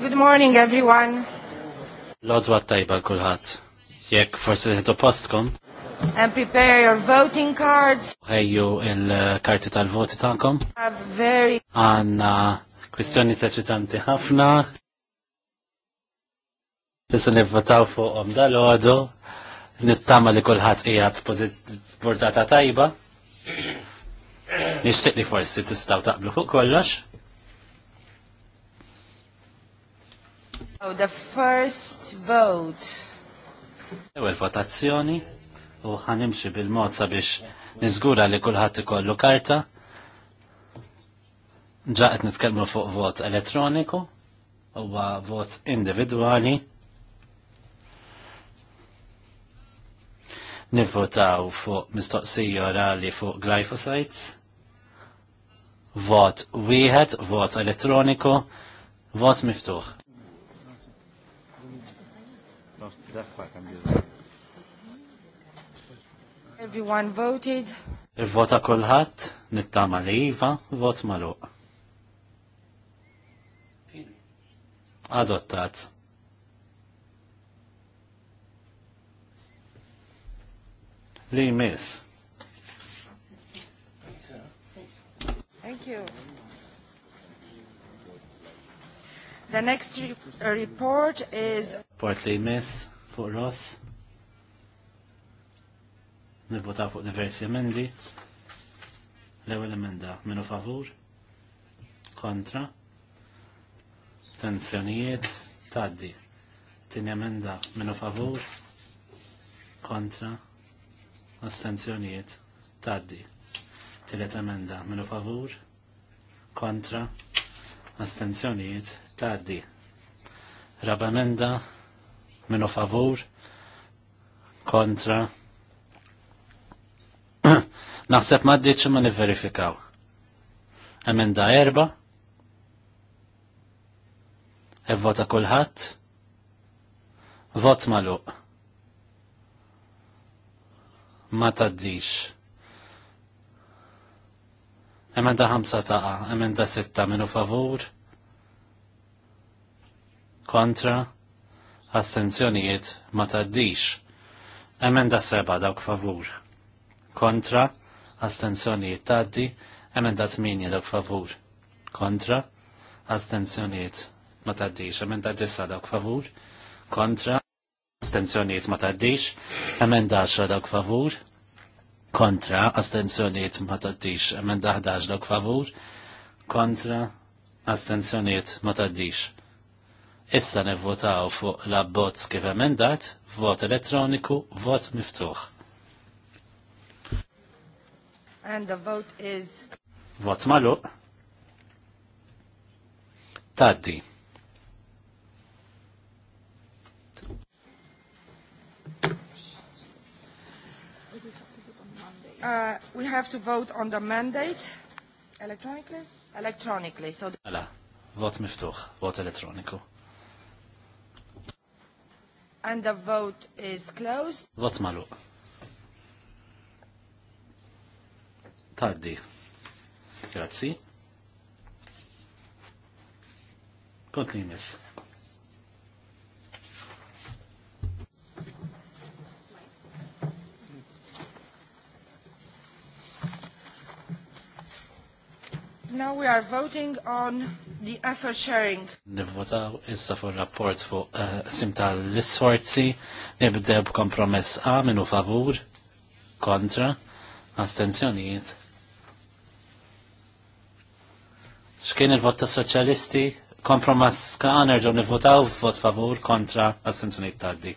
Good morning, everyone. Lodwa tajba kulħadd. Jekk forsi ħedu postkom. And prepare your voting cards. Ħejju il-karti tal-voti tagħkom. Very. kwistjoni kwistjoni ċitanti ħafna. Issa nivvotaw fuqhom dal-għodu. Nittama li kulħadd qiegħed portata tajba. Nixtieq li forsi tistgħu taqblu fuq kollox. Oh, the first vote. Ewel votazzjoni u ħanimxi bil-mod sabiex niżgura li kulħadd ikollu karta. Ġaqet nitkellmu fuq vot elettroniku huwa vot individwali. Nivvotaw fuq mistoqsija orali fuq glyphosites. Vot wieħed, vot elettroniku, vot miftuħ. Everyone voted. Il-vota kolħat, nittama li jiva, vot maluq. Adottat. Li mis. Thank you. The next re report is... Port li miss fuq Ross. Nivvotaw fuq diversi emendi. L-ewwel emenda minu favur. Kontra. Tensjonijiet taddi. Tini emenda minu favur. Kontra. Astenzjonijiet taddi. Tilet emenda minu favur. Kontra. Astenzjonijiet taddi. Rabamenda minu favur kontra naħseb ma ddiċ ma niverifikaw emenda erba evvota kulħadd vot maluq ma taddix emenda ħamsa taqa emenda sitta minu favur kontra Astenzjonijiet ma taddix. Emenda seba dawk favur. Kontra. Astenzjonijiet taddi. Emenda tminja dawk favur. Kontra. Astenzjonijiet ma taddix. Emenda disa dawk favur. Kontra. Astenzjonijiet ma taddix. Emenda xa dawk favur. Kontra. Astenzjonijiet ma taddix. Emenda ħdax dawk favur. Kontra. Astenzjonijiet ma taddix Issa nevvotaw fuq la bozz kif emendat, vot elettroniku, vot miftuħ. And the vote is... Vot malu. Taddi. Uh, we have to vote on the mandate electronically? Electronically, so... Ala, mela, vot miftuħ, vot elettroniku. And the vote is closed. Vot malu. Tardi. Grazzi. Kont li Now we are voting on the effort sharing. Nivvotaw issa fuq rapport fuq eh, sim l isforzi nibdew kompromess A minu favur, kontra, astenzjonijiet. X'kien il-vot ta' soċjalisti? Kompromess ka nerġgħu nivvotaw vot favur kontra astenzjonijiet tardi.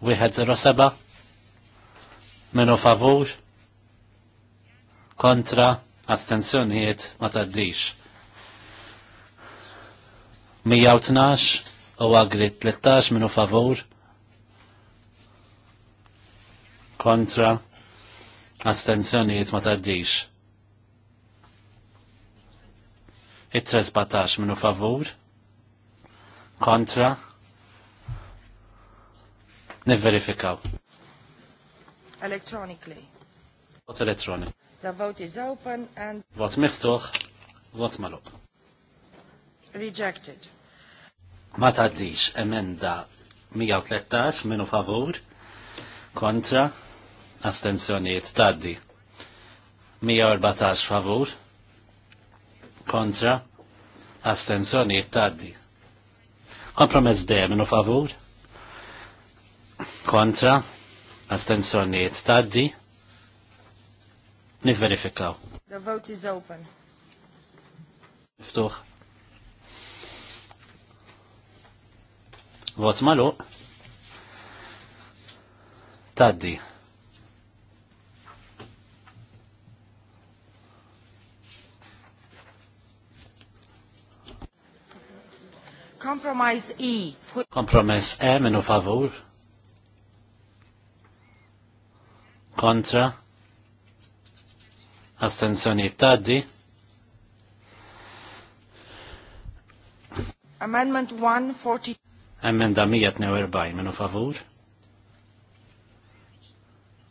Wieħed zero seba' minu favur, kontra astensjonijiet ma taddix. 112 u għagri 13 minu favur kontra astensjonijiet ma taddix. It-13 minu favur kontra Nivverifikaw. Electronically. Vot elettronik. The vote is open and... Vot miftuħ, vot maluq. Rejected. Ma taddix emenda 113 minu favur, kontra, astenzjoniet taddi. 114 favur, kontra, astenzjoniet taddi. Kompromess D minu favur, kontra, astenzjoniet taddi. Nifverifikaw. The vote is open. Miftuħ. Vot malu. Taddi. Compromise E. Compromise E minu favur. Contra astenzjoni taddi. Amendment 140. Emenda 142 minu favur.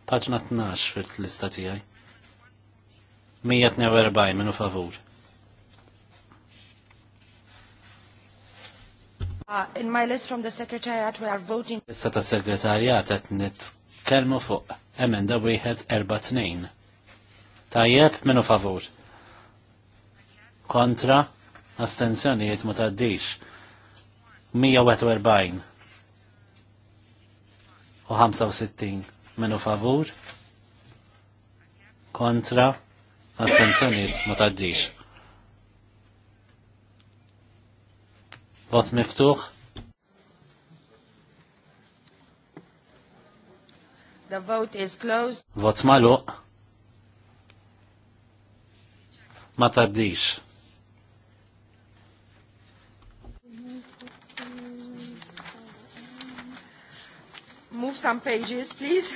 Paġna 12 fil-lista tiegħi. 142 minu favur. Uh, in my list from the secretariat we are voting. Issa ta' segretarjat qed nitkellmu fuq emenda wieħed erba' tnejn. Tajjeb minu favur. Kontra jiet ma taddix. 141 u 65 minu favur. Kontra jiet ma taddix. Vot miftuħ. The vote is closed. Vot maluq. ma tardix. Move some pages, please.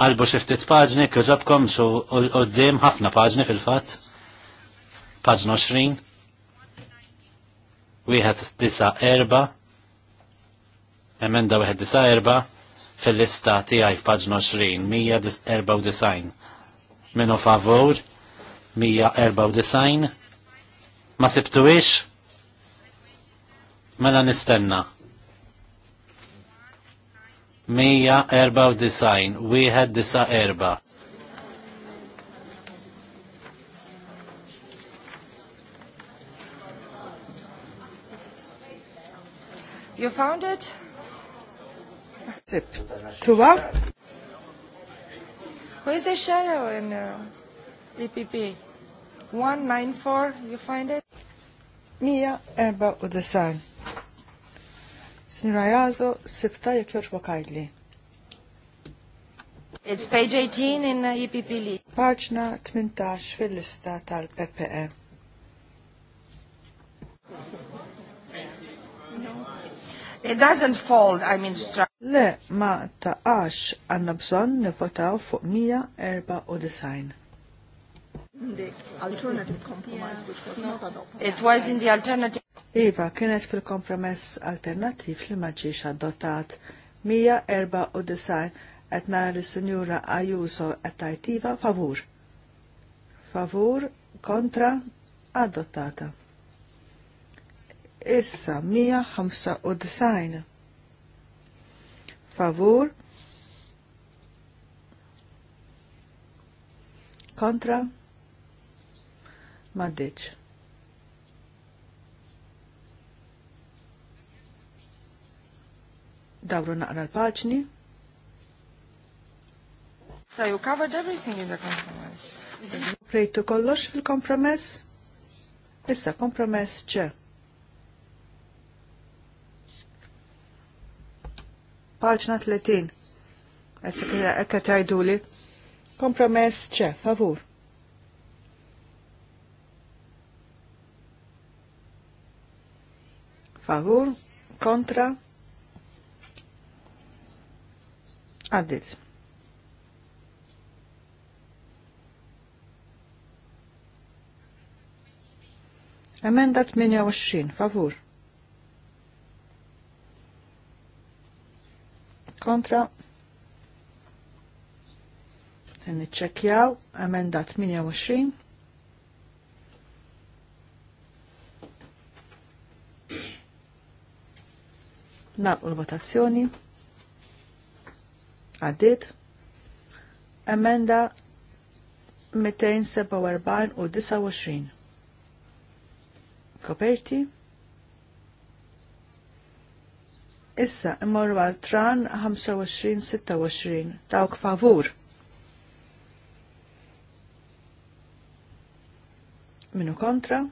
Qalbu xiftit paġni, kħuġabkom xu għoddim ħafna paġni fil-fat. Paġno 20. Wieħed disa erba. Emenda wieħed disa erba fil-lista tiegħi f'paġna 20, 194. Minu favur, 194 ma sibtuwix mela nistenna 194 wieħed disa erba' You found it? Sip. Tuwa? Who the shadow in there? Uh, DPP. E 194, you find it? Mija erba u design. Snira jazo, sibta jek joċba kajdli. It's page 18 in the uh, EPP list. Paġna 18 fil-lista tal-PPE. It doesn't fold, I mean Le, ma ta' taqax għanna bżon nivotaw fuq design the alternative compromise, which was not adopted. It was in the alternative. Iva, kienet fil-kompromess alternativ li maġiġ adottat design et nara li sinjura Ajuso et tajtiva favur. Favur kontra adottata. Issa design. favur kontra adottata Maddiċ. Dawru naqra l paċni So you covered everything in the compromise. Prejtu kollox fil-kompromess? Issa kompromess ċe. Paġna 30. Ekka tajdu Kompromess ċe, favur. favur kontra għaddit. Emenda 28, favur. Kontra. Nitċekjaw, emenda 28. nalqu l-votazzjoni, għaddit, emenda 247 u 29. Koperti, Issa, immorru għal tran 25-26, dawk favur. Minu kontra?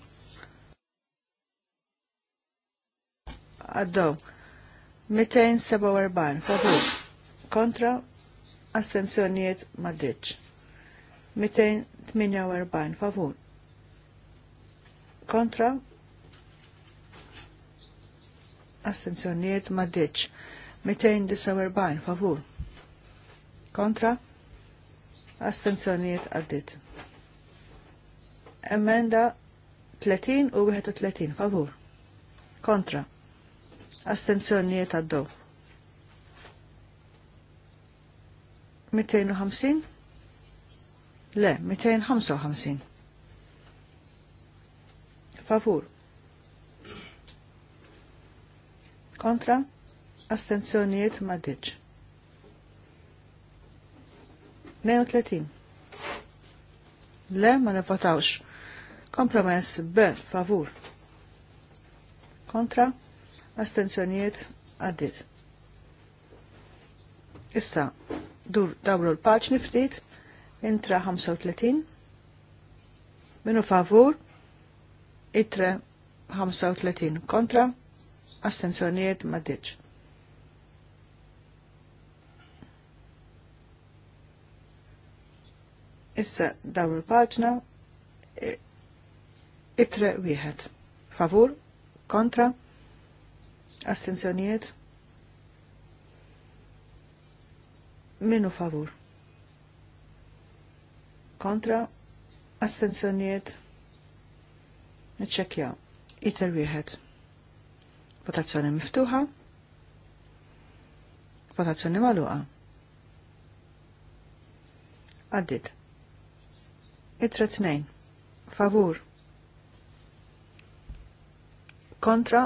Għaddaw. 247 favur kontra astenzjonijiet maddiċ 248 favur kontra astenzjonijiet maddiċ 249 favur kontra astenzjonijiet għaddit emenda 30 u 31 favur kontra astenzjonijiet għaddu. 250? Le, 255. Favur. Kontra? Astenzjonijiet maddiċ. diċ. 32. Le, ma nivotawx. Kompromess B, favur. Kontra? astenzjonijiet għaddit. Issa, dur dawru l-paċni ftit, intra 35, minu favur, itre 35 kontra, astenzjonijiet ma Issa dawru l-paċna, itra wieħed, favur, kontra, Astenzjoniet? Minu favur? Kontra? Astenzjoniet? Nċekja. Iter wieħed. Votazzjoni miftuħa. Votazzjoni maluqa. Għaddit. Itra tnejn. Favur. Kontra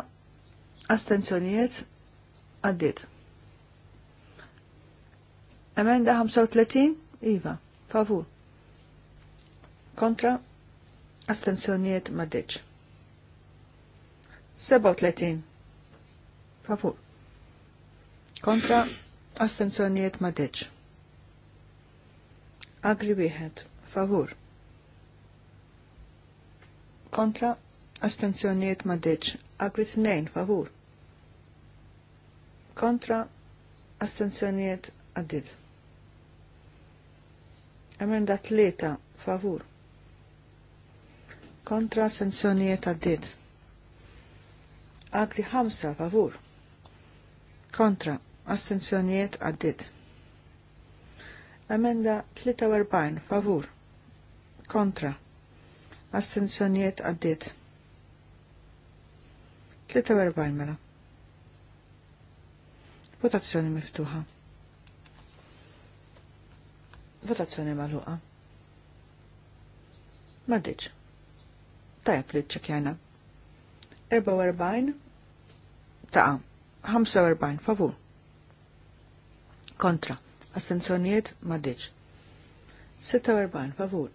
astenzjonijiet għaddit. Emenda 35, Iva, favur. Kontra, astenzjonijiet maddeċ. 37, favur. Kontra, astenzjonijiet maddeċ. Agri biħed, favur. Kontra, astenzjonijiet maddeċ. Agri tnejn, favur kontra astenzjoniet għaddit. Emenda tleta favur kontra astenzjoniet għaddit. Agri ħamsa favur kontra astenzjoniet għaddit. Emenda 43 favur kontra astenzjoniet għaddit. 43 mela Votazzjoni miftuħa. Votazzjoni maluqa. Maddiċ. Tajab li ċekjana. 44 ta' 45 favur. Kontra. Astenzjonijiet maddiċ. 46 favur.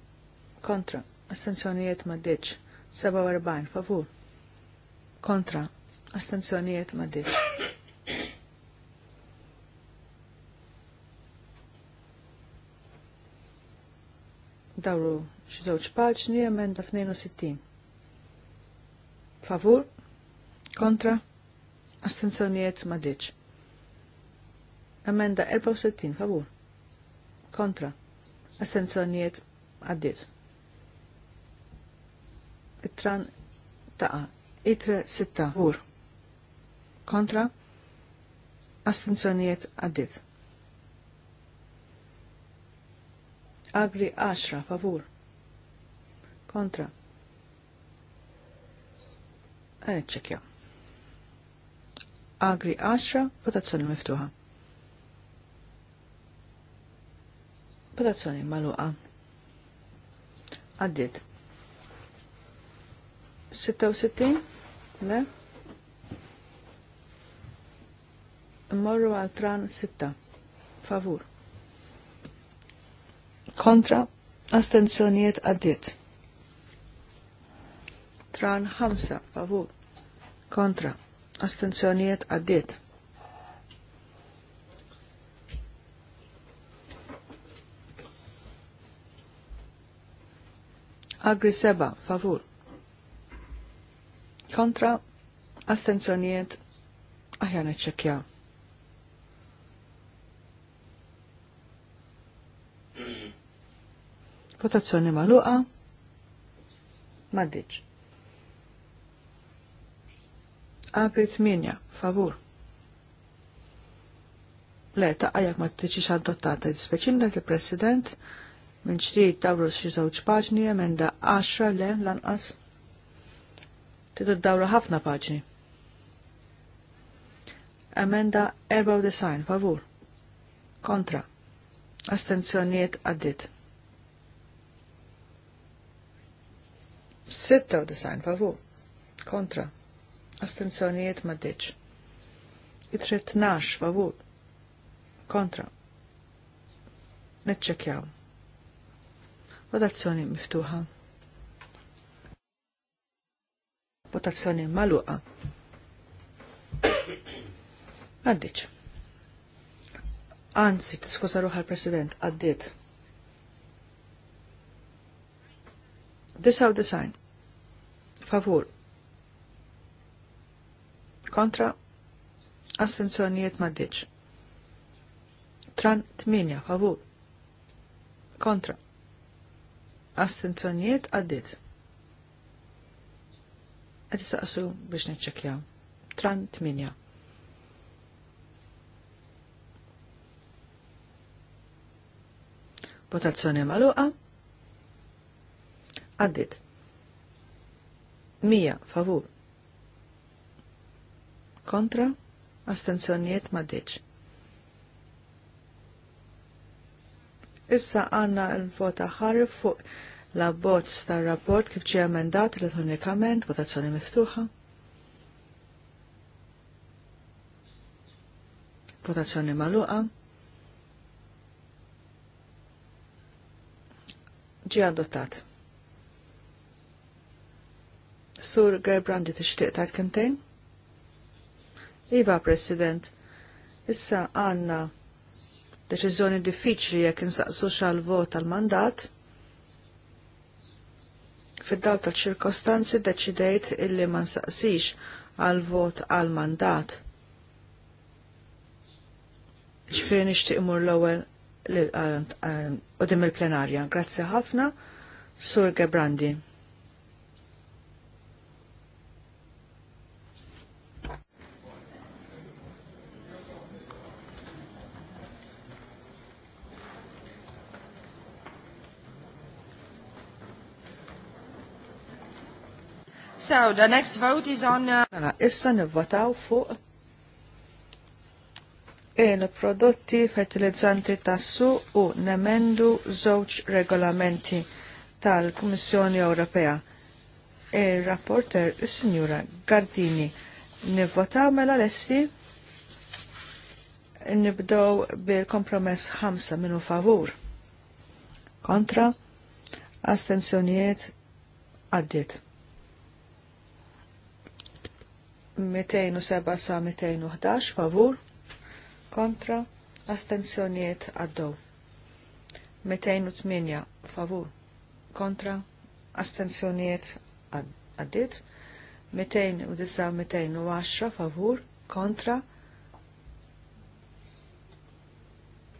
Kontra. Astenzjonijiet maddiċ. 47 favur. Kontra. Astenzjonijiet maddiċ. dawru xi żewġ paġni emenda 62. Favur, kontra, astenzjonijiet ma diċ. Emenda 64, favur, kontra, astenzjonijiet għaddiet. Itran ta' itre sitta, favur, kontra, astenzjonijiet għaddiet. Agri 10 favur. Kontra. Għanċekja. Eh, Agri 10, votazzjoni miftuħa. Votazzjoni maluqa. Għaddit. 66, le? Morru għal tran 6, favur kontra astenzjoniet għaddit. Tran ħamsa favur kontra astenzjonijiet għaddit. Agri seba, favur. Kontra, astenzjoniet, aħjan ċekjaw. votazzjoni maluqa, maddiċ. Apri Minja, favur. Le, taqqa jak ma t-tiċiċ xaddottata dispeċinda il-President, minn ċtijt dawru xi żewġ paġni, emenda 10 le lanqas. t-tiddu dawra ħafna paġni. Emenda design, favur. Kontra. Astenzjonijiet għaddit. 96 favu, kontra astenzjonijiet maddiċ it-13 favu? kontra neċċekjaw votazzjoni miftuħa votazzjoni maluqa maddiċ Anzi, tiskuza ruħal president, għaddiċ. 99 favur kontra astenzjonijiet maddiċ tran 8 favur kontra astenzjonijiet għaddit Għad jisaqsu biex neċċekjaw tran 8 votazzjoni maluqa Għaddit. Mija, favur. Kontra, astenzjonijiet maddiċ. Issa għanna l-vota ħarif fuq la bozz tar rapport kif ġie emendat elettronikament, votazzjoni miftuħa. Votazzjoni maluqa. Ġie adottat. Sur Gerbrandi tixtieq tgħid? kemtejn? Iva, President, issa għanna deċiżjoni diffiċli jekk insaqsu xal-vot tal-mandat. Fid-dawl tal-ċirkostanzi deċidejt illi ma nsaqsix għal-vot għal-mandat. ċifiri nixtieq imur l-ewwel u dim il-plenarja. Grazzi ħafna, Sur Gebrandi. So, the next vote is on... Għana, uh, mela, issa nivvotaw fuq il-prodotti fertilizzanti tassu u nemendu żewġ regolamenti tal-Kummissjoni Ewropea. Il-rapporter, il-Signora Gardini, nivvotaw mela lessi nibdow bil-kompromess ħamsa minu favur. Kontra, astensjonijiet għaddit. 207 sa 211 favur kontra astenzjoniet għaddew. 208 favur kontra astenzjoniet għaddit. 209-210 favur kontra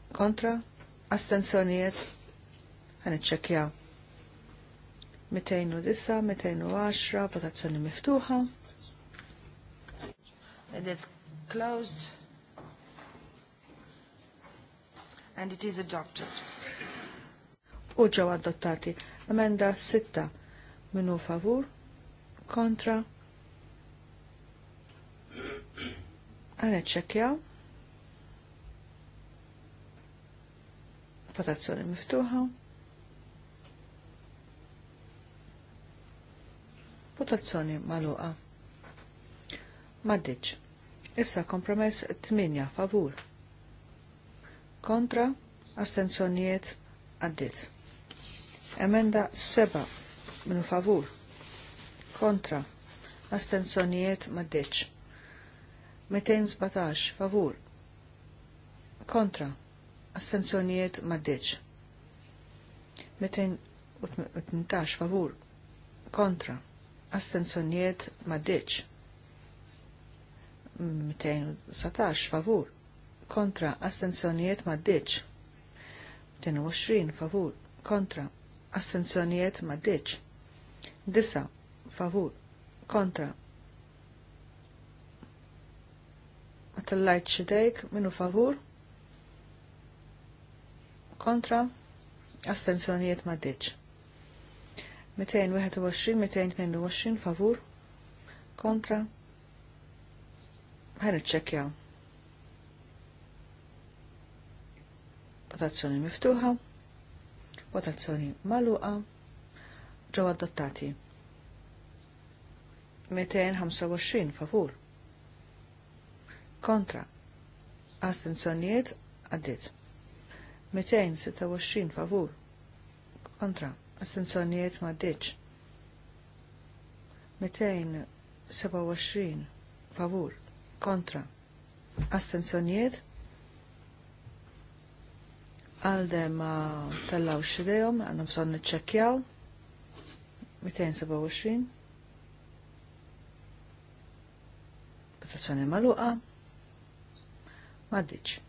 kontra astenzjoniet ħanitċekjaw. 209-210 votazzjoni miftuħa. And it's closed. And it is adopted. U ġew adottati. Amenda sitta. minu favur kontra għanet ċekjaw. votazzjoni miftuħa. Votazzjoni maluqa. Maddiċ. Issa kompromess 8 favur. Kontra astenzjonijiet għaddit. Emenda 7 minu favur. Kontra astenzjonijiet maddeċ. 217 favur. Kontra astenzjonijiet maddeċ. 218 favur. Kontra astenzjonijiet maddeċ. 217 favur kontra astenzjonijiet maddiċ 22 favur kontra astenzjonijiet maddiċ 9 favur kontra ma tellajt xidejk minu favur kontra astenzjonijiet maddiċ 221-222 favur kontra Ħan iċċekjaw. Votazzjoni miftuħa, votazzjoni maluqa, ġew adottati. 225 favur. Kontra. Astenzjonijiet għaddit. 226 favur. Kontra. Astenzjonijiet għaddit. 227 favur kontra astenzjonijiet għalde ma tellaw xidejom għanna bżon neċċekjaw. 227 votazzjoni maluqa Maddiċ.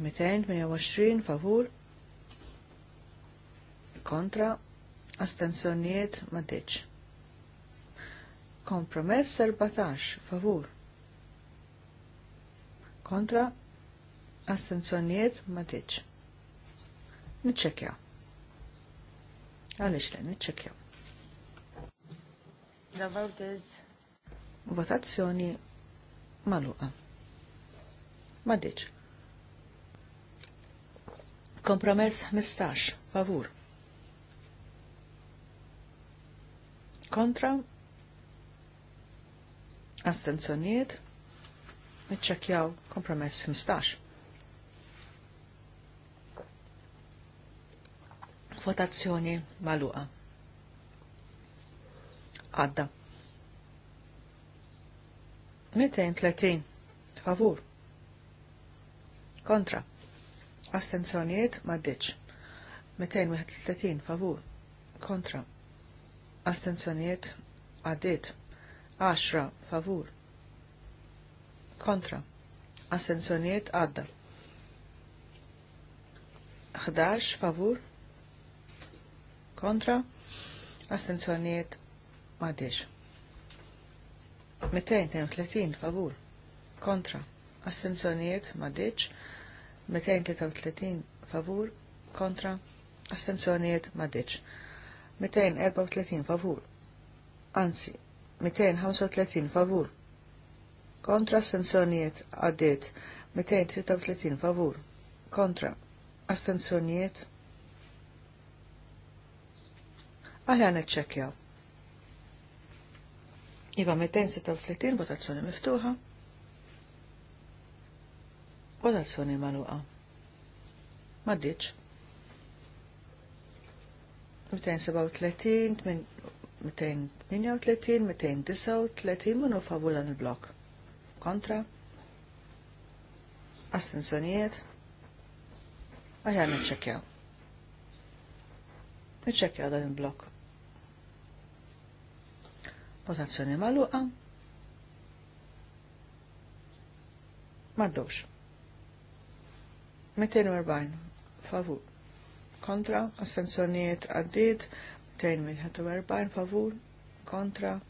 228 favur kontra astenzjonijiet ma 228. Kompromess 14 favur. Kontra astenzjonijiet ma tiġ. Niċċekja. Għalix le, niċċekja. The vote is... Votazzjoni maluqa. Ma diċ. Kompromess 15, favur. Kontra astenzjoniet, iċċekjaw kompromess 15. Votazzjoni maluqa. Għadda. 230 favur. Kontra. Astenzjoniet maddiċ. 231 favur. Kontra. Astenzjoniet għaddit. Ashra, favur kontra Ascensioniet għadda 11 favur kontra astenzjoniet maddiċ 232 favur kontra astenzjoniet maddiċ 233 favur kontra astenzjoniet erba' 234 favur anzi 235 favur. Kontra astenzjonijiet għaddit 233 favur. Kontra astenzjonijiet għalja neċċekjaw. Iva 236 votazzjoni miftuħa. Votazzjoni maluqa. Maddiċ. 237, 32, 239 minu favur dan il-blok. Kontra. Astenzjonijiet. Aħjar nċekjaw. Nċekjaw dan il-blok. Votazzjoni maluqa. Maddux. 240 favur. Kontra. Astenzjonijiet għaddit. 240 favur kontra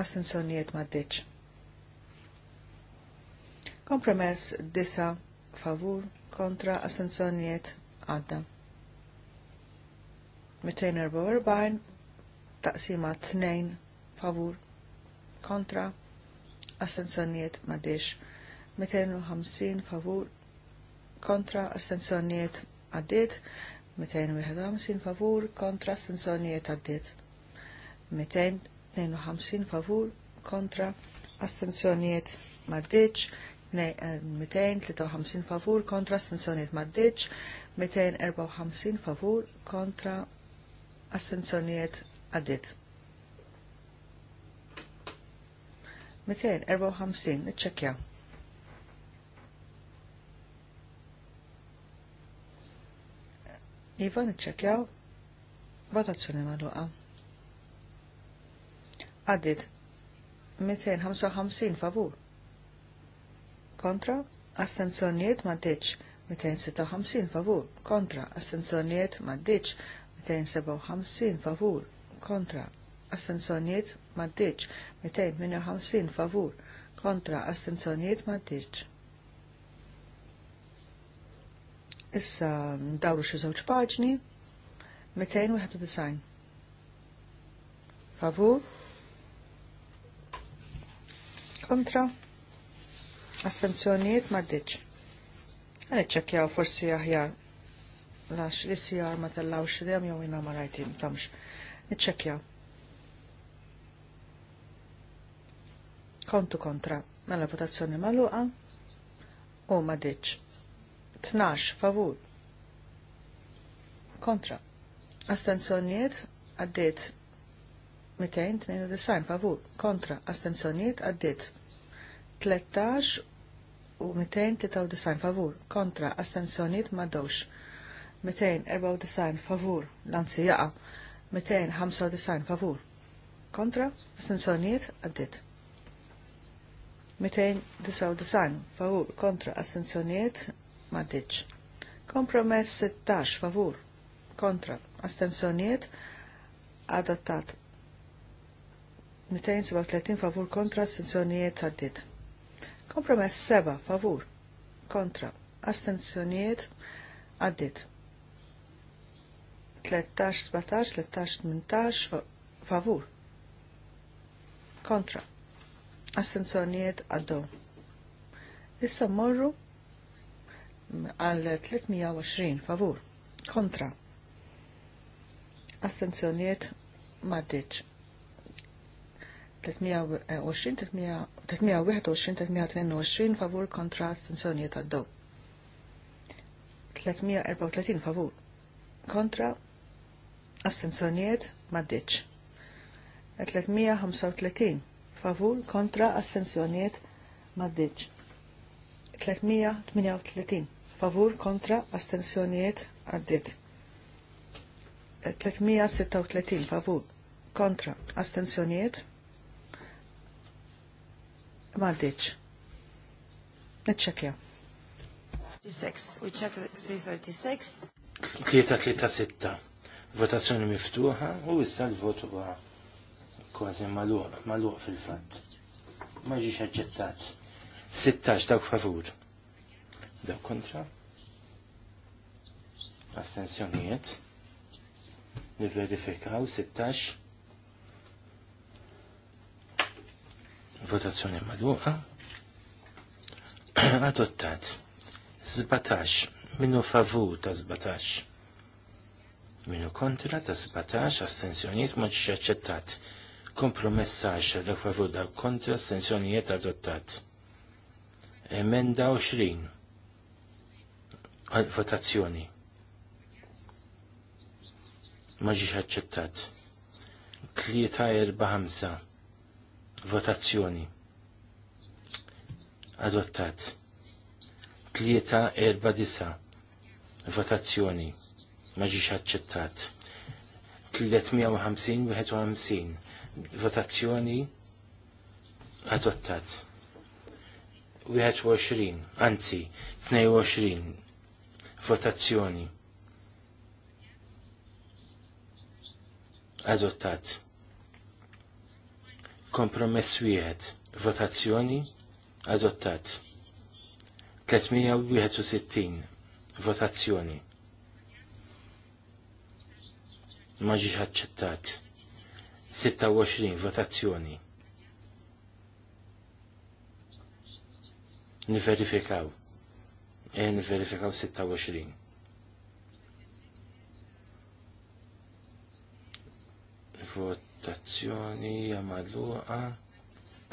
astensjonijiet maddiċ. Kompromess disa favur kontra astensjonijiet għadda. 244 taqsima 2 favur kontra ma maddiċ. 250 favur kontra astensjonijiet għaddit. 251 favur kontra astensjonijiet għaddit. 252 favur kontra astenzjoniet maddeċ, 253 favur kontra astenzjoniet maddeċ, 254 favur kontra astenzjoniet għaddit. 254, nċekja. Iva nċekjaw votazzjoni maluqa għaddit 255 favur. Kontra, astenzjoniet ma ddiċ 256 favur. Kontra, astenzjoniet ma ddiċ 257 favur. Kontra, astenzjoniet ma ddiċ 258 favur. Kontra, astenzjoniet ma ddiċ. Issa dawru xie żewġ paġni 291. Favur, kontra astenzjonijiet maddiċ. Għan iċċekjaw forsi aħjar lax li sijar ma tellawx idem jew jina ma rajtim tamx. Niċċekjaw. Kontu kontra. Mela votazzjoni maluqa u ma ditx. Tnax, favur. Kontra. Astenzjonijiet għaddiet 292 favur. Kontra. Astenzjonijiet għaddiet 13 u 293 favur kontra astensjoniet ma dawx 294 favur lanzi jaqa 295 favur kontra astensjoniet għaddit 299 favur kontra astensjoniet ma ditx kompromess 16 favur kontra astensjoniet adottat 237 favur kontra astensjoniet għaddit Kompromess seba' favur kontra astenzjonijiet għaddit. 13, 17, 13, 18 favur kontra astenzjonijiet għaddo. Issa morru għal 320 favur kontra astenzjonijiet maddiċ. 320, 321-322 favur kontra astensjonijiet għaddew. 334 favur kontra astensjonijiet maddiċ. 335 favur kontra astensjonijiet maddiċ. 338 favur kontra astensjonijiet għaddit. 336 favur kontra astensjonijiet Maddiċ. Nitċekja. 36. We check 336. sitta. Votazzjoni miftuħa u issa l-votu għa kważi maluq, maluq fil-fatt. Ma ġiex aċċettat. 16 dawk favur. Dawk kontra. Astenzjonijiet. Niverifikaw 16 Votazzjoni madwuqa. Adottat. 17. Minu favu ta' 17. Minu kontra ta' 17. Astenzjoniet maġiċ aċċettat. Kompromess 10. Dak favur da' kontra astenzjoniet adottat. Emenda 20. Votazzjoni. Maġiċ aċċettat. Tlieta erba' 5. Votazzjoni. Adottat. Tlieta erba disa. Votazzjoni. Maġiċ aċċettat. 350-51. Votazzjoni. Adottat. 21, anzi, 22. Votazzjoni. Adottat. Kompromess wieħed. Votazzjoni adottat. 361. Votazzjoni. Maġiġ ċettat. 26 votazzjoni. Niverifikaw. E niverifikaw 26. Vot votazzjoni hija magħluqa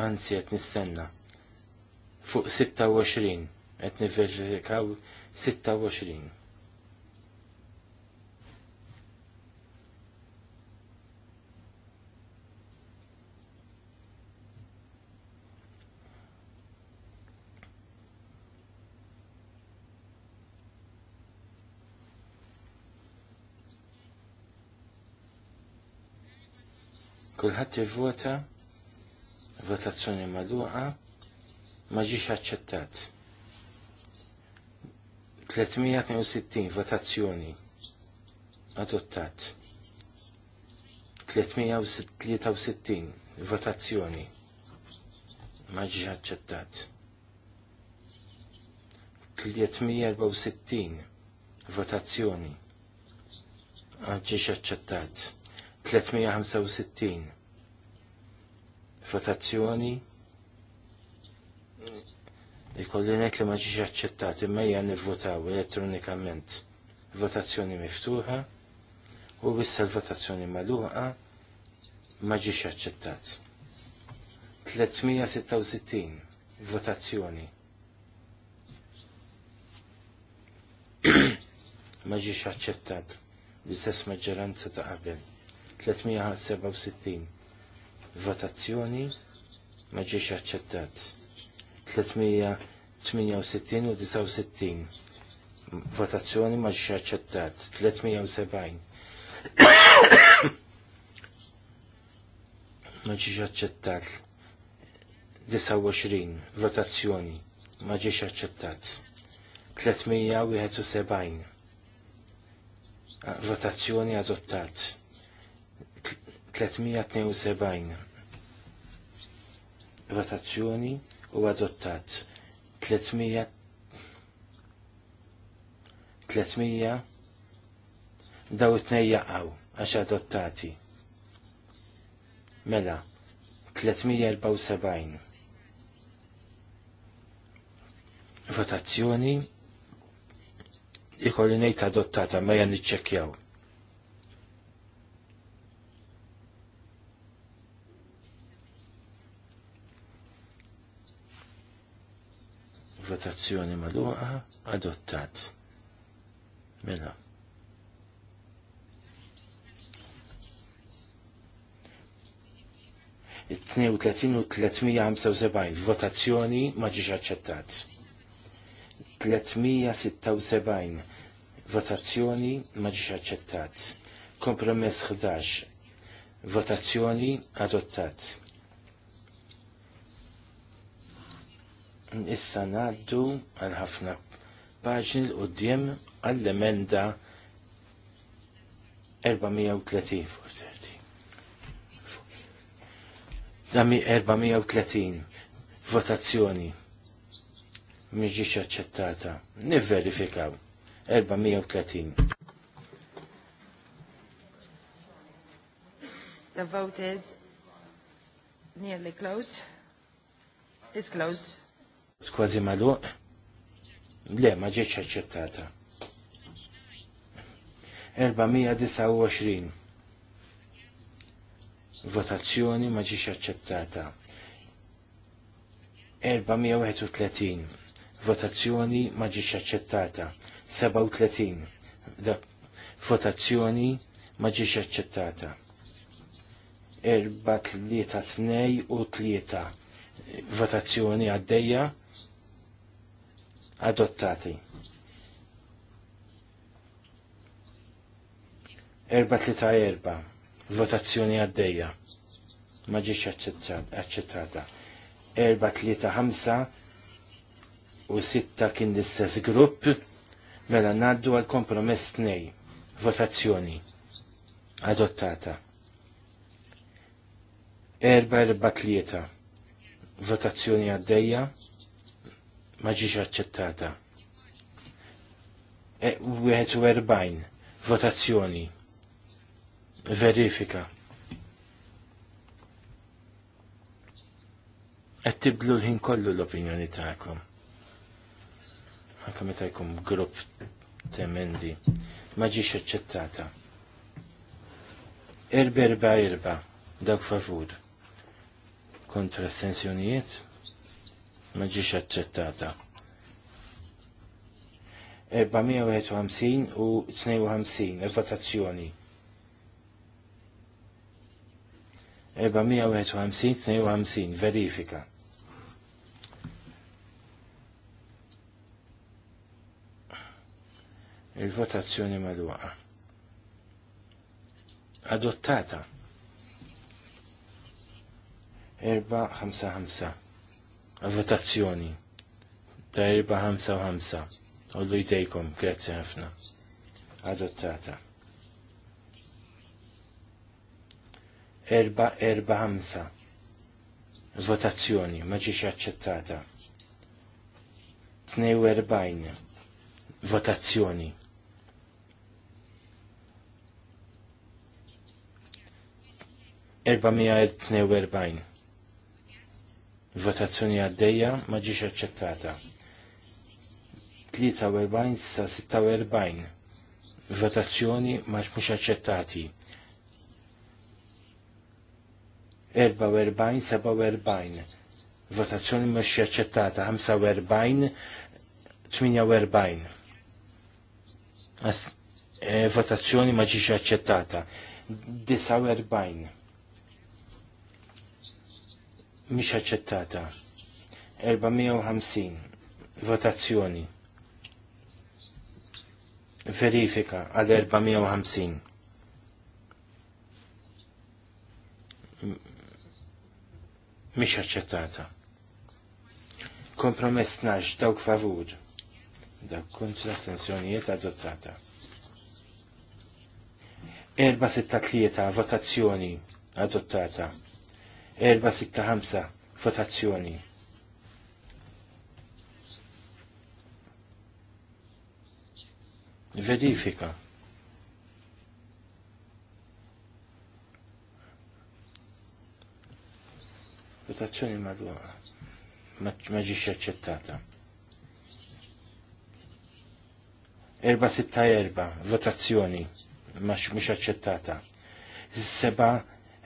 anzi qed nistenna. Fuq 26 qed niverifikaw 26. Kulħadd ivvota, votazzjoni magħluqa, ma ġiex aċċettat. 362 votazzjoni adottat. 363 votazzjoni ma ġiex aċċettat. 364 votazzjoni ġiex aċċettat. 365 votazzjoni li kollinek li maġiġi aċċettat imma hija nivvotaw elettronikament votazzjoni miftuħa u wissa l-votazzjoni magħluqa maġiġi aċċettat. 366 votazzjoni maġiġi aċċettat l-istess maġġoranza ta' qabel. 367 votazzjoni ma ġiex aċċettat. 368 u 69 votazzjoni ma ġiex aċċettat. 370 ma ġiex aċċettat. 29 votazzjoni ma ġiex aċċettat. 371 votazzjoni adottat. 372 votazzjoni u adottat 300 300 daw it għax adottati. Mela, 374. Votazzjoni ikolli ngħid adottata ma jan niċċekkjaw. Votazzjoni maluqa adottat. Mela. il-32 u 375 votazzjoni ma ġiġ aċċettat. 376 votazzjoni ma ġiġ aċċettat. Kompromess 11 votazzjoni adottat. issa naddu għal ħafna paġni l-qoddim għall-emenda 430 forterti. Dami 430 votazzjoni miġiċ aċċettata. Niverifikaw 430. The vote is nearly closed. It's closed. Kważi maluq. Le, ma ġietx aċċettata. 429. Votazzjoni ma ġietx aċċettata. 431. Votazzjoni ma ġietx aċċettata. 37. Votazzjoni ma ġietx aċċettata. 4, 3, 2 u 3. Votazzjoni għaddejja adottati. 4 tlita erba, votazzjoni għaddeja ma ġiex accettata 4 3 u sitta kien l-istess grupp mela naddu għal kompromess tnej. votazzjoni adottata 4 erba tlita, votazzjoni għaddeja ma ġiġ aċċettata. E, wieħed u erbajn, votazzjoni, verifika. Qed tibdlu l-ħin kollu l-opinjoni tagħkom. Anke meta jkun grupp temendi ma ġiġ aċċettata. Erba erba erba, Dawk favur. Kontra s-sensjonijiet? ma ġiex attrattata. 451 e u 52 il-votazzjoni. 451-52 e verifika. Il-votazzjoni madwaqa. Adottata. 4 5 votazzjoni ta' ħamsa u ħamsa. Ollu jtejkom, grazzi ħafna. Adottata. Erba' 4 ħamsa. Votazzjoni, ma ġiex u erbajn. Votazzjoni. Erba' er- erbajn votazzjoni għaddejja ma ġiex aċċettata. 43 sa 46 votazzjoni ma mhux aċċettati. 44 47 votazzjoni mhux aċċettata 45 48 As, eh, votazzjoni ma ġiġi aċċettata 49 mhix aċċettata. 450 votazzjoni. Verifika għal 450. Mhix aċċettata. Kompromess 12 dawk favur. Dak kontra astensjonijiet adottata. klieta votazzjoni adottata. 465 votazzjoni. Verifika. Votazzjoni madwa ma ġiex aċċettata. erba, votazzjoni mhux aċċettata. 67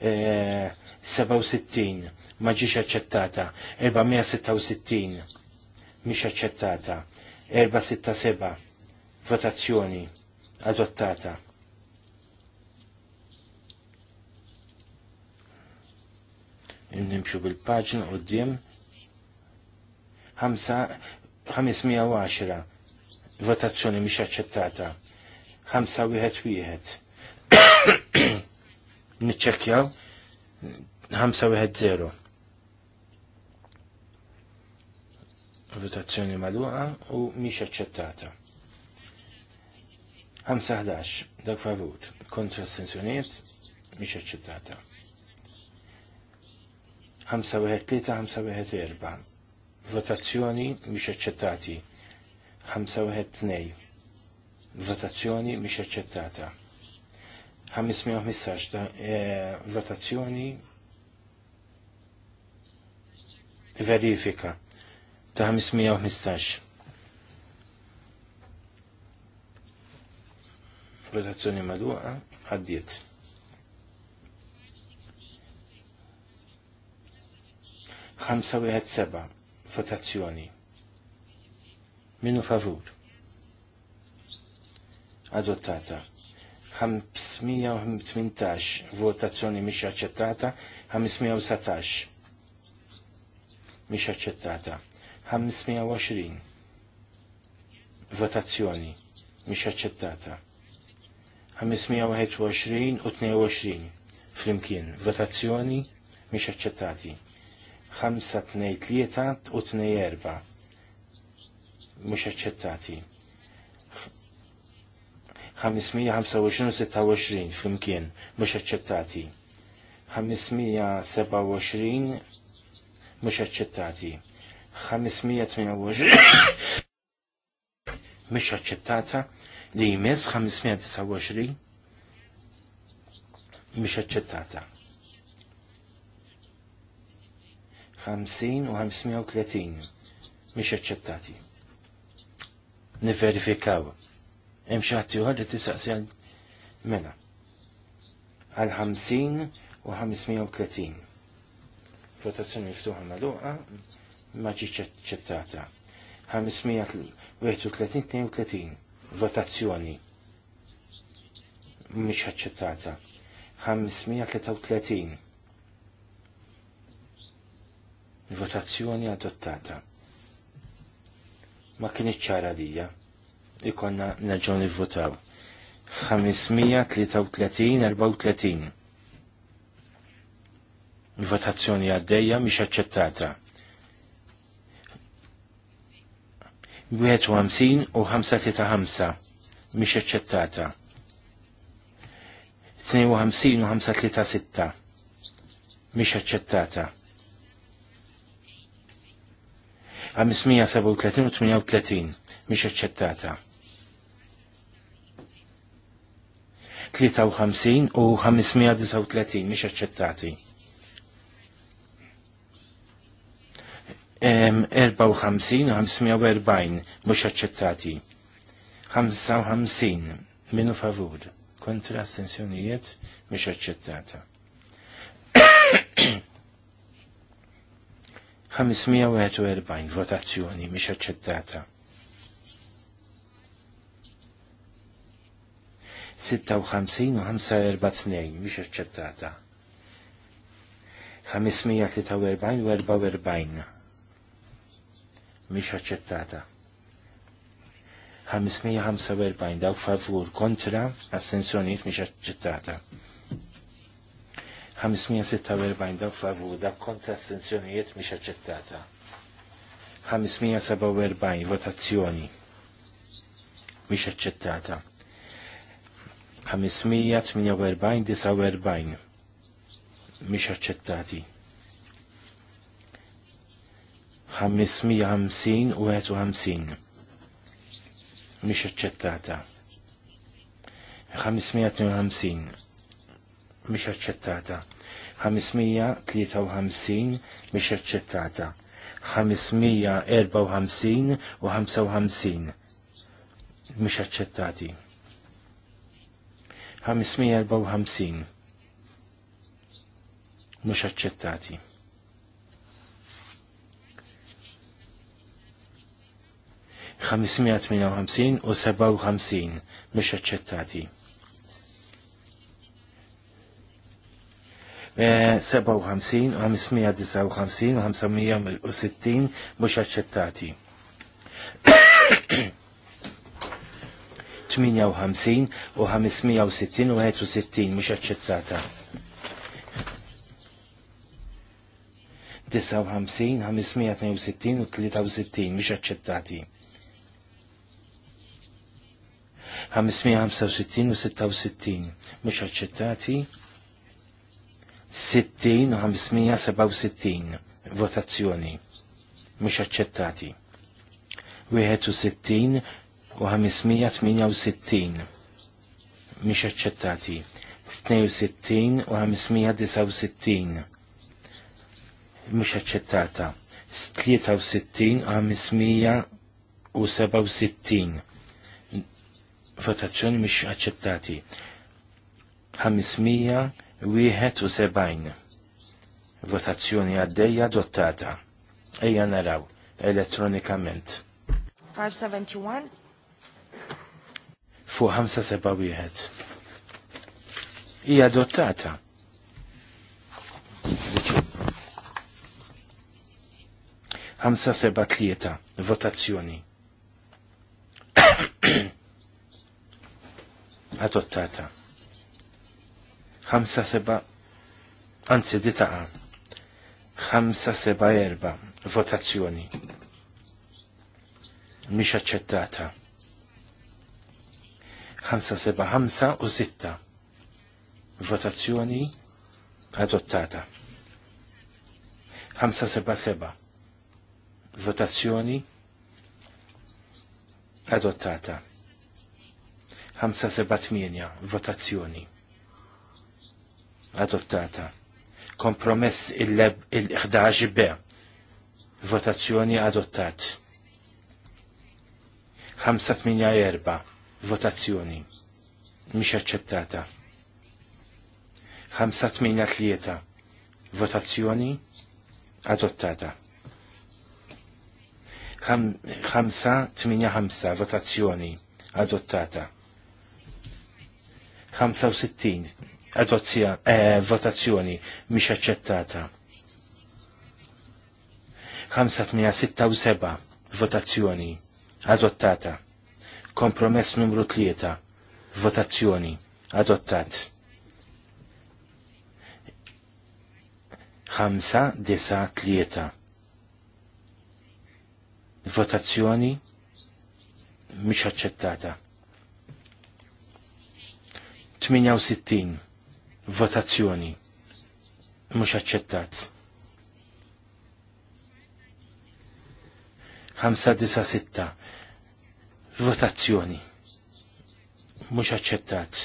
eh, ma ġiex aċċettata, 466 mhix aċċettata, 467 votazzjoni adottata. Nimxu bil-paġna qudiem 510 votazzjoni mhix aċċettata. 5 wieħed niċċekjaw 5-1-0. Votazzjoni maluqa u miex aċċettata. 5-11, dak favut, kontra astensjoniet, miex aċċettata. 5-1-3-5-1-4, votazzjoni miex aċċettati. 5-1-2, votazzjoni miex aċċettata. 515 ta' eh, votazzjoni verifika ta' 515 votazzjoni madwa għaddiet. ħamsa wieħed seba' votazzjoni. Minu favur. Adottata. 518 votazzjoni mhix aċċettata, 517 mhix aċċettata, 520 votazzjoni mhix aċċettata, 521 u 22 flimkien votazzjoni mhix aċċettati, 523 u 24 mhux aċċettati. 525-26 flimkien mux aċċettati. 527 mux aċċettati. 528 mux aċċettata li jmiss 529 mux aċċettata. 50 u 530 mux aċċettati. Niverifikaw hemm xi ħadd ieħor li tistaqsi għal mela għal 50 u 530. Votazzjoni miftuħa magħluqa ma ġietx aċċettata. 531-32 votazzjoni mhix aċċettata. 533 votazzjoni adottata. Ma kienieċ ċara lija ikonna nerġgħu nivvotaw. 533-34. Votazzjoni għaddejja mhix aċċettata. 51 u 535 mhix aċċettata. 52 u 536 mhix aċċettata. 537 u 38 mhix aċċettata. 53 u 539 mhix aċċettati. 54 u 540 mhux aċċettati. 55 minu favur kontra astensjonijiet mhix aċċettata. 541 votazzjoni mhix aċċettata. 56 u tnejn mhix aċċettata. 543 u 44 mhix aċċettata. 545 dawk favur kontra astensjoniet mhix aċċettata. 546 dawk favur dawk kontra astensjonijiet mhix aċċettata. 547 votazzjoni mhix aċċettata. 548-49 mhix aċċettati. 550 u 51 Mish aċċettata. 552 mhix aċċettata. 553 Mish aċċettata. 554 u 55 Mish aċċettati. 554 mhux aċċettati. u 57 mhux aċċettati. 57 eh, u 559 u 560 mhux aċċettati. 58 u 560 u 61 mhux aċċettata. 59, 562 u 63 mhux aċċettati. 565 u 66 mhux aċċettati. 60 u 567 votazzjoni mhux aċċettati. 61 u 568 mhix aċċettati. 62 u 569 mhux aċċettata. 63 u 567 votazzjoni mhix aċċettati. 571 votazzjoni għaddejja adottata. Ejja naraw elettronikament. 571 fuq 571. Hija adottata. Ħamsa seba tlieta, votazzjoni. adottata. Ħamsa seba, anzi di taqa. Ħamsa seba erba, votazzjoni. Mhix aċċettata. 575 u 6. Votazzjoni adottata. 577. Votazzjoni adottata. 578. Votazzjoni adottata. Kompromess il leb il B. Votazzjoni adottat. 584 votazzjoni mhix aċċettata. 583 votazzjoni adottata. 5 votazzjoni adottata. 65 adozzja eh, votazzjoni mhix aċċettata. 576 votazzjoni adottata. Kompromess numru 3. Votazzjoni. Adottat. 5 disa tlieta. Votazzjoni mhix aċċettata. 68 votazzjoni mhux aċċettat. 596 Votazzjoni. Mhux aċċettat.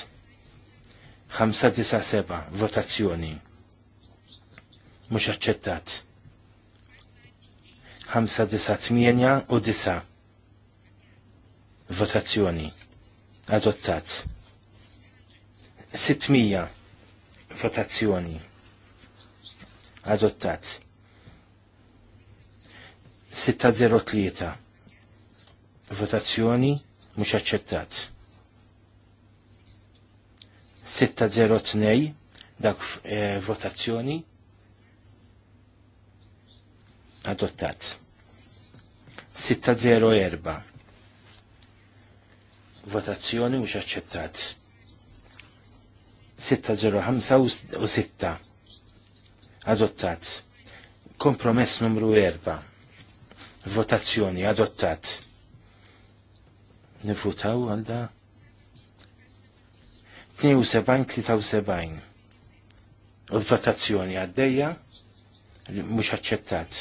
597 votazzjoni. Mhux aċċettat. 598 u 9 votazzjoni. Adottat. 600 votazzjoni. Adottat. 603 Votazzjoni mhux aċċettat. 602 dak eh, votazzjoni adottat. 604 votazzjoni mhux aċċettat. 605 u 6 adottat. Kompromess numru 4 votazzjoni adottat. Nivutaw għanda 72-73 u votazzjoni għaddeja mux aċċettat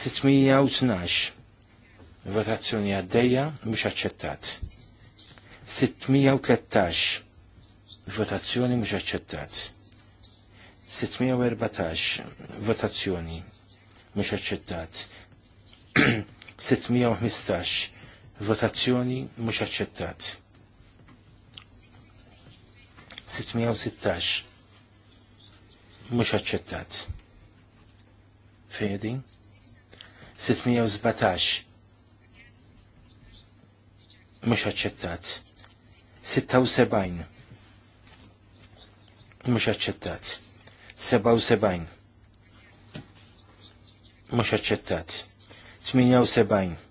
612 votazzjoni għaddeja mux aċċettat 613 votazzjoni mux aċċettat 614 votazzjoni mux aċċettat 615 Votazzjoni mhux aċċettat. 616 mhux aċċettat. Fejn 617 mhux aċċettat. 76 mhux aċċettat. 77 mhux aċċettat. 78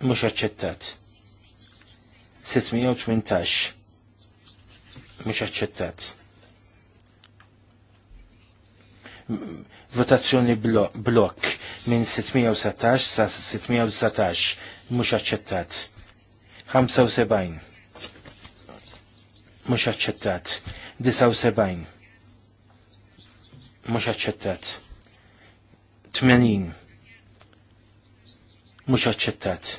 mhux aċċettat. 618 mhux aċċettat. Votazzjoni blokk minn 617 sa 617 mhux aċċettat. 75 mux aċċettat. 79. Mux aċċettat. 80. Mux aċċettat.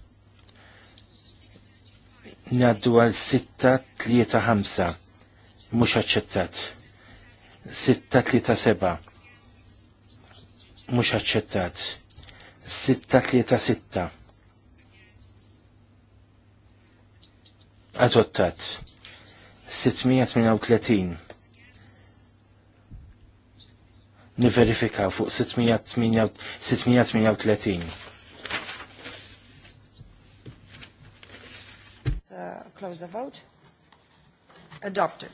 ngħaddu għal 6-3-5. Mux aċċettat. 6-3-7. Mux aċċettat. 6-3-6. Adottat. 638. Niverifika fuq 638. Close the vote. Adopted.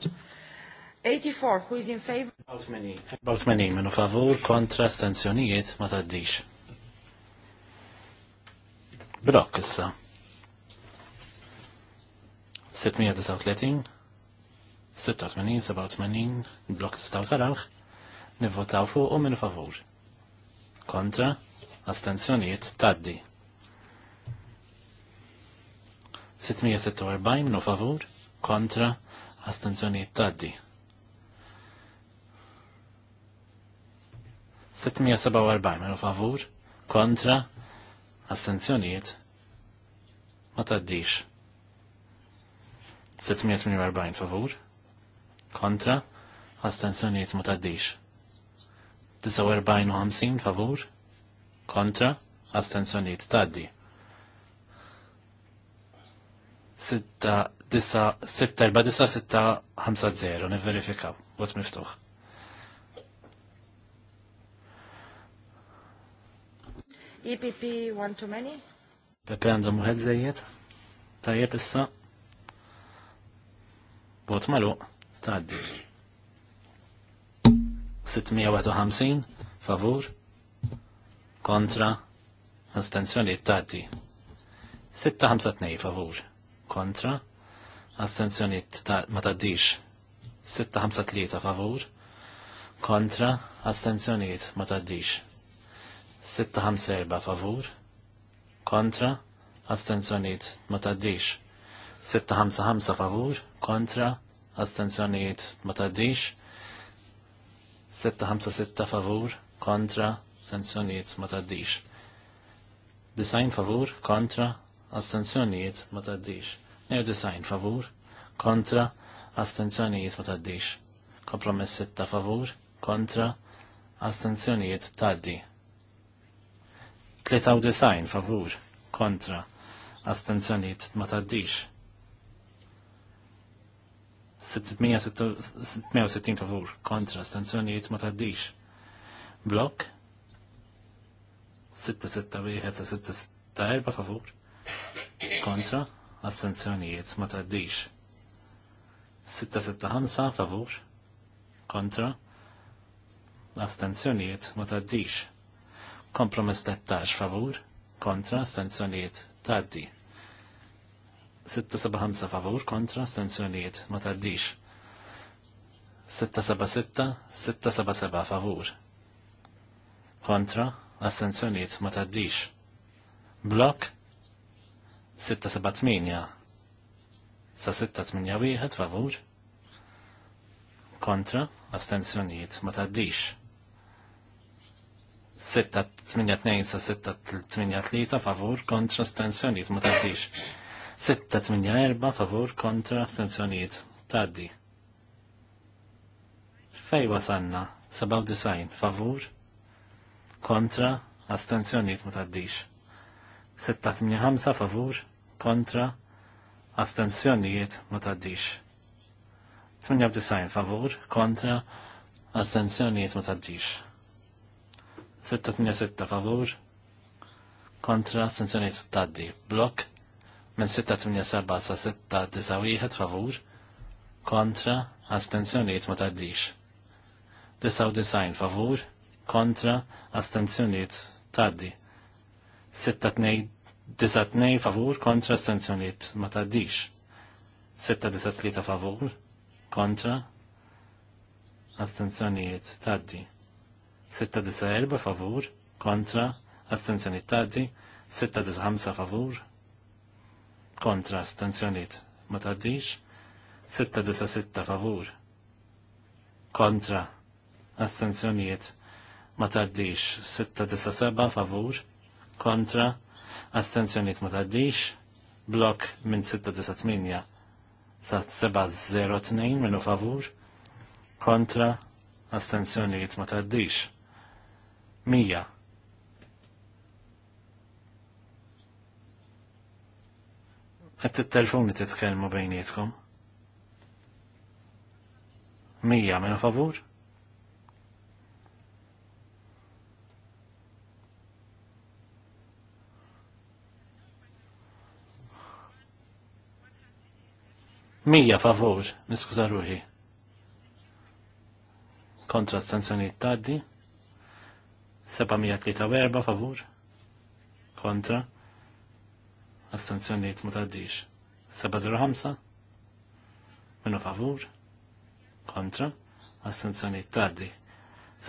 84, who is in favor? 80 minu favur kontra stanzjonijiet ma taddix. Blok issa. 639, 86, 87, blok staw tarawħ, nivvotaw fuq u minn favur. Kontra, astenzjonijiet taddi. 646 minu favur kontra astenzjoni taddi. 647 minu favur kontra astenzjonijiet ma taddix. 648 favur kontra astenzjonijiet ma taddix. 49 50 favur kontra astenzjonijiet taddi. 6-4-9-6-5-0, niverifikaw, vot miftuħ. EPP one too many? Pepe għandu muħed zejiet? Tajjeb issa? Vot maluq, taħdi. 651, favur, kontra, astenzjoni, taħdi. 652, favur kontra, astenzjoniet ta ma taddix 6-5-3 favur, kontra, astenzjoniet ma taddix 6-5-4 favur, kontra, astenzjoniet ma taddix 6-5-5 favur, kontra, astenzjoniet ma taddix 6-5-6 favur, kontra, astenzjoniet ma taddix. Design favur, kontra, astenzjonijiet ma taddix. 92 favur, kontra, astenzjonijiet ma taddix. Kompromess sitta favur, kontra, astenzjonijiet taddi. 93 favur, kontra, astenzjonijiet ma taddix. 660 favur, kontra, astenzjonijiet ma taddix. Blok, 6 6 6 favur, kontra, astenzjonijiet ma taddix. 665 favur, kontra, astenzjonijiet ma taddix. Kompromis 13 favur, kontra, astenzjonijiet taddi. 675 favur, kontra, astenzjonijiet ma taddix. 676, 677 favur. Kontra, astenzjonijiet ma taddix. Blok 678 sa 681 favur kontra astensjonijiet ma taddix 682 sa 683 favur kontra astensjonijiet ma taddix 684 favur kontra astensjonijiet taddi fej wasanna 97 favur kontra astensjonijiet ma taddix 6-5 favur kontra astensjonijiet ma taddix. 98 favur kontra astensjonijiet ma taddix. 6-6 favur kontra astensjonijiet taddi. Blok minn 6-7 sa 6-9 favur kontra astensjonijiet ma taddix. 99 favur kontra astensjonijiet taddi. 6-2 favur kontra astenzjoniet ma taddix. 6-3 favur kontra astenzjoniet taddi. 6-4 favur kontra astenzjoniet taddi. 6-5 favur kontra astenzjoniet ma taddix. 6-6 favur kontra astenzjoniet ma taddix. 6-7 favur kontra, astenzjoniet ma taddix, blok minn 698 sa 702 minn u favur, kontra, astenzjoniet ma taddix. 100. Għet il-telefoni t-tkelmu bejnietkom. Mija minnu favur? Mija favor, niskuza ruħi. Kontra stanzjoniet taddi. 743 favur. Kontra. Astanzjoniet ma taddix. 705. Minu favur. Kontra. Astanzjoniet taddi.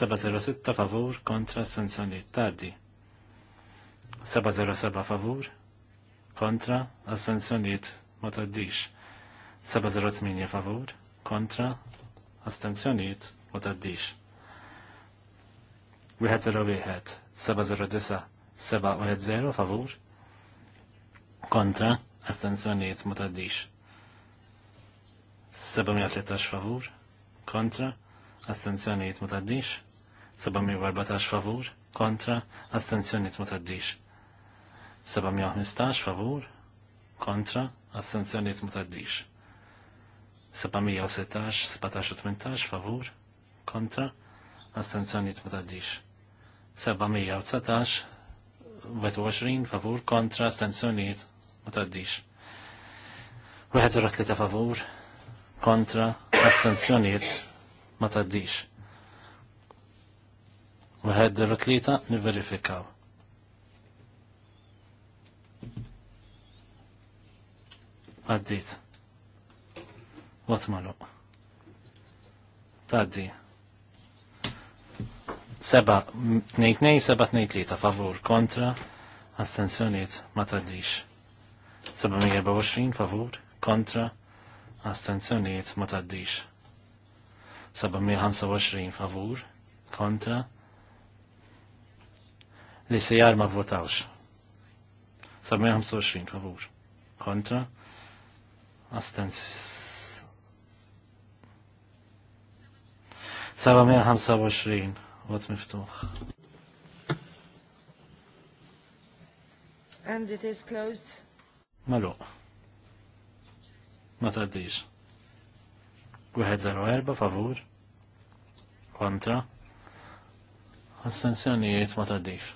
706 favur kontra astanzjoniet taddi. 707 favur kontra astanzjoniet ma taddix. 708 favur kontra astenzjoniet u taddix. seba' 709 zero favur kontra astenzjoniet u taddix. 713 favur kontra astenzjoniet u taddix. 714 favur kontra astenzjoniet u taddix. 715 favur kontra astenzjoniet u taddix. 716, 17 favur kontra astenzjoni t taddix. 719, 21 favur kontra astenzjoniet ma taddix. 103 favur kontra astenzjoni t taddix. Wahed tlieta niverifikaw. Għaddit. Vot maluq. Taddi. Seba, nejt nej, seba nejt li ta' favur kontra, astenzjoniet ma taddix. 724 favur kontra, astenzjoniet ma taddix. 725 favur kontra, li sejar ma votawx. 725 favur kontra, astenzjoniet 725 vot miftuħ. And it is closed. Malu. Ma taddix. 104 favur. Kontra. Astenzjonijiet ma taddix.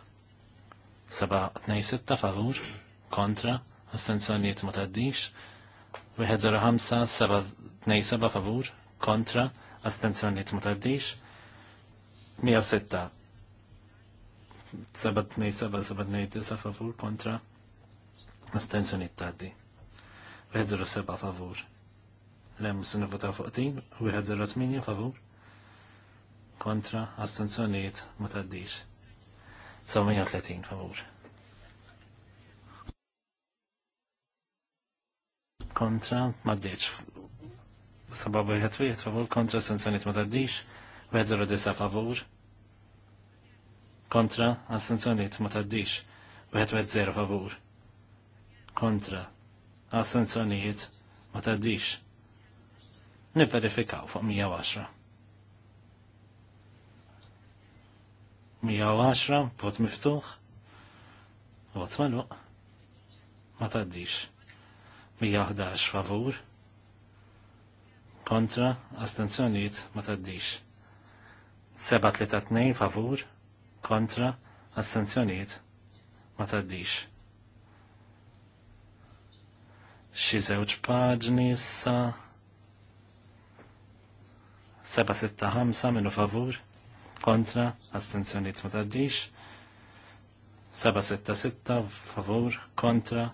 726 favur. Kontra. Astenzjonijiet ma taddix. 105 727 favur. Kontra astenzjoniet ma taddix, 106 sabat nej saba sabat nej tisa favur kontra astenzjoniet taddi. 107 favur. Lem s vota fuq din, 108 favur kontra astenzjoniet ma taddix. letin favur. kontra maddeċ sababu jħat wieħed favur kontra sanzjoniet ma taddix, wieħed zero disa favur kontra assenzjoniet ma taddix, wieħed wieħed zero favur kontra assenzjoniet ma taddix. Niverifikaw fuq 110. 110, vot miftuħ, vot maluq, ma taddix. 111 favur, kontra, astenzjoniet ma taddix. 732 favur, kontra, astenzjoniet ma taddix. Xi żewġ paġni issa 765 minnu favur, kontra, astenzjoniet ma taddix. 766 favur, kontra,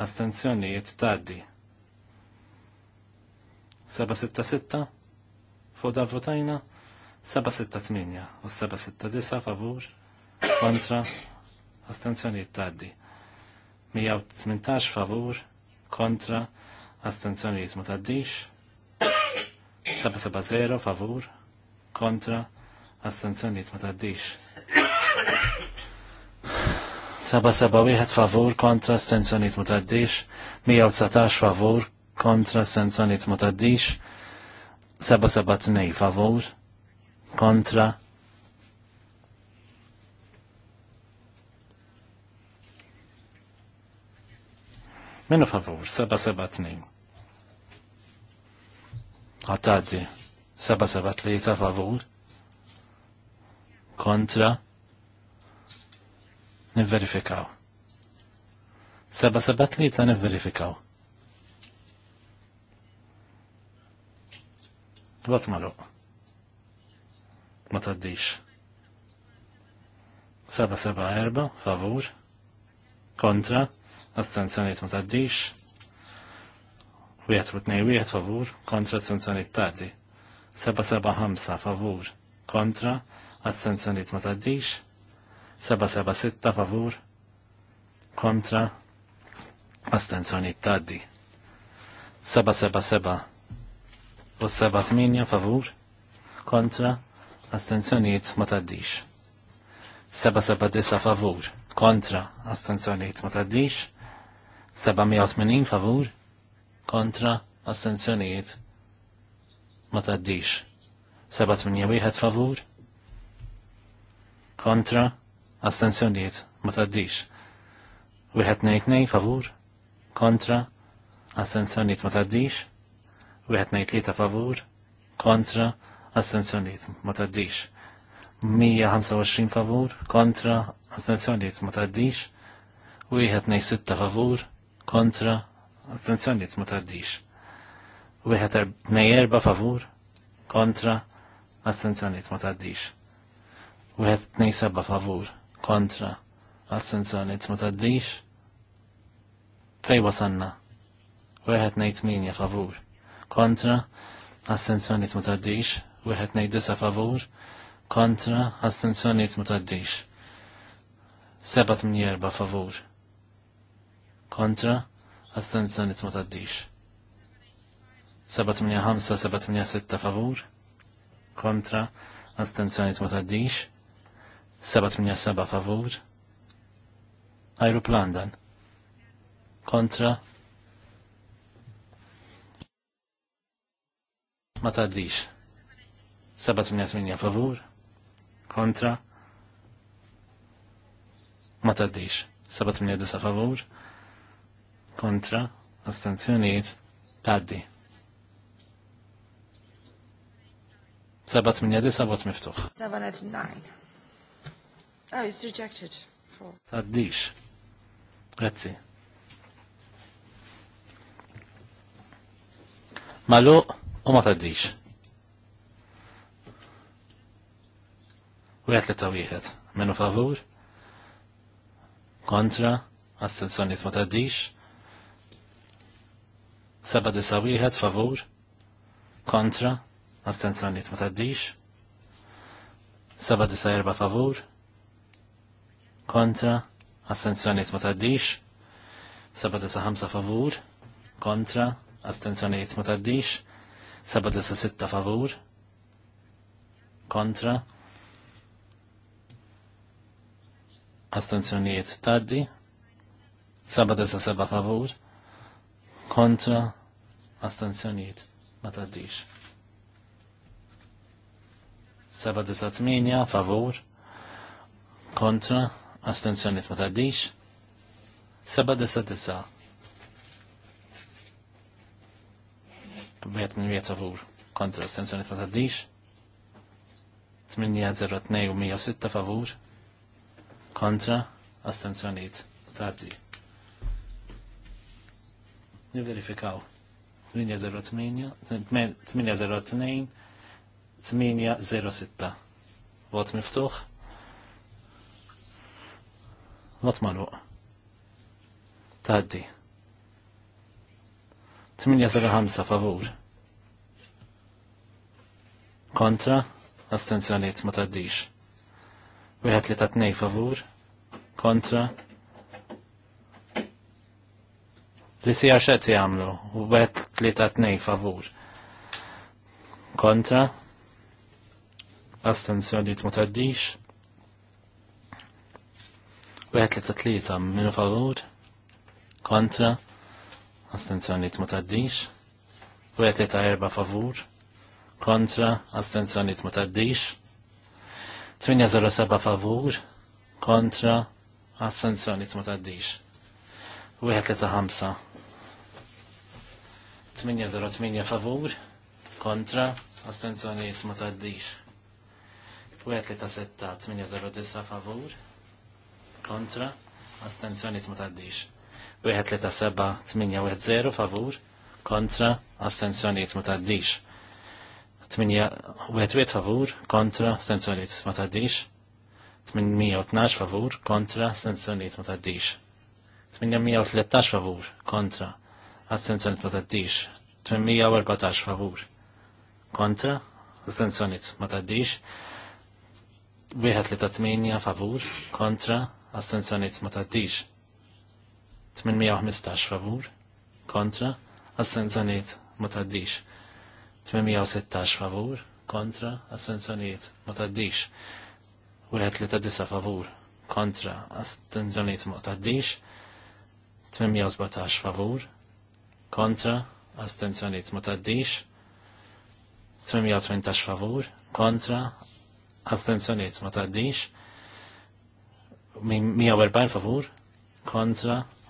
astenzjoniet taddi. 766 fuq dan votajna 768 u 769 favur kontra astenzjoniet taddi. 118 favur kontra astenzjoniet ma taddix. 770 favur kontra astenzjoniet ma taddix. 771 favur kontra astenzjoniet ma taddix. 119 favur kontra sanzjoniet ma taddix, 772 favor, kontra Minu favur, Saba Għattaddi, 773 favur, kontra, nivverifikaw. 773 nivverifikaw. Vot malu. Ma taddix. Seba seba erba, favur. Kontra. Astenzjoniet ma taddix. Wiet u wiet, favur. Kontra astenzjoniet taddi. Seba seba hamsa favur. Kontra. Astenzjoniet ma taddix. Seba seba sitta favur. Kontra. Astenzjoniet taddi. Seba seba seba u 7-8 favur kontra astenzjoniet ma taddix. 7-7-9 favur kontra astenzjoniet ma taddix. 780 favur kontra astenzjoniet ma taddix. 7-8-1 favur kontra astenzjoniet ma taddix. 1-2-2 favur kontra astenzjoniet ma taddix wieħed ngħid ta' favur, kontra, astenzjoniet ma taddix. 125 favur, kontra, astenzjoniet ma taddix. Wieħed ngħid sitta favur, kontra, astenzjoniet ma taddix. Wieħed ngħid erba' favur, kontra, astenzjoniet ma taddix. Wieħed ngħid seba' favur, kontra, astenzjoniet ma taddix. Fejn wasanna? Wieħed ngħid minja favur, kontra, astenzjoniet ma taddix, wieħed ngħid disa favur, kontra, astenzjoniet ma taddix. Seba' tmien favur. Kontra, astenzjoniet ma taddix. 785 sitta favur kontra astenzjoniet ma taddix 787 favur aeroplan dan kontra ma taddix. 788 favur, kontra, ma taddix. disa' favur, kontra, astenzjoniet, taddi. disa' vot miftuħ. nine. Oh, it's rejected. Taddix. Grazzi. Maluq u ma taddix. U għet li wieħed. Menu favur, kontra, astenzjoniet ma taddix, seba disa wieħed favur, kontra, astenzjoniet ma taddix, seba disa erba favur, kontra, astenzjoniet ma taddix, seba disa ħamsa favur, kontra, astenzjoniet ma taddix, 7-6 favur kontra astenzjonijiet taddi 7-7 favur kontra astenzjonijiet ma taddix 7-8 favur kontra astenzjonijiet ma taddix 7-9 Bħed minn mieta favur kontra astenzjoni ta' taddix. 802 u 106 favur kontra astenzjoniet tardi. Niverifikaw. 808, 802, 806. Vot miftuħ. Vot maluq. Tardi. 805 favur. Kontra, astenzjoniet ma taddix. Wieħed li tatnej favur. Kontra. Li si għaxet jagħmlu, u wieħed li tatnej favur. Kontra. Astenzjoniet ma taddix. Wieħed li tatlita minu favur. Kontra astenzjoniet mutaddix, taddix, u għetet erba favur, kontra, astenzjoniet ma taddix, 807 favur, kontra, astenzjoniet ma taddix, u għetet 5. 808 favur, kontra, astenzjoniet ma taddix. U għek li ta' setta 809 favur, kontra, astenzjoniet mutaddix. 1-3-7-8-1-0 favur kontra astenzjoniet ma taddix. 8-1-1 favur kontra astenzjoniet ma taddix. 812 favur kontra astenzjoniet ma taddix. 8-1-3 favur kontra astenzjoniet ma taddix. 814 favur kontra astenzjoniet ma taddix. 1-3-8 favur kontra astenzjoniet ma taddix. 815 favur kontra astenzjoniet ma taddix 816 favur kontra astenzjoniet ma taddix 139 favur kontra astenzjoniet ma taddix 817 favur kontra astenzjoniet ma taddix 818 favur kontra astenzjoniet ma taddix 140 favur kontra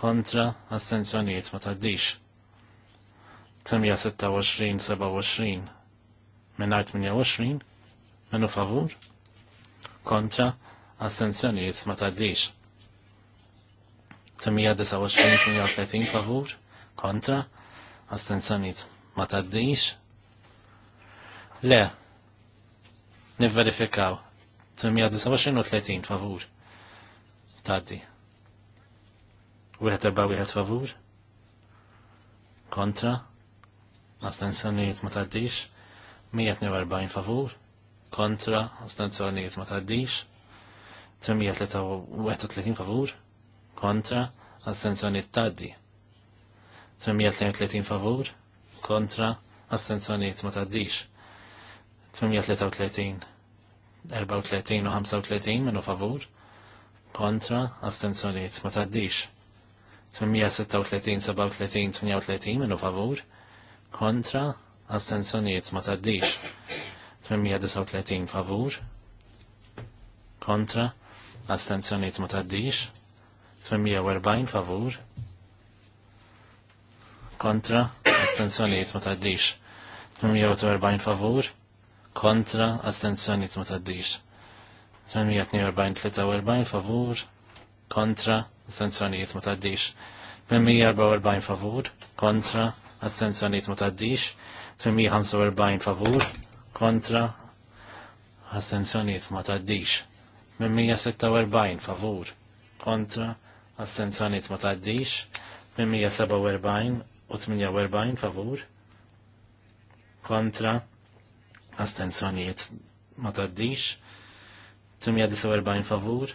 kontra astenzjoniet ma taddix. 26 27 minn art 28 minnu favur kontra astenzjoniet ma taddix. 29-30 favur kontra astenzjoniet ma taddix. Le, nivverifikaw 29 30 favur taddi. Wieħed erba' wieħed favur. Kontra. Astenzjonijiet ma tgħaddix. 142 favur. Kontra. Astenzjonijiet ma tgħaddix. 331 favur. Kontra. Astenzjonijiet taddi. 832 favur, kontra, astenzjoniet ma taddix. 833, 34 u 35 minu favur, kontra, astenzjoniet ma taddix. 836-37-38 minu favur, kontra, astensjoniet ma taddix, 839 favur, kontra, astensjoniet ma taddix, 840 favur, kontra, astensjoniet ma taddix, 840 favur, kontra, astensjoniet ma taddix, 842-43 favur, kontra, astenzjonijiet ma taddix. 844 favur kontra astenzjonijiet ma taddix. 845 favur kontra astenzjonijiet ma taddix. 846 favur kontra astenzjonijiet ma taddix. 847 u 48 favur kontra astenzjonijiet ma taddix. 349 favur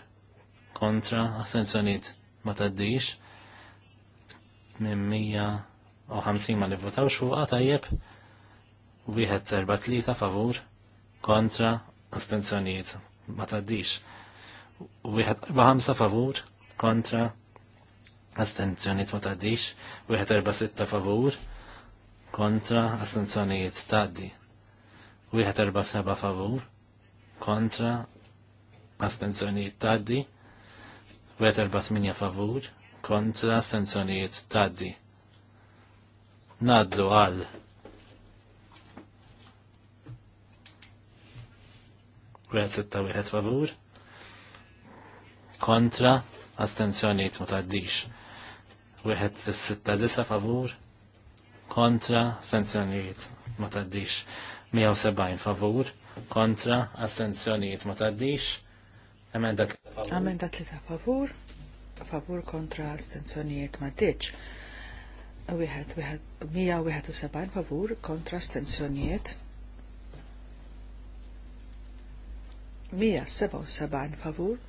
kontra ma taddix ma taddix minn 150 ma li votaw xuqa tajjeb wieħed terba tlieta favur kontra astenzjonijiet ma taddix. Wieħed erba' ħamsa favur kontra astenzjonijiet ma taddix, wieħed erba' sitta favur kontra astenzjonijiet taddi. Wieħed erba' seba' favur kontra astenzjonijiet taddi. Wet 48 favur kontra sensonijiet taddi. Naddu għal. Wet wieħed favur kontra astenzjonijiet ma taddix. Wieħed 69 favur kontra astenzjonijiet ma taddix. 170 favur kontra astenzjonijiet ma taddix emenda Amenda tlita favur, favur kontra stenzonijiet ma ditx. Wieħed, wieħed, 171 favur kontra u 177 favur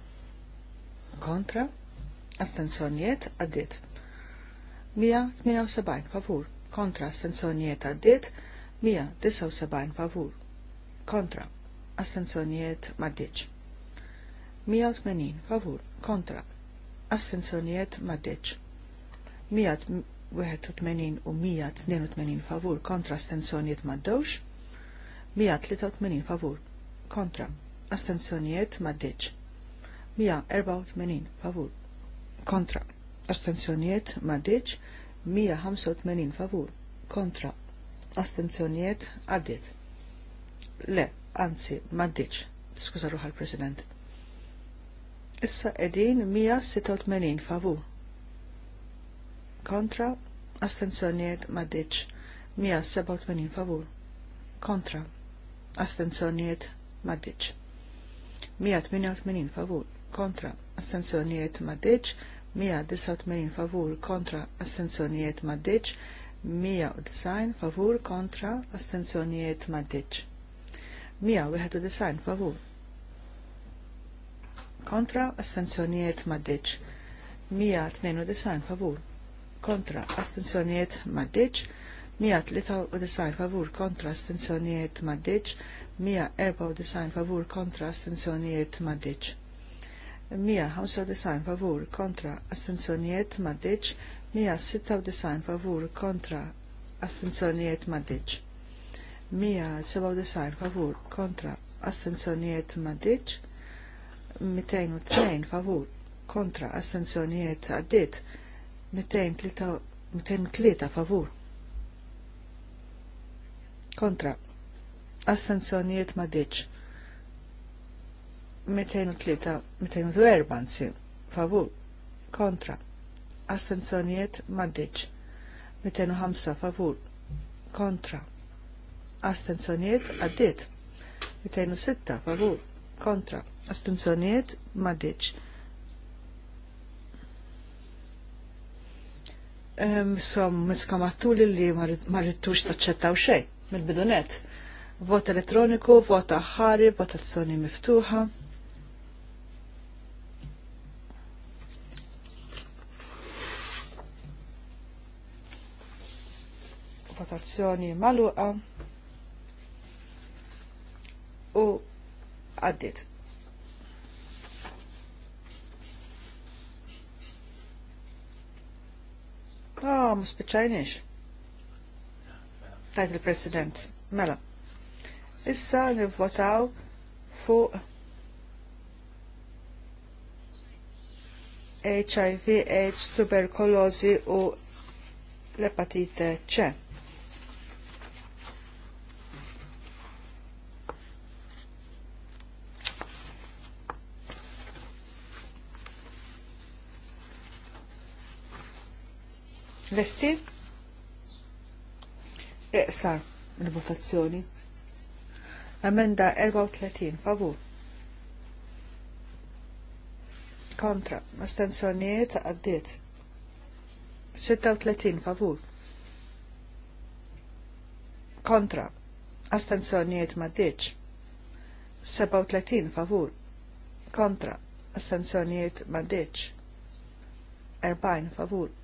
kontra astenzjonijiet għaddit. 178 favur kontra astenzjonijiet għaddit. 179 favur kontra astenzonijiet ma ditx. 180 favur kontra astenzjonijiet maddeċ 181 u 182 favur kontra astenzjonijiet maddewx 183 favur kontra astenzjonijiet maddeċ 184 favur kontra astenzjonijiet maddeċ 185 favur kontra astenzjonijiet għaddit le, anzi, maddiċ, skuza ruħal president Issa edin 186 favur. Kontra astenzjoniet maddiċ 187 favur. Kontra astenzjoniet maddiċ 188 favur. Kontra astenzjoniet maddiċ 189 favur kontra astenzjoniet maddiċ, 190 favur kontra astenzjoniet maddiċ. 191 favur kontra astenzjonijiet maddeċ. 192 favur kontra astenzjonijiet maddeċ. 193 favur kontra astenzjonijiet maddeċ. 194 favur kontra astenzjonijiet maddeċ. 195 favur kontra astenzjonijiet maddeċ. 196 favur kontra astenzjonijiet maddeċ. 197 favur kontra astenzjonijiet maddiċ. 202 favur kontra astensjonijiet għaddit 203 favur kontra astensjonijiet ma 203 204 favur kontra astensjonijiet ma 205 favur kontra astensjonijiet għaddit 206 favur kontra astenzjoniet maddiċ. Som, miskamattu li li marrittux taċċettaw xej, mill-bidunet. Vot elettroniku, vot vot votazzjoni miftuħa. Votazzjoni maluqa. U għaddit. Ah, ma spiċajniex. Tajt il-President. Mela. Issa nivvotaw fuq HIV, AIDS, tuberkulosi u l-epatite C. Lesti? Iqsar e, il-votazzjoni. Amenda 34, favur. Kontra, astensjoniet għaddiet. 36, favur. Kontra, astensjoniet maddiċ. 37, favur. Kontra, astensjoniet maddiċ. 40, favur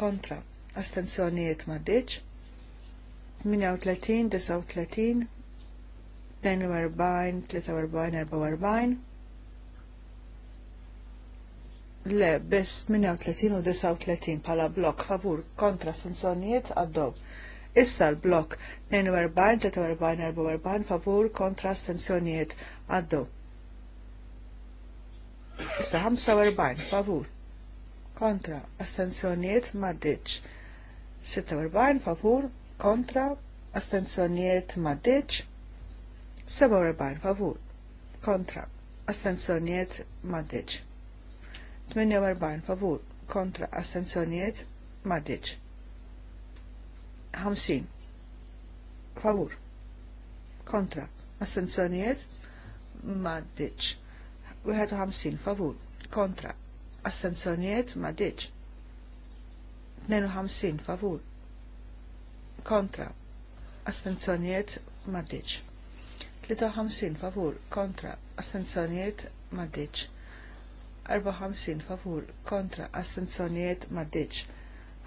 kontra astenzjonijiet maddiċ 38, 39 42, 43, 44 Le, biss 38 u 39 pala blok favur kontra sanzjonijiet għaddob. Issa l-blok 42, 43, 44 favur kontra sanzjonijiet għaddob. Issa 45 favur kontra astenzjoniet maddiċ 46 favur kontra astenzjoniet maddiċ 47 favur kontra astenzjoniet maddiċ 48 favur kontra astenzjoniet maddiċ 50 favur kontra astenzjoniet maddiċ 51 favur kontra astenzjonijiet ma diċ 52 favur kontra astenzjonijiet ma diċ 53 favur kontra astenzjonijiet ma diċ 54 favur kontra astenzjonijiet ma diċ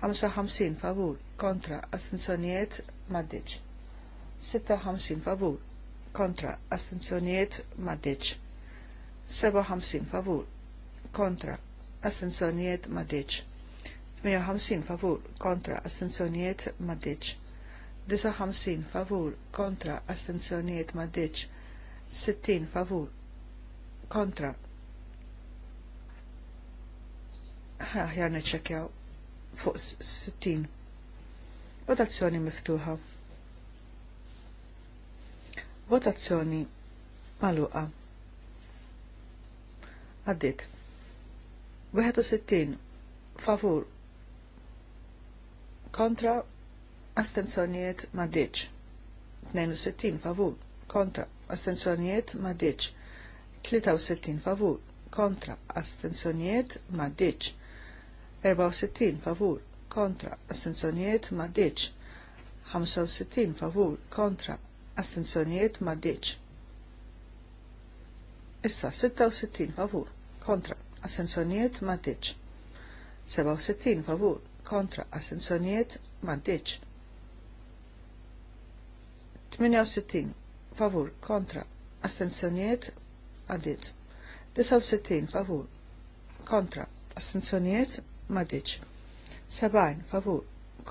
55 favur kontra astenzjonijiet ma diċ 56 favur kontra astenzjonijiet ma diċ 57 favur kontra astenzjonijiet maddiċ. 58 favur kontra astenzjonijiet maddiċ. 59 favur kontra astenzjonijiet maddiċ. 60 favur kontra. Ħjar neċċekjaw fuq 60. Votazzjoni miftuħa. Votazzjoni maluqa. Għaddit. 61 favur kontra astenzjoniet ma' diċ 62 favur kontra astenzjoniet ma' diċ 63 favur kontra astenzjoniet ma' diċ 64 favur kontra astenzjoniet ma' diċ 65 favur kontra astenzjoniet ma' diċ Issa 66 favur kontra assenzjonijiet ma 67 favur kontra assenzjonijiet ma 68 favur kontra astenzjonijiet għaddit. 69 favur kontra astenzjonijiet ma 70 favur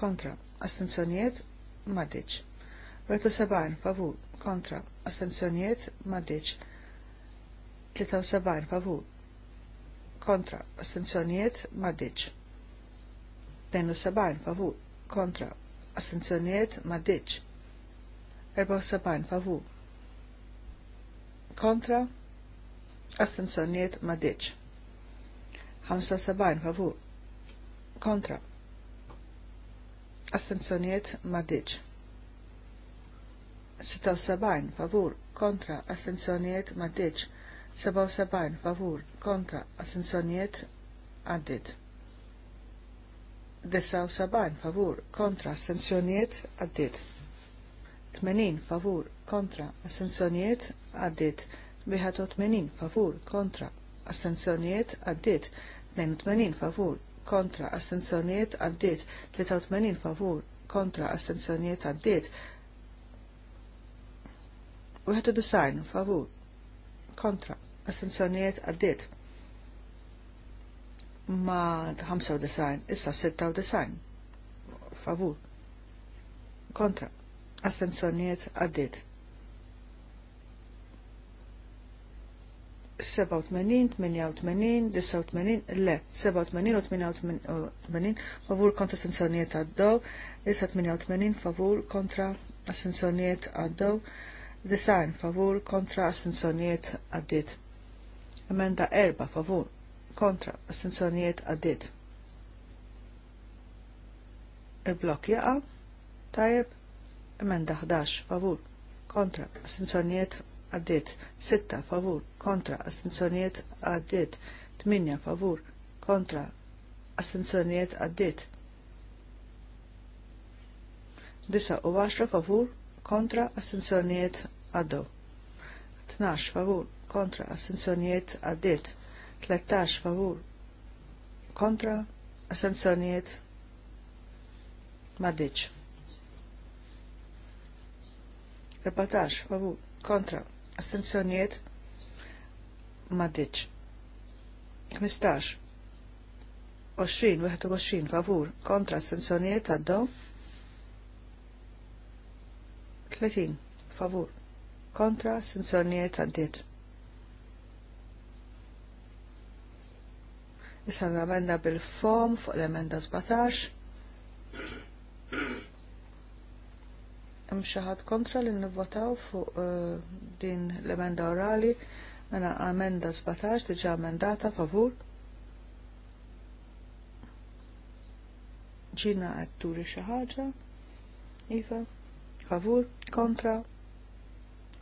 kontra astenzjonijiet ma ddiċ. 70 favur kontra astenzjonijiet ma 73 favur kontra astenzjonijiet maddiċ. 72 favur kontra astenzjonijiet maddiċ. 74 favur kontra astenzjonijiet maddiċ. 75 favur kontra astenzjonijiet maddiċ. 76 favur kontra astenzjonijiet maddiċ. 77 favur kontra Asensoniet għaddit. 79 favur kontra Asensoniet għaddit. 80 favur kontra Asensoniet għaddit. 81 favur kontra astenzjonijiet għaddit. 82 favur kontra astenzjonijiet għaddit. 83 favur kontra astenzjonijiet għaddit. 91 favur kontra assenzjonijiet għaddiet ma 95 issa 96 favur kontra astenzjonijiet għaddit 87-88-89 le 87-88 favur kontra astenzjonijiet għaddow 88 favur kontra astenzjonijiet għaddow Design favur kontra assenzjoniet għaddit. Emenda erba favur kontra assenzjoniet għaddit. Il-blok jaqa, tajib, emenda 11 favur kontra assenzjoniet għaddit. 6 favur kontra assenzjoniet għaddit. 8 favur kontra astenzjonijiet għaddit. 9 u 10 favur kontra astenzjonijiet għaddu. 12 favur kontra astenzjonijiet għaddit. 13 favur kontra astenzjonijiet maddiċ. 14 favur kontra astenzjonijiet maddiċ. 15 20, 21 favur kontra astenzjonijiet għaddu. 30 favur kontra sensonijiet għaddiet. Issa namenda bil-fom fuq l-emenda 17. Hemm xi ħadd kontra li nivvotaw fuq eh, din l-emenda orali mela amenda 17 diġà amendata favur. Ġina qed turi xi ħaġa. Iva favur, kontra,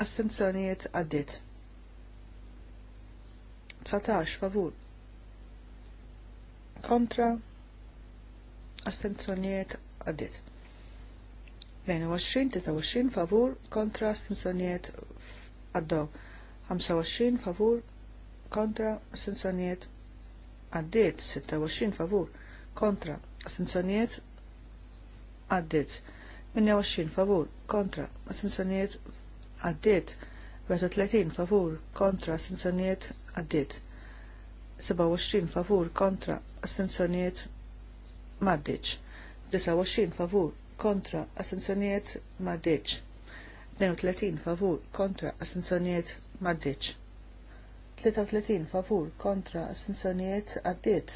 astenzjonijiet għaddit. 19 favur, kontra, astenzjonijiet għaddit. 22, 23 favur, kontra, astenzjonijiet għaddaw. 25 favur, kontra, astenzjonijiet għaddit. 26 favur, kontra, astenzjonijiet għaddit. 28 favur kontra assenzjonijiet għaddiet 30 favur kontra assenzjonijiet għaddiet 27 favur kontra assenzjonijiet maddiċ 29 favur kontra assenzjonijiet maddiċ 32 favur kontra assenzjonijiet maddiċ 33 favur kontra assenzjonijiet għaddiet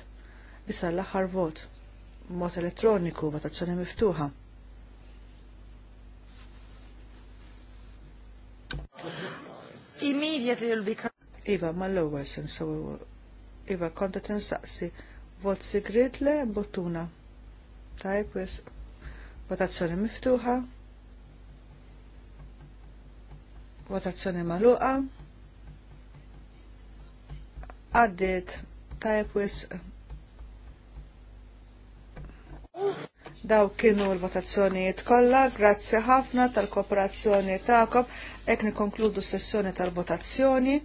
issa l-aħħar vot mod elettroniku votazzjoni miftuħa Immediately you'll be... Iva, ma l-ewel sen so... Iva, konta saqsi Vot sigrit le bottuna. Tajb, wis. Votazzjoni miftuħa. Votazzjoni maluqa. Għaddit. Tajb, wis. Daw kienu l-votazzjonijiet kollha, grazzi ħafna tal-kooperazzjoni tagħkom, hekk nikkonkludu s-sessjoni tal-votazzjoni.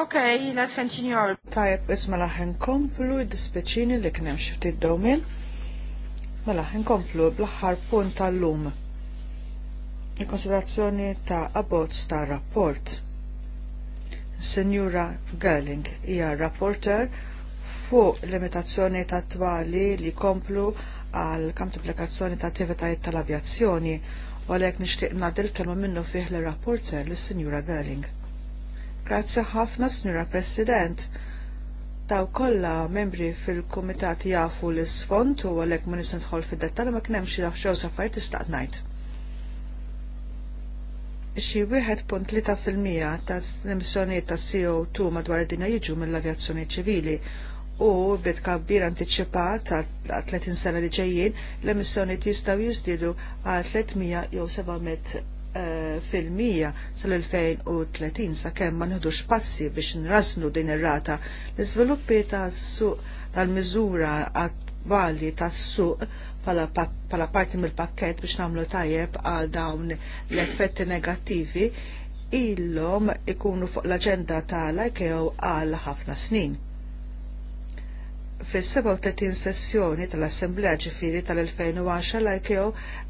Ok, let's continue our... Tajab, isma mela laħen komplu id-dispeċini li knem xifti d-dawmin. Ma mela laħen komplu bl-ħar punt tal-lum. Il-konsiderazzjoni ta' abbozz ta' rapport. Senjura Gerling hija rapporter fuq limitazzjoni ta' twali li komplu għal kam applikazzjoni ta' attivitajiet tal-avjazzjoni u nishtiqna nixtieq ngħadil kelma minnu fih l-rapporter l-Sinjura Gerling. Grazzi ħafna, Snura President. Taw kolla membri fil komitat jafu l-isfond u għalhekk ma nħol nidħol fid-dettall ma kien xi daħxew affarijiet tista' ngħid. Xi wieħed punt li ta' fil-mija ta' emissjonijiet ta' CO2 madwar id-dinja jiġu mill-avjazzjoni ċivili u bit kabbir antiċipat għal 30 sena li ġejjin l emissjonijiet jistgħu jizdidu għal 300 jew 700 Eh, fil-mija sal-2030 sakemm ma nħedux passi biex nrasnu din ir-rata. L-iżviluppi tas-suq tal-miżura attwali tas-suq pala parti mill-pakket biex nagħmlu tajjeb għal dawn l-effetti negattivi illum ikunu fuq l-aġenda tal-IKEO għal ħafna snin. Fis-37 sessjoni tal-Assemblea ġifiri tal-2010 l-IKEO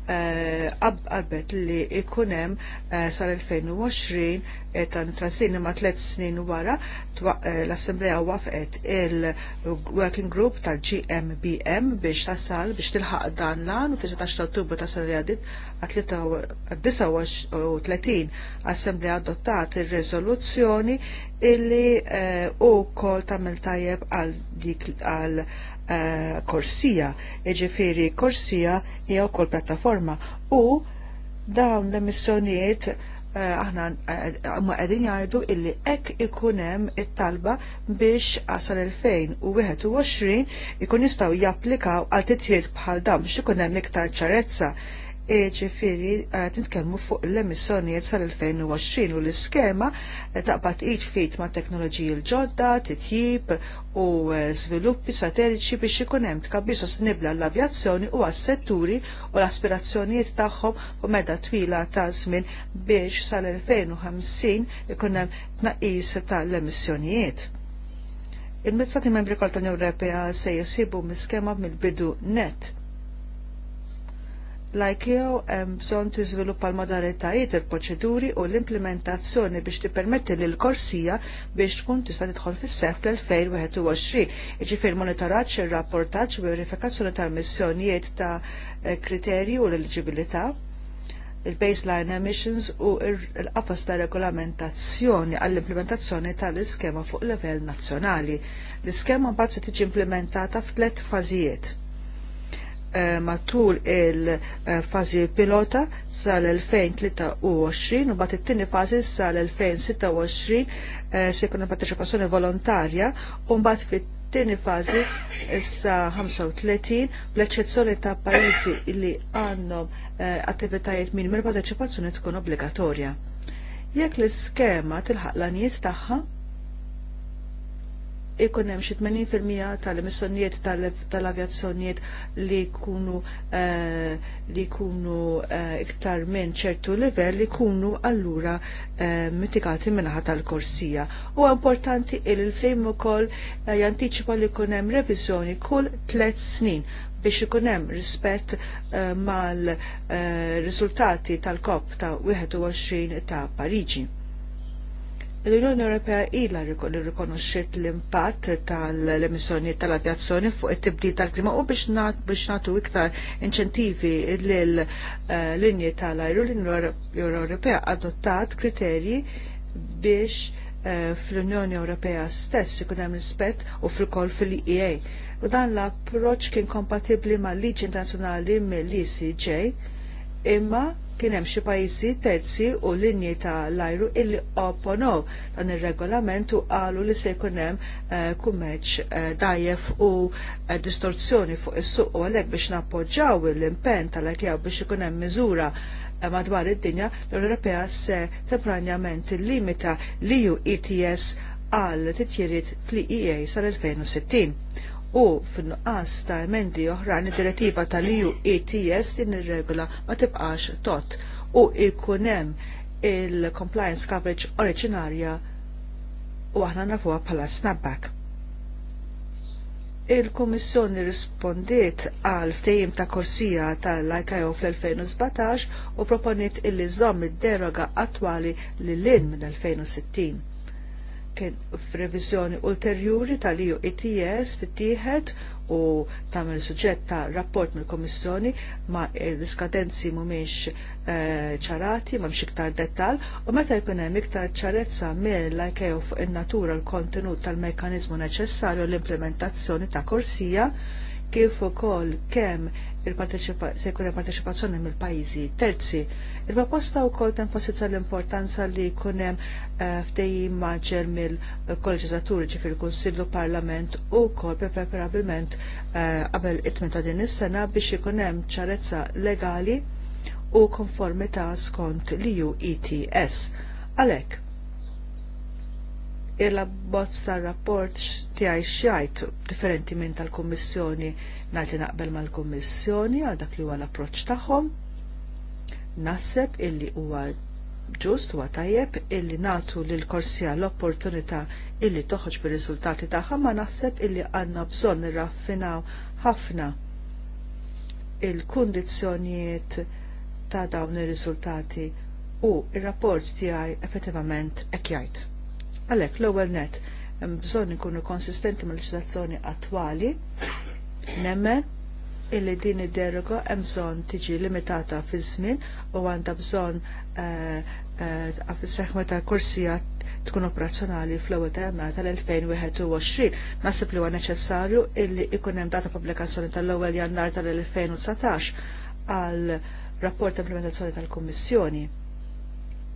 Eh, qabet li ikunem eh, sal-2020 eh, tan transini ma tlet snin wara l assemblea wafqet il-Working Group tal-GMBM biex tasal biex tilħaq dan lan u fil-16 ottubru tasal rjadit għat-39 Assemblea adottat il-rezoluzzjoni illi u kol tamil tajjeb għal dik għal Eh, korsija, ġifiri korsija hija wkoll pjattaforma u dawn l-emissjonijiet eh, aħna eh, ma qegħdin jgħidu illi hekk ikun hemm it-talba biex għasal 2021 ikun jistgħu japplikaw għal titjiriet bħal dam biex ikun hemm iktar ċarezza ġifiri għed nitkellmu fuq l-emissjonijiet sal-2020 u l-iskema eh, taqbad iġ fit ma' teknoloġiji l-ġodda, titjib u eh, sviluppi strateġiċi biex ikun hemm tkabbir sostnibla l avjazzjoni u għas-setturi u l-aspirazzjonijiet tagħhom u medda twila ta' żmien biex sal-2050 ikun hemm tnaqqis tal-emissjonijiet. Il-Mizzati Membri kol tal Ewropea se jisibu miskema mill-bidu net l-IKEO hemm bżonn tiżviluppa l-modalitajiet, il-proċeduri u l-implementazzjoni biex tippermetti lil korsija biex tkun tista' tidħol fis-sef l-2021. Jiġifier monitoraġġ ir-rapportaġġ u verifikazzjoni tal-missjonijiet ta' eh, kriterji u l-eliġibilità il-baseline emissions u l-qafas ta' regolamentazzjoni għall-implementazzjoni tal-iskema fuq level nazzjonali. L-iskema mbagħad se tiġi implementata f'tliet fażijiet Eh, matul il-fazi pilota sal-2023 u bat it-tini fazi sal-2026 eh, se jkun partecipazzjoni volontarja u mbagħad fit-tieni fazi sa 35 bl-eċċezzjoni ta' pajjiżi li għandhom eh, attivitajiet minimi il-parteċipazzjoni tkun obbligatorja. Jekk l-iskema tilħaq l-anijiet tagħha, ikun hemm xi 80% tal-emissjonijiet tal-avjazzjonijiet li jkunu eh, li jkunu eh, iktar minn ċertu livell li jkunu allura eh, mitigati minnaħa tal-korsija. U importanti il il-fejm ukoll jantiċipa li jkun hemm reviżjoni kull tliet snin biex ikun hemm rispett mal-riżultati tal-COP ta' 21 ta' Pariġi L-Unjoni Ewropea ilha rikonoxxiet l-impatt tal-emissjoni tal-avjazzjoni fuq it-tibdil tal-klima u biex nagħtu iktar inċentivi lil eh, linji tal-ajru l-Unjoni Ewropea adottat kriterji biex eh, fl-Unjoni Ewropea stess ikun hemm rispett u fil-koll fil-EA. U dan l-approċċ kien kompatibbli mal-liġi internazzjonali mill-ECJ imma kien hemm xi pajjiżi terzi u linji ta' ajru illi opponew dan ir-regolament u qalu li se jkun hemm eh, kummerċ eh, dajjef u eh, distorzjoni fuq is-suq u għalhekk biex nappoġġjaw l-impenn tal-IKEA biex ikun hemm miżura madwar id-dinja l-Unjoni Ewropea se temporanjament illimita l-EU ETS għal titjiriet fl-EEA sal-2060 u f'nuqqas ta' emendi oħrajn id-direttiva tal-EU ETS din ir-regola ma tibqax tot u jkun hemm il-compliance coverage oriġinarja u aħna nafuha bħala snapback. Il-Kummissjoni rispondiet għal ftehim ta' korsija tal-IKO fl-2017 u proponiet illi żomm id-deroga attwali li l-in minn 2016 kien f'reviżjoni ulterjuri tal-EU ETS tittieħed u tagħmel suġġett ta' rapport mill-Kommissjoni ma' eh, l-iskadenzi mhumiex eh, ċarati, ma' iktar dettal, u meta jkun hemm iktar ċarezza mill-IKEA e fuq in-natura l-kontenut tal-mekkaniżmu neċessarju l-implementazzjoni ta' korsija, kif ukoll kemm se jkun partecipazzjoni mill-pajjiżi terzi. Il-proposta wkoll tenfosizza l-importanza li jkun hemm uh, ftehim maġġel mill-kolleġizaturi ġifir kunsillu Parlament u wkoll preferabilment eh, qabel itmen it ta' din is-sena biex ikun hemm ċarezza legali u konformità skont li ju ETS. Għalhekk, il labbozz tar rapport tiegħi xjajt differenti minn tal-Kummissjoni Nagħti naqbel mal-Kummissjoni għal dak li huwa l-approċċ tagħhom. Naħseb illi huwa ġust huwa tajjeb illi natu lil korsija l-opportunità illi toħroġ bir-riżultati tagħha ma naħseb illi għandna bżonn nirraffinaw ħafna il-kundizzjonijiet ta' dawn ir-riżultati u ir-rapport tiegħi effettivament hekk jgħid. Għalhekk l-ewwel net hemm bżonn ikunu konsistenti mal-leġislazzjoni attwali Nemmen illi din id-deroga hemm bżonn tiġi limitata fi żmien u għandha bżonn eh, eh, fis-seħma tal-kursija tkun operazzjonali fl-ewwel ta' jannar tal-2021. Nasib li huwa neċessarju illi ikun hemm data pubblikazzjoni tal-ewwel jannar tal-2019 għal rapport implementazzjoni tal-Kummissjoni.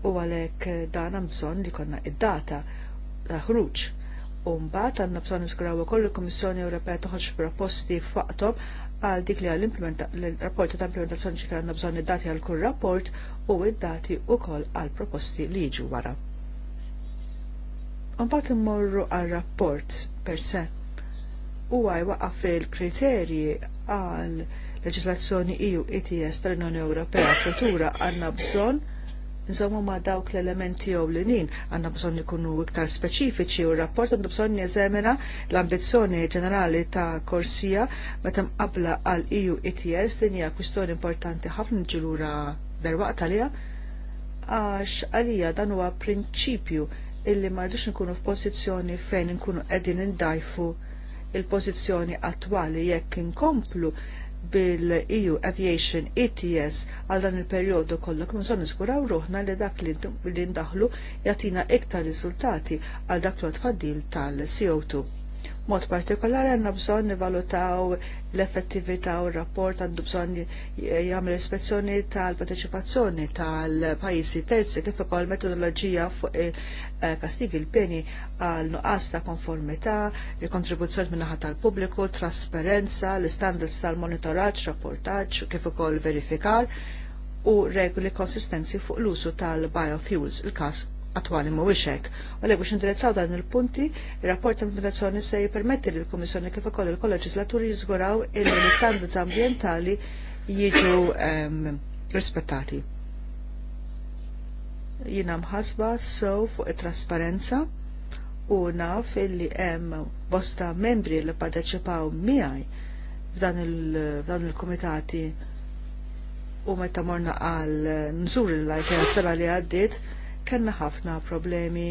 U għalhekk dan hemm bżonn li konna id-data ta' ħruġ U mbagħad għandna bżonn niżguraw ukoll il-Kummissjoni Ewropea toħroġ proposti f'waqthom għal dik li għal l-rapporti ta' implementazzjoni ċifra għandna bżonn id-dati għal kull rapport u id-dati wkoll għal proposti li jiġu wara. Umbat immorru għal rapport per se huwa waqqaf fil-kriterji għal leġislazzjoni EU ETS tal-Unjoni Ewropea futura għandna bżonn nżommu ma' dawk l-elementi jew l-inin għandna bżonn ikunu iktar speċifiċi u rapport għandu bżonn jeżemina l-ambizzjoni ġenerali ta' korsija meta qabla għal EU ETS din hija kwistjoni importanti ħafna ġilura derwaqt għalija għax għalija dan huwa prinċipju illi rridux nkunu f'pożizzjoni fejn nkunu qegħdin indajfu il-pożizzjoni attwali jekk inkomplu bil-EU Aviation ETS għal dan il-perjodu kollu kemm bżonn niskuraw ruħna li dak li ndaħlu jagħtina iktar riżultati għal dak l tfaddil tal-CO2. Mod partikolari għanna bżon nivalutaw l-effettività u r-rapport għandu bżon jgħamil ispezzjoni tal-parteċipazzjoni tal-pajjiżi terzi kif ukoll metodoloġija fuq eh, kastigi l-peni għal nuqqas ta' konformità, il-kontribuzzjoni minnaħat tal-pubbliku, trasparenza, l-standards tal-monitoraġġ, rapportaġġ kif ukoll verifikar u regoli konsistenzi fuq l-usu tal-biofuels, il-każ attwali mhuwiex hekk. Għalhekk biex indirizzaw dan il-punti, ir-rapport ta' implementazzjoni se jippermetti lill kummissjoni kif ukoll il-kolleġislaturi jiżguraw li l-istandards ambjentali jiġu ehm, rispettati. Jiena mħasba so fuq it-trasparenza u naf illi hemm bosta membri li parteċipaw miegħi f'dan il-komitati u meta morna għal nżur l-lajkera sena li għaddiet kellna ħafna problemi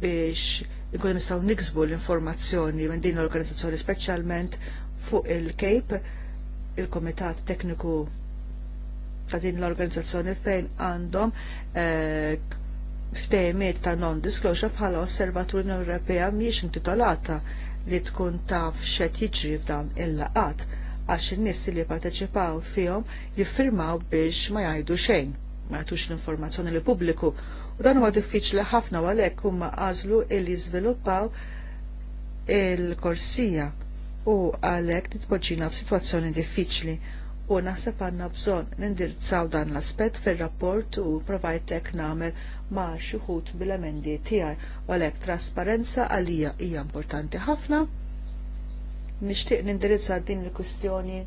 biex nkun nistgħu niksbu l-informazzjoni minn din l-organizzazzjoni speċjalment fuq il-Cape, il-Komitat Tekniku ta' din l-organizzazzjoni fejn għandhom eh, ftehimiet ta' non-disclosure bħala osservatur Ewropea mhijiex intitolata li tkun taf xed jiġri f'dan il-laqat għax in-nies li pparteċipaw fihom jiffirmaw biex ma jgħidu xejn ma jagħtux l-informazzjoni li pubbliku u dan huwa diffiċli ħafna għalhekk huma għażlu li jiżviluppaw il-korsija u għalhekk titpoġġina f'sitwazzjoni diffiċli u naħseb għandna bżonn nindirizzaw dan l-aspett fir-rapport u provajtek nagħmel ma' xuħut bil-emendi tiegħi u għalhekk trasparenza għalija hija importanti ħafna. Nixtieq nindirizza din il-kwistjoni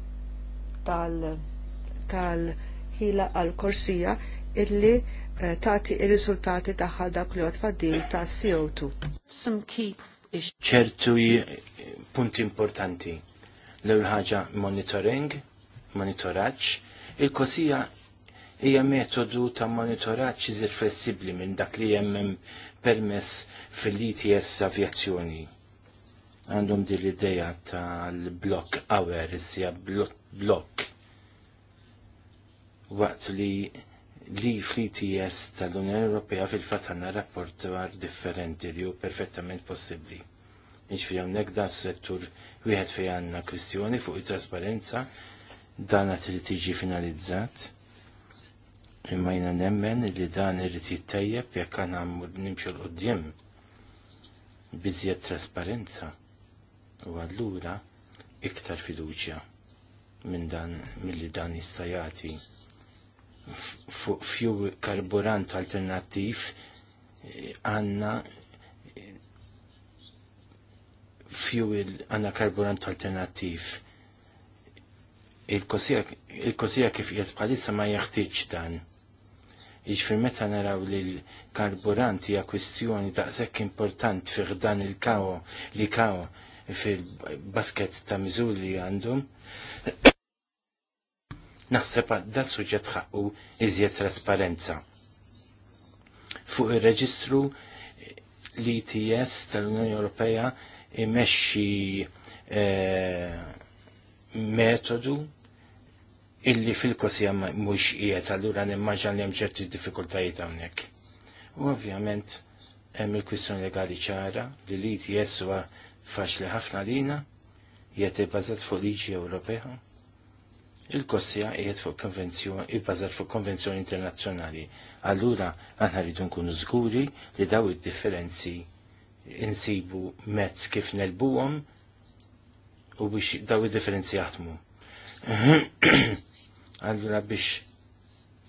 tal- tal ħila għal korsija illi eh, tagħti il riżultati taħħa dak li għatfaddil ta' CO2. ċertu punti importanti. L-ewwel ħaġa monitoring, monitoraġġ, il-kosija hija metodu ta' monitoraġġ iżir flessibbli minn dak li hemm permess fil-ITS avjazzjoni. Għandhom din l-idea tal-block hour, iżja block waqt li li fl-ITS tal-Unjoni Ewropea fil-fatt rapport għar differenti li hu perfettament possibbli. għamnek hawnhekk dan settur wieħed fi għandna kwistjoni fuq it-trasparenza dan għat li tiġi finalizzat. Imma nemmen li dan irid jittejjeb jekk għammu nimxu l-qudiem biżjed trasparenza u allura iktar fiduċja minn dan milli dan jista' jagħti fuq fju karburant alternattiv għanna fuel għanna karburant alternattiv. Il-kosija kif jgħet bħalissa ma jaħtieġ dan. Iġfir meta naraw li l-karburant hija kwistjoni daqshekk importanti fih dan il-kawo li kawo fil-basket ta' miżur li għandhom. Naħseb da suġġett tħaqqu iżjed trasparenza. Fuq ir-reġistru l-ITS tal-Unjoni Ewropea imexxi eh, metodu illi fil-kosja mhux qiegħed allura nimmaġan li hemm ċerti diffikultajiet hawnhekk. U ovvjament hemm il-kwistjoni legali ċara li l-ITS huwa faċli ħafna lina jgħet ibbażat fuq liġi Ewropeja il-kossija jiet fuq konvenzjoni ibbażat fuq konvenzjoni internazzjonali. Allura aħna rridu nkunu żguri li daw id-differenzi insibu mezz kif nelbuhom u biex daw id-differenzi jaħdmu. Allura biex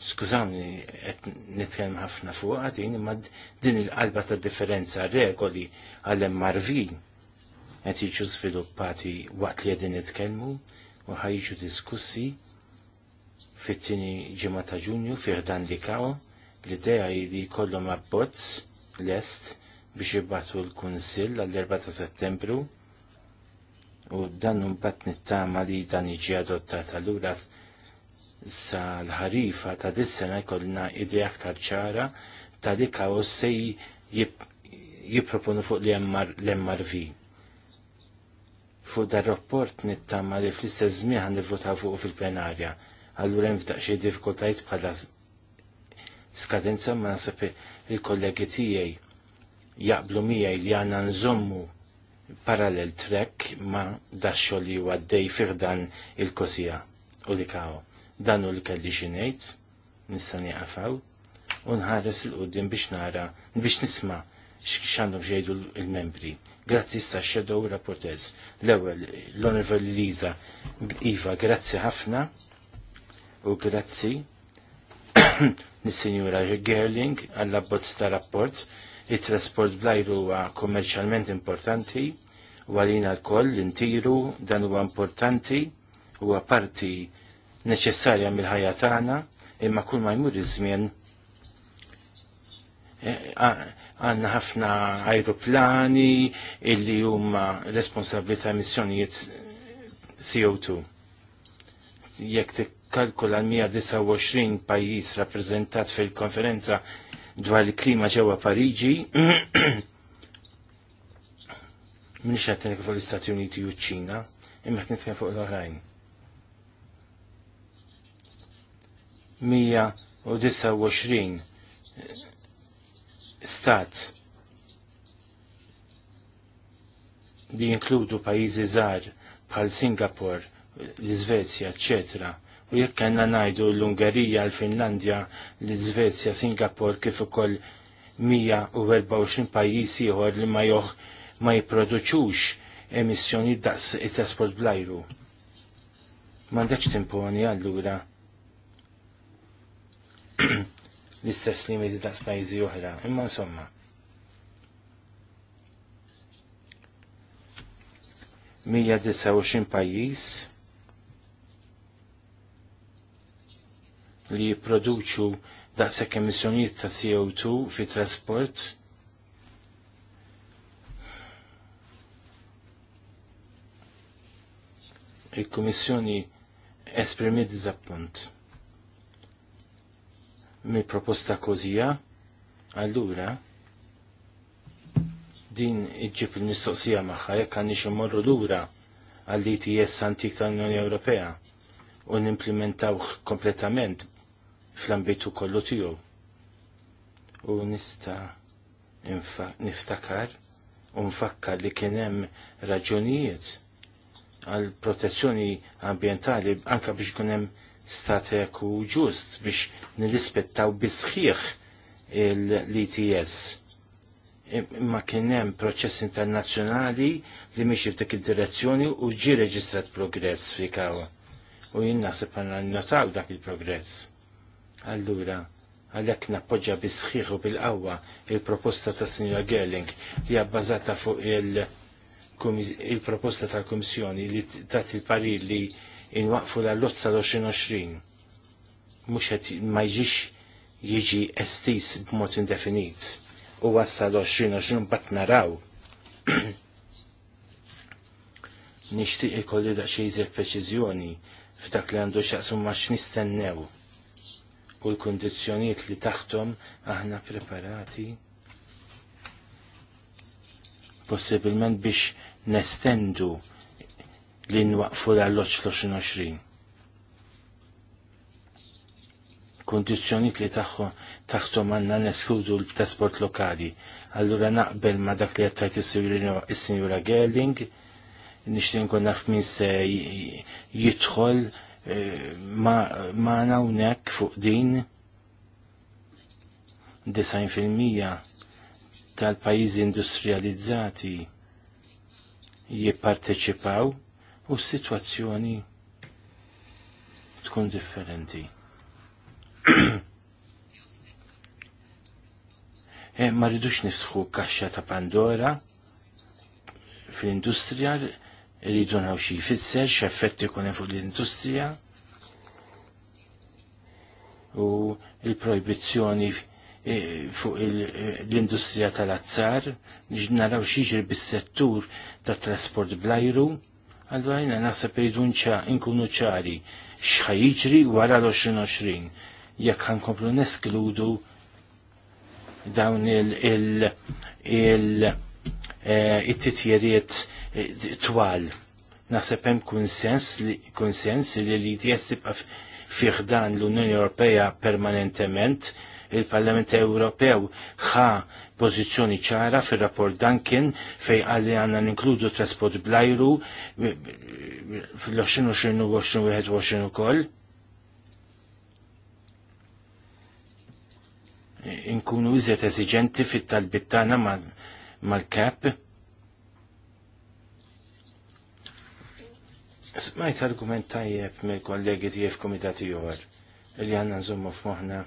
skużawni qed nitkellem ħafna fuq għadin imma din il-qalba ta' differenza regoli għall-MRV qed jiġu żviluppati waqt li qegħdin nitkellmu u ħajġu diskussi fit-tieni ġimgħa ta' Ġunju fih dan li kaw l-idea li jkollhom abbozz lest biex jibgħatu l-Kunsill għall-4 ta' Settembru u dan mbagħad nittama li dan jiġi adottat allura sa l-ħarifa ta' dis-sena jkollna idea aktar ċara ta' li kaw se jiproponu fuq l-MRV fuq dar rapport nittama li fl-istess żmien ħan fuq fil-plenarja. Allura hemm f'daqsxejn diffikultajiet bħala skadenza ma nasib il-kollegi tiegħi jaqblu miegħi li għandna nżommu parallel track ma daxxo li għaddej firdan il-kosija u li kaw. Dan li kelli xinejt, nistani għafaw, u nħares il-qoddim biex nara, biex nisma x'għandhom xejdu l-membri. Grazzi sa Shadow Rapportez. L-ewel, l onorvel Liza. Iva, grazzi ħafna u grazzi nis-Sinjura Gerling għall-abbozz ta' rapport. Il-trasport blajru huwa kommerċjalment importanti u għalina l-koll l-intiru dan huwa importanti huwa parti neċessarja mill-ħajja tagħna imma kull ma jmur iż-żmien eh, għanna ħafna aeroplani illi huma responsabli ta' emissjonijiet CO2. Jekk tikkalkula l-129 pajjiż rappreżentat fil-konferenza dwar il-klima ġewwa Pariġi, minix qed fuq l-Istati Uniti u ċ-Ċina, imma qed nitkellem fuq l-oħrajn. 129 stat li jinkludu pajizi żgħar bħal Singapur, l-Iżvezja, etc. U jekk kellna ngħidu l-Ungerija, l-Finlandja, l-Iżvezja, Singapur kif ukoll 124 pajjiż ieħor li ma joħ ma jipproduċux emissjoni daqs it-trasport blajru. M'għandekx timponi allura l-istess limiti ta' pajjiżi oħra. Imma insomma. Mija 129 pajjiż li jipproduċu sekk emissjonijiet ta' CO2 fi trasport il-Kummissjoni esprimiet Zappunt. Mi proposta kozija, allura din iġib il-mistoqsija magħha jekk għandix l lura għall-ITS e antik tal-Unjoni Ewropea u nimplementawh kompletament fl-ambitu kollu tiegħu. U nista' niftakar u nfakkar li kien hemm raġunijiet għal protezzjoni ambientali anka biex kunem hemm stateku ġust biex nirrispettaw bisħiħ l-ETS. Imma kien hemm proċess internazzjonali li mhix f'dik id-direzzjoni u ġi reġistrat progress fi kawa. U jien naħseb għandna nnotaw dak il-progress. Allura, għalhekk nappoġġa bisħiħ u bil-qawwa il-proposta ta' Sinjora Gerling li bbażata fuq il-proposta tal-Kummissjoni li tagħti il-parir li inwaqfu l-allot l 2020 mux ma jġix jiġi estis b'mod indefinit u wassal 2020 bat naraw nishtiq ikolli daqxie jizir preċizjoni f'dak li għandu xaqsum ma nistennew u l-kondizjoniet li taħtom aħna preparati possibilment biex nestendu li nwaqfu l-alloċ Kondizjoniet li taħtom għanna neskudu l-trasport lokali. Allura naqbel ma dak li għattajt il-Sinjura Gerling, kon naf f'min se jidħol eh, ma nawnek fuq din 90% tal-pajizi industrializzati jipparteċipaw u s-situazzjoni tkun differenti. e, ma rridux nifsħu kaxxa ta' Pandora fil-industrija rridu naw xi jfisser x'effetti ikun hemm fuq l-industrija u l-projbizzjoni eh, fuq eh, l-industrija tal-azzar naraw xi bis-settur tat trasport blajru Allora jina naħseb irridu nkunu ċari xħajġri wara l-2020 jekk komplu neskludu dawn il-titjeriet eh, eh, twal. Naħseb hemm kunsens li li jessib fih dan l-Unjoni Ewropea permanentement il-Parlament Ewropew ħa pożizzjoni ċara fir-rapport Duncan fej għalli għanna ninkludu trasport blajru fil-2021 ukoll. Inkunu iżjed eżiġenti fit-talbit tagħna mal-kap. Smajt argument tajjeb mill-kollegi tiegħi f'kumitati oħor li għandna nżommu f'moħħna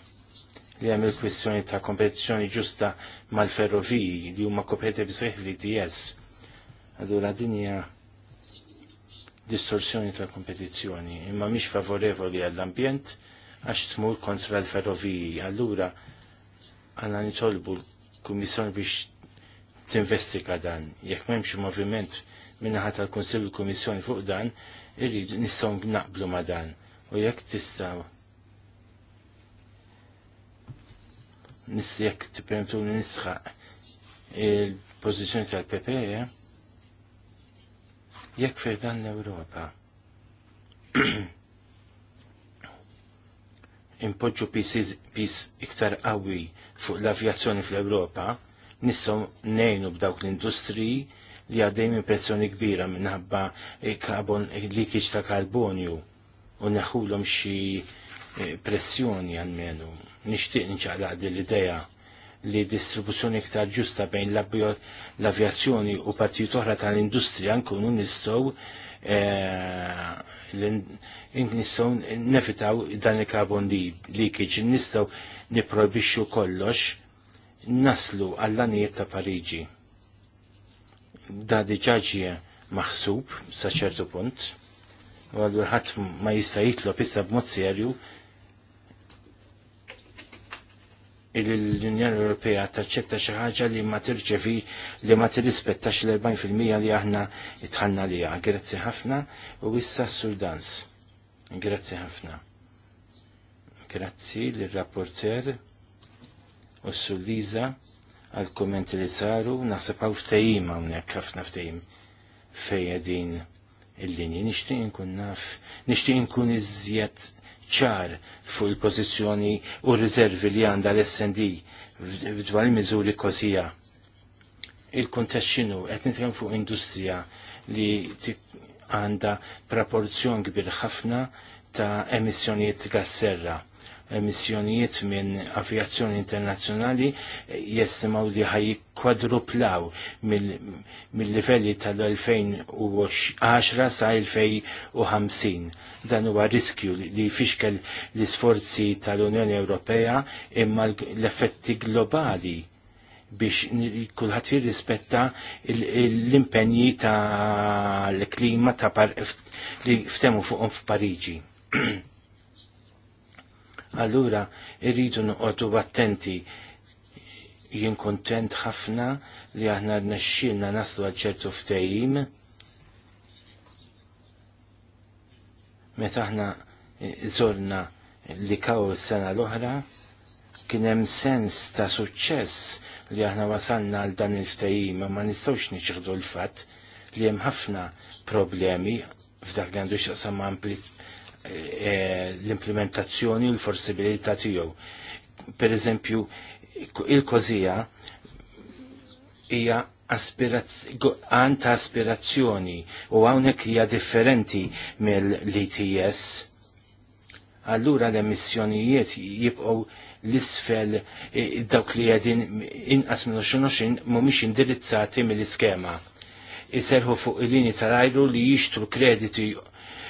li hemm il-kwistjoni ta' kompetizzjoni ġusta mal-ferroviji li huma koperti b'sejħ li its Allura din hija distorsjoni ta' kompetizzjoni, imma mhix favorevoli għall-ambjent għax tmur kontra l-ferroviji. Allura għanna nitolbu l-Kummissjoni biex tinvestiga dan. Jekk m'hemmx moviment minnaħat tal-Kunsill u l-Kummissjoni fuq dan, irridu nistgħu naqblu ma' dan. U jekk tista'. nisjek t-permetu nisħa nisħaq il-pozizjoni tal-PPE jekk dan l-Europa. Impoġġu pis iktar qawwi fuq l-avjazzjoni fl-Europa, nissom nejnu b'dawk l-industriji li għaddejn impressjoni kbira minħabba karbon likiċ ta' karbonju u neħulhom xi pressjoni għal menu nixtieq nċaqla din l-idea li distribuzzjoni iktar ġusta bejn l-avjazzjoni u partijiet oħra tal-industrija nkunu nistgħu eh, nistgħu nefitaw dan il li leakage, nistgħu niprobixxu kollox naslu għall-anijiet ta' Pariġi. Da diġaġie maħsub sa ċertu punt, u għallur ħadd ma jista' jitlob issa b'mod serju l-Unjoni Ewropea taċċetta xi ħaġa li ma tirċevi li ma tirrispettax l-40% li aħna itħanna liha. Grazzi ħafna u issa s-Surdans. Grazzi ħafna. Grazzi lir-rapporter u s-Sulliza għal kommenti li saru naħseb hawn ftehim hawnhekk ħafna ftehim fejn din il-linji. Nixtieq inkun naf, nixtieq inkun iżjed ċar fuq il-pożizzjoni u r-riservi li għandha l-SND dwar il-miżuri kosija. Il-kuntest x'inhu qed nitkellem fuq industrija li għandha proporzjon kbir ħafna ta' emissjonijiet gas serra emissjonijiet minn avjazzjoni internazzjonali eh, jestimaw li ħaj kwadruplaw mill-livelli mil tal-2010 sa' 2050. Dan huwa riskju li fixkel l-isforzi tal-Unjoni Ewropea imma l-effetti globali biex kullħat jirrispetta l-impenji tal-klima ta' li ftemu fuqhom f'Pariġi. Allura, irridu noqodu attenti. Jien kontent ħafna li aħna rnexxilna naslu għal ċertu ftehim. Meta aħna żorna eh, li kaw sena l-oħra, kien hemm sens ta' suċċess li aħna wasalna għal dan il-ftehim, ma nistgħux niċħdu l-fatt li hemm ħafna problemi f'dak li għandu x'aqsam E, l-implementazzjoni u l-forsibilità tiegħu. Per eżempju, il-kozija hija għan ta' aspirazzjoni u għawnek hija differenti mill-LTS. Allura l-emissjonijiet jibqgħu l-isfel e, dawk li għedin inqas minn 20 mumiex indirizzati mill-iskema. Iserħu fuq il-lini tal-ajru li jixtru krediti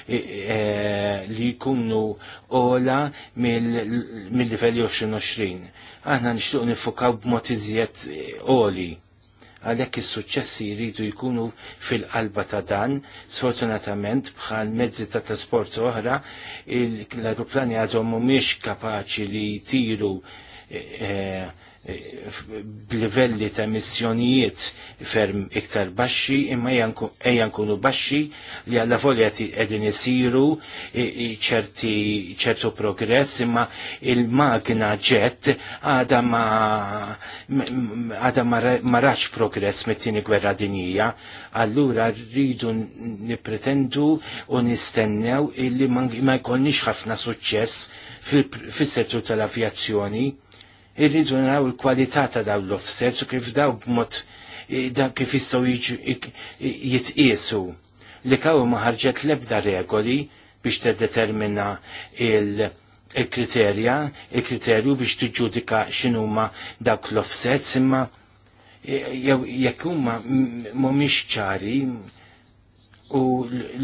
E, li kunnu ola mill-livell 20 Aħna nishtuq nifokaw b'mod iżjed e, oli għalhekk is-suċċessi jridu jkunu fil-qalba ta' dan, sfortunatament bħal mezzi ta' trasport oħra, l-aeroplani għadhom mhumiex kapaċi li jtiru e, b'livelli ta' emissjonijiet ferm iktar baxxi imma ejjan nkunu baxxi li għalla volja qegħdin isiru ċertu progress imma il-magna ġett għada ma għada ma rax progress mit-tieni gwerra dinija allura rridu nipretendu u nistennew illi ma jkollniex ħafna suċċess fis-settur tal-avjazzjoni irridu naraw il-kwalità ta' daw l offset u kif daw b'mod eh, kif jistgħu jitqiesu. Li kaw ma ħarġet l-ebda regoli biex tiddetermina il-kriterja, il-kriterju biex tiġġudika x'inhuma dawk l offset imma eh, jekk huma mhumiex ċari u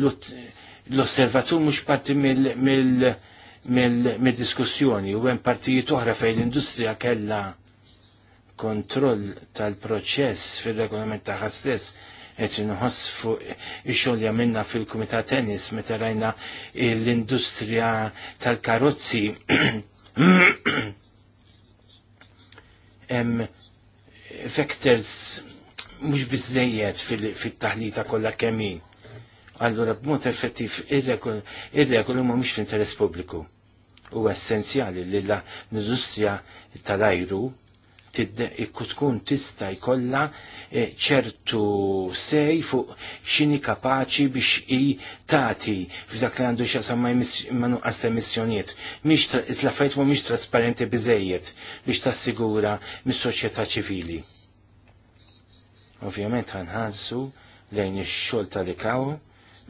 l-osservatur mhux parti mill- mill-diskussjoni u hemm partijiet oħra fejn l-industrija kellha kontroll tal-proċess fil-regolament taħħa stess qed inħoss fuq ix-xogħol fil-Kumitat Tennis meta rajna l-industrija tal-karozzi hemm vectors mhux biżejjed fit-taħlita kollha kemm hi. Allura b'mod effettiv ir-regoli mux mhux fl-interess pubbliku u essenzjali li l-industrija tal-ajru tkun tista jkollha eh, ċertu sej fuq xini kapaċi biex i tati f'dak li għandu xasam ma nuqqas emissjonijiet. Miex islafajt ma miex trasparenti biżejjed biex tassigura mis-soċjetà ċivili. Ovvjament ħanħarsu lejn ix-xogħol tal-ikaw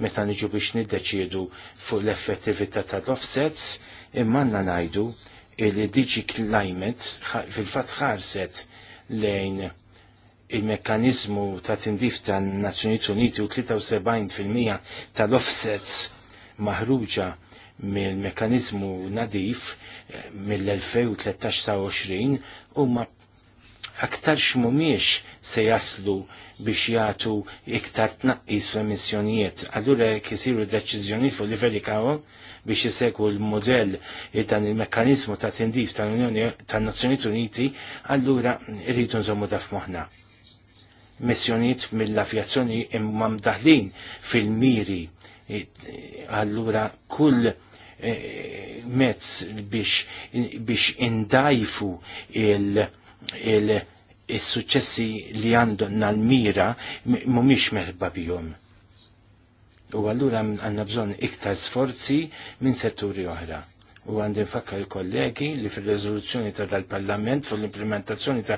meta niġu biex niddeċiedu fuq l-effettività tal-offsets immanna najdu il Digi Climate fil-fat ħarset lejn il-mekkanizmu ta' tindif ta' Nazzjonijiet Uniti u 73% tal-offsets maħruġa mill-mekkanizmu nadif mill-2013 sa' 20 u ma' aktar x'mumiex se jaslu biex jagħtu iktar tnaqqis fl-emissjonijiet. Allura jekk isiru deċiżjonijiet fuq livell ikaw biex jisegwu l-modell e dan il-mekkanizmu ta' tindif tal-Unjoni tan-Nazzjonijiet Uniti, allura rridu nżommu daf moħna. Missjoniet mill-avjazzjoni imma mdaħlin fil-miri, e, allura kull e, mezz biex, biex indajfu il- il-successi li għandhom nal-mira mumiex merba bijom. U għallura għanna bżon iktar sforzi minn setturi oħra. U għandi nfakka l kollegi li fil-rezoluzzjoni ta' dal-Parlament fil-implementazzjoni ta'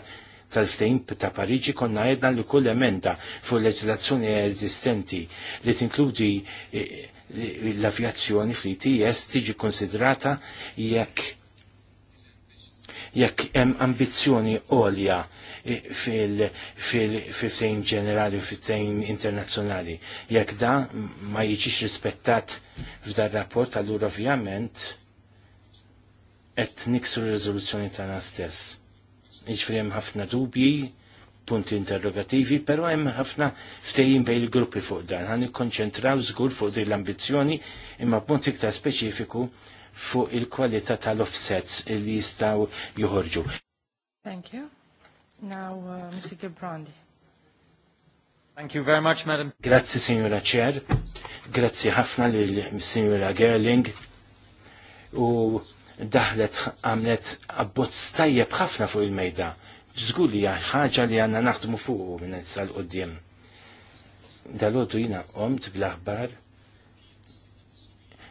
tal-ftejn ta' Pariġi konna jedna li kull emenda fuq leġislazzjoni eżistenti li tinkludi eh, l-avjazzjoni fl-ITS tiġi konsidrata jekk jekk hemm ambizzjoni għolja eh, fil-ftejn ġenerali u fil-ftejn internazzjonali. Jekk da ma jiġix rispettat f'dar rapport, allura ovvjament qed niksu r-riżoluzzjoni tagħna stess. Jiġifieri hemm ħafna dubji, punti interrogativi, pero hemm ħafna ftejjin bejn il-gruppi fuq dan. Ħan ikkonċentraw żgur fuq din l-ambizzjoni imma punti iktar speċifiku fuq il-kwalità tal-offsets li jistgħu joħorġu. Thank you. Now, uh, Mr. Gibrandi. Thank you very much, Madam. Grazzi, Signora Chair. Grazie ħafna lil Signora Gerling. U daħlet għamlet abbozz tajjeb ħafna fuq il-mejda. Żgur li ħaġa li għandna naħdmu fuq minn sal Dal-għoddu jina qomt bl-aħbar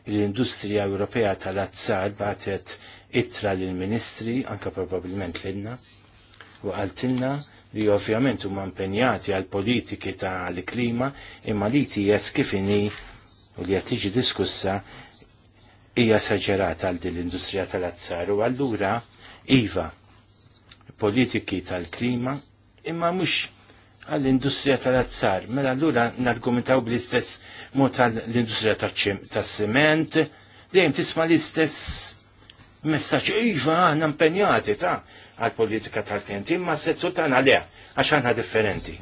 l-industrija Ewropea tal-azzar batet ittra l-ministri, anka probabilment l-inna, u għaltilna li ovvjament huma impenjati għal politiki tal-klima imma li ti kifini u li għatiġi diskussa hija saġerata għal din l-industrija tal-azzar u allura iva politiki tal-klima imma mhux għall-industrija tal-azzar. Mela allura nargumentaw bl-istess mod għall-industrija tas-siment, dejjem tisma' l-istess messaġġ iva aħna impenjati ta' għall-politika tal kent imma settur tagħna għalja, għax aħna differenti.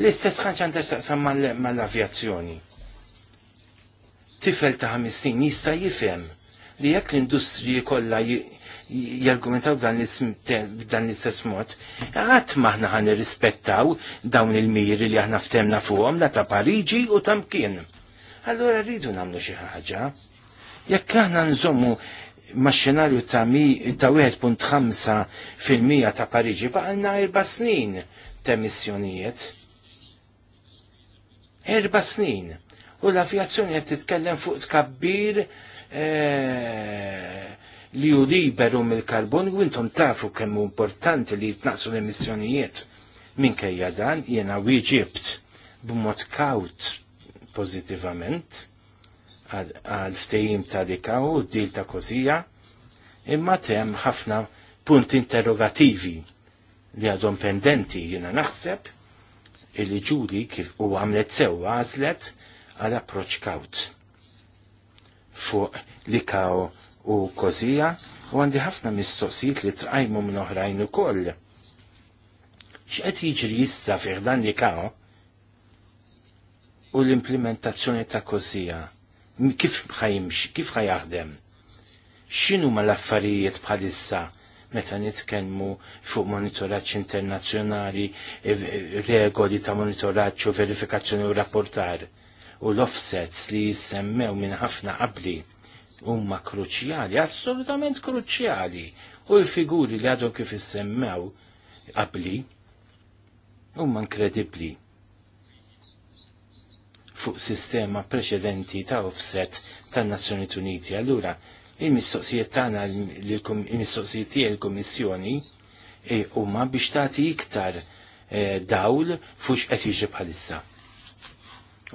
L-istess ħaġa taqsam mal-avjazzjoni. Tifel ta' ħames snin jista' jifhem li jekk l-industriji kollha jargumentaw dan l-istess mod. Għat maħna għan rispettaw dawn il-miri li aħna ftemna fuqhom la ta' Pariġi u Mkien. Allora rridu nagħmlu xi ħaġa. Jekk aħna nżommu ma' xenarju ta' 1.5 fil-mija ta' Pariġi baqalna erba' snin ta' missjonijiet. Erba' snin. U l-avjazzjoni qed titkellem fuq tkabbir eh, li ju liberu mill-karbon u intom tafu kemm importanti li jitnaqsu l-emissjonijiet. Minkejja dan jena wieġibt b'mod kaut pozitivament għal ftejim ta' dikaw u dil ta' kozija imma tem ħafna punti interrogativi li għadhom pendenti jena naħseb illi ġudi kif u għamlet sew għazlet għal approċ kaut fuq li kaw u kozija u għandi ħafna mistoqsijiet li tqajmu minn oħrajn ukoll. X'qed jiġri issa fih dan li kaw u l-implementazzjoni ta' kozija? Kif ħajimx, kif ħajaħdem? X'inhu ma l-affarijiet bħalissa meta nitkellmu fuq monitoraġġ internazzjonali, e, e, regoli ta' monitoraġġ u verifikazzjoni u rapportar u l-offsets li jissemmew minn ħafna qabli huma kruċjali, assolutament kruċjali. U l-figuri li għadhom kif issemmew qabli huma inkredibbli fuq sistema preċedenti ta' offset tan-Nazzjoni Uniti. Allura, il-mistoqsijiet tagħna il-mistoqsijiet tiegħi l-Kummissjoni e huma biex tagħti iktar e, dawl fuq x'qed jiġi bħalissa.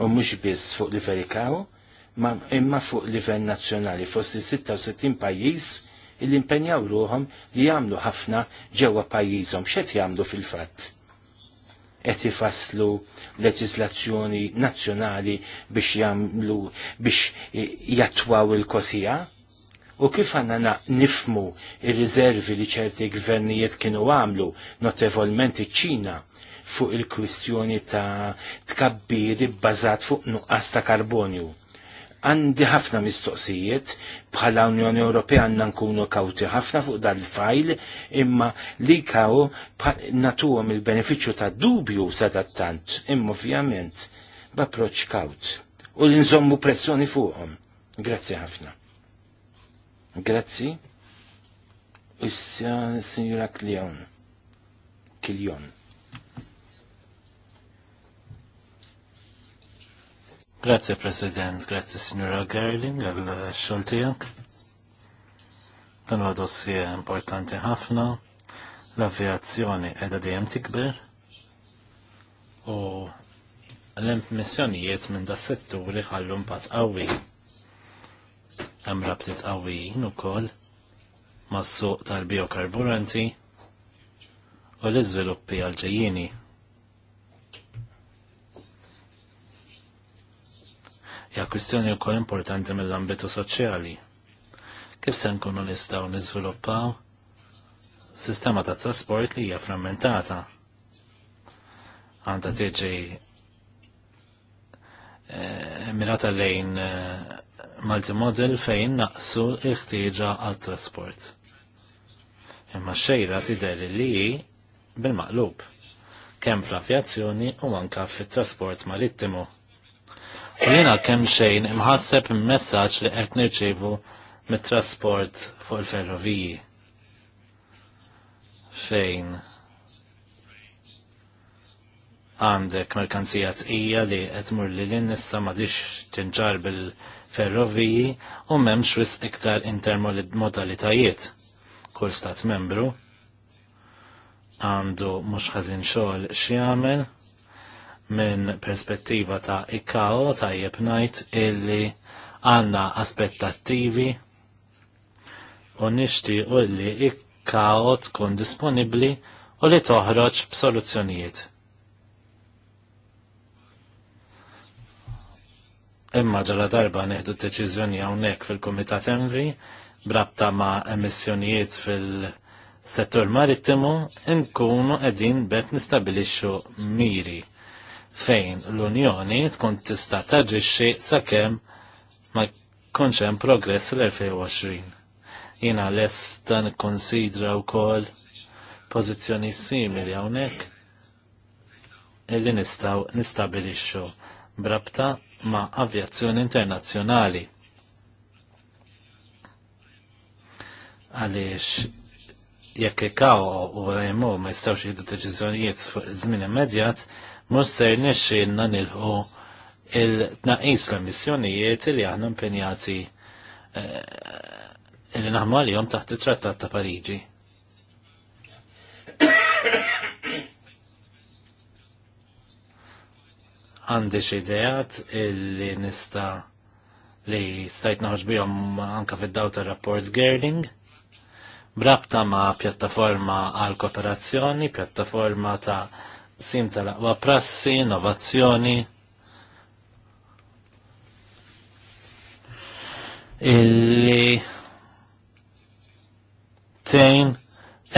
U mhux biss fuq li verikaw, imma fuq livell nazzjonali fost il-66 pajjiż il impenjaw ruhom li jagħmlu ħafna ġewwa pajjiżhom x'qed jagħmlu fil-fatt. Qed ifasslu leġislazzjoni nazzjonali biex jamlu, biex jattwaw il-kosija u kif għanna nifmu il rizervi li ċerti gvernijiet kienu għamlu, notevolment iċ-Ċina, fuq il-kwistjoni ta' tkabbiri bbażat fuq nuqqas ta' karbonju għandi ħafna mistoqsijiet bħala Unjoni Ewropea għandna nkunu kawti ħafna fuq dal-fajl imma li kaw natuhom il-benefiċċju ta' dubju tant imma ovvjament b'approċċ kawt u li nżommu pressjoni fuqhom. Grazzi ħafna. Grazzi. Issa Sinjura Kljon. Kiljon. Grazie President, grazie Signora Gerling għal xoltijak. tijak. Dan huwa dossier importanti ħafna. L-avjazzjoni qiegħda dejjem tikber u l-missjonijiet minn da settur ħallu impatt qawwi. Hemm rabtiet qawwijin ukoll mas-suq tal-biokarburanti u l-iżviluppi għal ġejjini. hija kwistjoni wkoll importanti mill-ambitu soċjali. Kif se nkunu nistgħu niżviluppaw sistema ta' trasport li hija frammentata għandha tiġi eh, mirata lejn eh, multimodel fejn naqsu l-ħtieġa għal-trasport. Imma xejra tidher li bil-maqlub kemm fl-avjazzjoni u anka fit-trasport marittimu. U jiena kemm xejn imħasseb messaġġ li qed nirċievu mit-trasport fuq il-ferroviji. Fejn għandek merkanzija tqija li qed mur li lin issa m'għadix tinġar bil-ferroviji u m'hemmx wis iktar intermodalitajiet. Kull stat membru għandu mhux ħażin xogħol x'jagħmel. Xi minn perspettiva ta' ikkaw ta' ngħid illi għandna aspettattivi u nixtiequ illi ikkaw tkun disponibbli u li toħroġ b'soluzzjonijiet. Imma ġala darba neħdu deċiżjoni hawnhekk fil-Kumitat Envi brabta ma' emissjonijiet fil-settur marittimu nkunu qegħdin bet nistabilixxu miri fejn l-Unjoni tkun tista' taġixxi sakemm ma jkunx hemm progress l-2020. Jiena lesta nikkonsidra wkoll pożizzjoni simili hawnhekk illi nistgħu nistabilixxu brabta ma' avjazzjoni internazzjonali. Għaliex jekk ikaw u għajmu ma jistawx jiddu deċiżjonijiet fuq żmien immedjat, mhux ser nixxinna nilħu il-tnaqis l-emissjonijiet li aħna impenjati eh, li naħmu għal-jom taħt it-Trattat ta' Pariġi. Għandi xi il li nista' li stajt naħħuġ bijom anka fid-daw ta' rapport Gerling. Brabta ma' pjattaforma għal kooperazzjoni, pjattaforma ta' sim tal-aqwa prassi, innovazzjoni. Illi tejn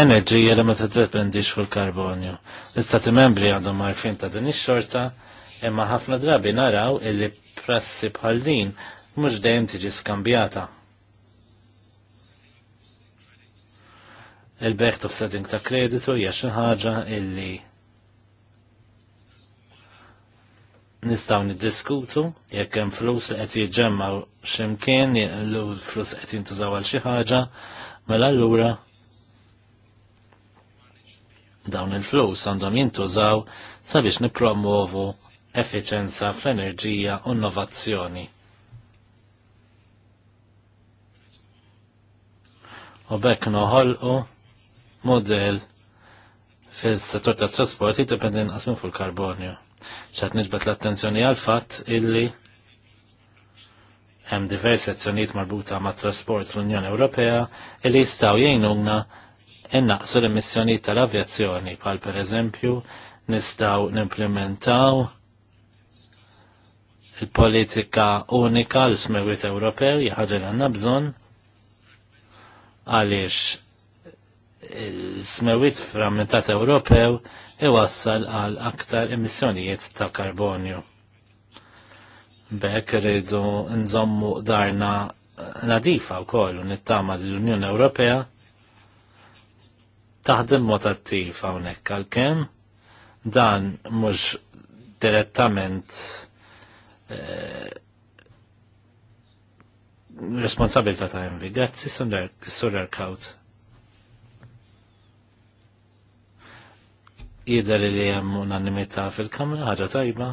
enerġija li ma tiddependix fuq il-karbonju. L-istati membri għandhom marfin ta' din ix-xorta, imma ħafna drabi naraw illi prassi bħal din mhux dejjem tiġi skambjata. Il-beħ setting ta' kreditu hija xi ħaġa illi nistaw niddiskutu jekk hemm flus li qed jiġġemmaw x'imkien l flus qed jintużaw għal xi ħaġa, mela allura dawn il-flus għandhom jintużaw sabiex nipromovu efficienza fl-enerġija u innovazzjoni. U bekk noħolqu model fil-settur tat trasporti dipendin qasmin fuq il-karbonju ċat nġbet l-attenzjoni għal fatt illi hemm diversi azzjoniet marbuta ma' trasport l-Unjoni Ewropea illi jistgħu jgħinuna innaqsu l-emissjoni tal-avjazzjoni bħal pereżempju nistgħu nimplementaw il-politika unika l-smewit Ewropew jħagġa l għandna bżonn għaliex il-smewit frammentat Ewropew iwassal għal aktar emissjonijiet ta' karbonju. Bekk rridu nżommu darna nadifa u koll nittama l-Unjoni Ewropea taħdem mod attiv hawnhekk għalkemm dan mhux direttament eh, responsabilta ta' envi. Grazzi, Sunder Kaut. Jidher li hemm unanimità fil-Kamra ħaġa tajba.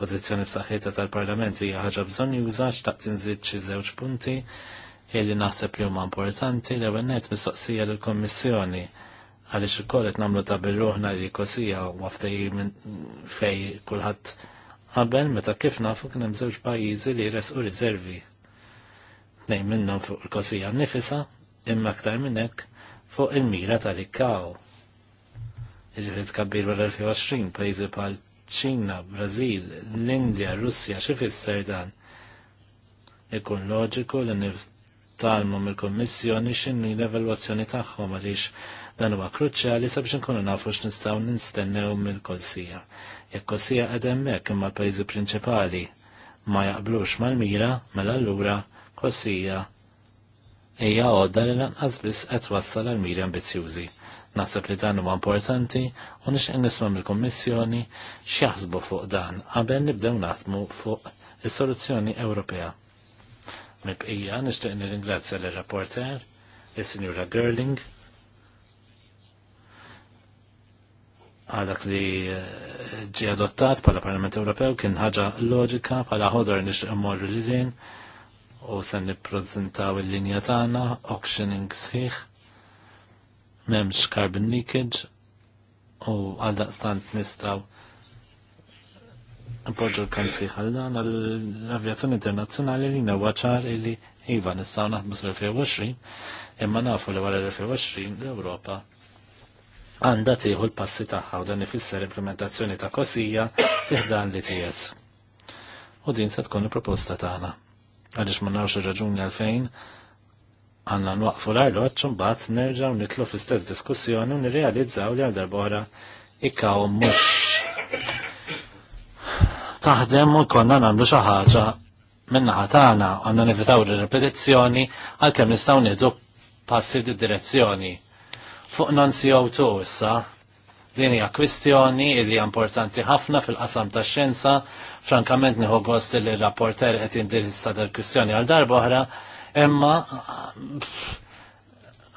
Pożizzjoni b'saħħitha tal-Parlament hija ħaġa bżonn juża xtaqt inżid xi żewġ punti illi naħseb li huma importanti l ewwel nett mistoqsija lill-Kommissjoni għaliex ukoll qed nagħmlu ta' ruħna li kosija u għaftej minn fej kulħadd qabel meta kif nafu kien hemm żewġ pajjiżi li jresqu riservi. Nej minnhom fuq il-kosija nifisa imma aktar minn hekk fuq il-mira tal-ikkaw. Ġifis kabbir bil-2020, pajizi pal ċina, Brazil, l-Indja, Russja, xifisser dan. Ikun loġiku li niftalmu mill-Kommissjoni x'inhi l-evalwazzjoni tagħhom għaliex dan huwa kruċjali sabiex nkunu nafu x'nistgħu nistennew mill-kolsija. Jekk kolsija qed hemmhekk imma l-pajjiżi prinċipali ma jaqblux mal-mira mal mela allura kolsija hija għodda li lanqas biss qed wassal għal miri ambizzjużi. Naħseb li dan huwa importanti u nixtieq nisma' mill-Kummissjoni x'jaħsbu fuq dan qabel nibdew naħdmu fuq is-soluzzjoni Ewropea. Mibqija nixtieq nirringrazzja lir-rapporter, is-Sinjura Gerling, għadak li eh, ġi adottat pala Parlament Ewropew kien ħaġa loġika pala ħodor nix immorru li din u sen nipprezentaw il-linja tagħna auctioning sħiħ memx carbon leakage u għal daqstant nistaw appoġġu l-kansi ħallan għall-avjazzjoni internazzjonali li nawaċar ċar li iva nistaw naħdmu sal-2020 imma nafu li wara l-2020 l-Ewropa għandha tieħu l-passi tagħha u dan ifisser implementazzjoni ta' kosija fiħdan li ties. U din se tkun il-proposta tagħna. Għaliex ma nafx raġuni għalfejn għanna nwaqfu l-arloċ mbagħad nerġgħu nitlu fl-istess diskussjoni u nirrealizzaw li għal darbora ikkaw mhux taħdem u konna nagħmlu xi ħaġa minnaħa tagħna għandna nevitaw repetizzjoni għalkemm nistgħu nieħdu passi direzzjoni. Fuq non CO2 issa, din hija kwistjoni li importanti ħafna fil-qasam tax-xjenza, frankament nieħu gost li rapporter qed jindirissa dal-kwistjoni għal darba oħra, imma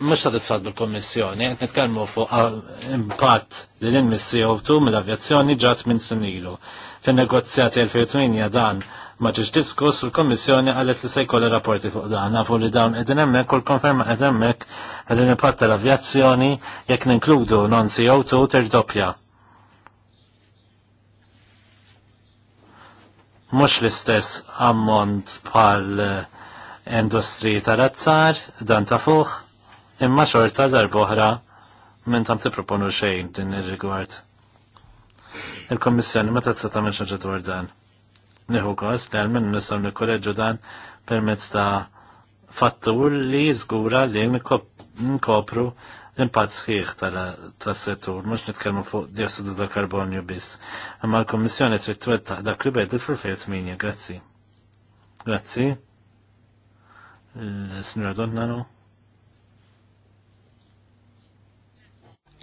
mhux sodisfat bil-Kommissjoni, qed nitkellmu fuq ah, impatt li l-immissiju tu mill-avjazzjoni ġat minn sinilu. Fin-negozjati 2008 dan ma ġiġ diskus l kommissjoni għallet li se jkollha rapporti fuq dan, għafu li dawn qegħdin hemmhekk u l-konferma qed hemmhekk li l-impatt tal-avjazzjoni jekk ninkludu non CO2 tirdoppja. Mhux l-istess ammont bħal eh, industri tal-azzar, dan ta' fuq, imma xorta darboħra minn tam tipproponu xejn din ir-rigward. il ma meta tista' tagħmel xi dwar dan. Nieħu kos li għalmin nistgħu nikkoreġġu dan permezz ta' fattur li żgura li nkopru l-impatt sħiħ tas-settur, mhux nitkellmu fuq diossidu tal karbonju biss. Imma l-Kommissjoni trid twettaq dak li bedet fil minja, grazzi. Grazzi. Signora Donnano.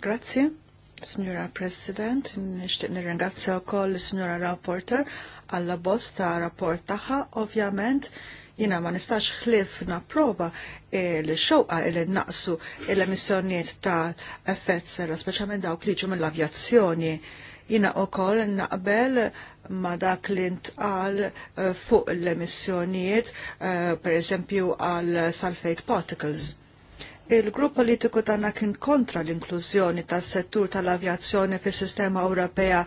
Grazie, Signora President, nishtiq nirringrazzja wkoll koll Signora Rapporter għalla bosta ta' rapport tagħha, ovvjament jina ma nistax ħlif napprova li xewqa li naqsu l-emissjonijiet ta' effett serra, speċjalment dawk li ġu mill-avjazzjoni. Jina wkoll naqbel ma dak li ntqal eh, fuq l-emissjonijiet, eh, per eżempju għal sulfate particles. Il-grupp politiku tagħna kien kontra l-inklużjoni tas-settur tal-avjazzjoni fis-sistema Ewropea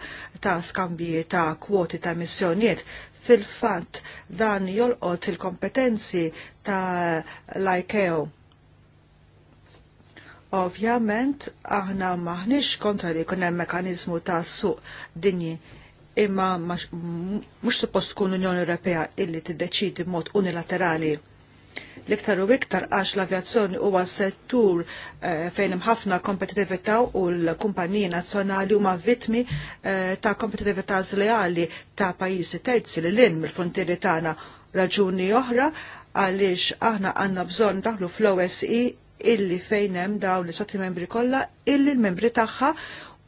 ta' skambji ta' kwoti ta' emissjonijiet fil-fatt dan jolqot il-kompetenzi ta' l-ICAO. Ovvjament, aħna maħniex kontra li kunem mekanizmu ta' suq dinji imma mhux suppost tkun Unjoni Ewropea illi t-deċidi mod unilaterali l-iktar u iktar għax l-avjazzjoni huwa settur eh, fejn hemm ħafna kompetitività u l-kumpaniji nazzjonali huma vittmi eh, ta' kompetitività żleali ta' pajjiżi terzi li lin mill-frontieri tagħna raġuni oħra għaliex aħna għandna bżonn daħlu fl-OSI e illi fejn hemm dawn is istati membri kollha illi l-membri tagħha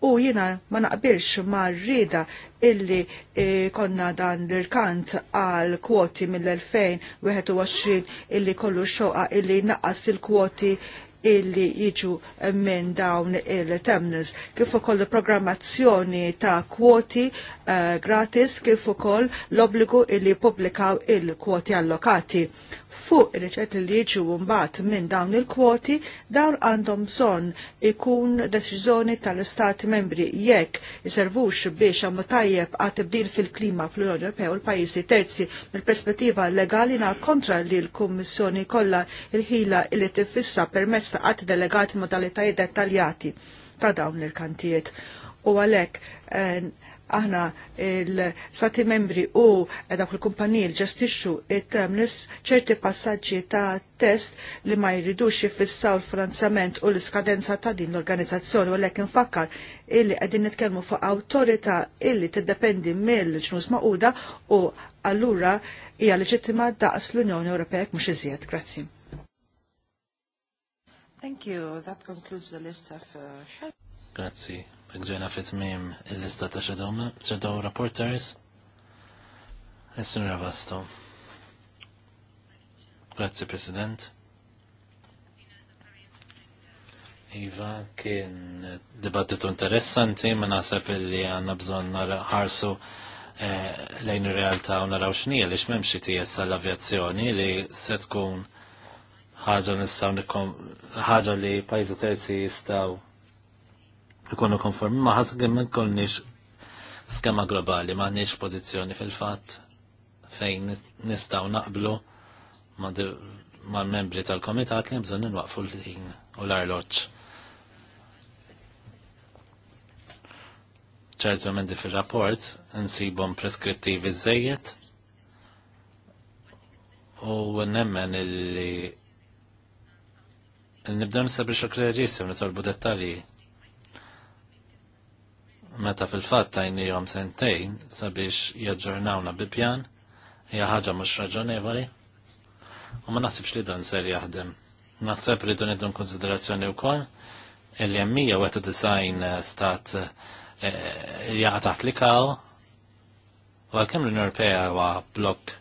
u jina ma naqbilx ma rrida illi e, konna dan l-irkant għal kwoti mill-2021 illi kollu xoqa illi naqas il-kwoti illi jiġu minn dawn il temnis Kif ukoll programmazzjoni ta' kwoti uh, gratis, kif ukoll l-obbligu illi publikaw il-kwoti allokati fuq ir-riċerki li jiġu mbagħad minn dawn il-kwoti dawn għandhom bżonn ikun deċiżjoni tal-Istati membri jekk iservux biex hemm tajjeb għat tibdil fil-klima fl-Unjoni Ewropea u l-pajjiżi terzi mill-perspettiva legali na kontra li l-Kummissjoni kollha il-ħila li tiffissa permezz ta' qatt delegati modalitajiet dettaljati ta' dawn il-kantijiet. U għalhekk eh, aħna il-sati membri u dak il-kumpaniji l-ġestixxu it temnis ċerti passaġġi ta' test li ma jridux jiffissaw l-finanzjament u l-iskadenza ta' din l-organizzazzjoni u lekin fakkar illi qegħdin nitkellmu fuq awtorità illi tiddependi mill-ġnus maquda u allura hija leġittima daqs l-Unjoni Ewropea mhux iżjed. Grazzi. Thank you. That concludes the list of uh, Grazzi ġena fit-mim il-lista ta' ċedaw reporters. Nessun Vasto. Grazie, President. Iva, kien dibattitu interessanti, ma nasab li għanna bżon ħarsu eh, lejn ir-realtà u naraw x'nija li x'memx ITS l avjazzjoni li se tkun ħaġa ħaġa li pajjiżi terzi jistgħu ikonu konformi ma ħas għemmen skema globali, ma nix pozizjoni fil-fat fejn nistaw naqblu ma, ma membri tal-komitat li bżon nwaqfu l-ħin u l-arloċ. ċertu mendi fil-rapport nsibom preskrittivi zzejiet u nemmen illi nibda nisa biex okreġisim nitolbu dettalji meta fil-fatt tajnijom sentejn sabiex jaġġornawna bi pjan hija ħaġa mhux raġonevoli u ma naħsibx li dan ser jaħdem. Naħseb li dun idun konsiderazzjoni wkoll illi hemm mija wetu design eh, stat eh, jaqa' taħt li kaw u għalkemm l-Unjoni Ewropea huwa blokk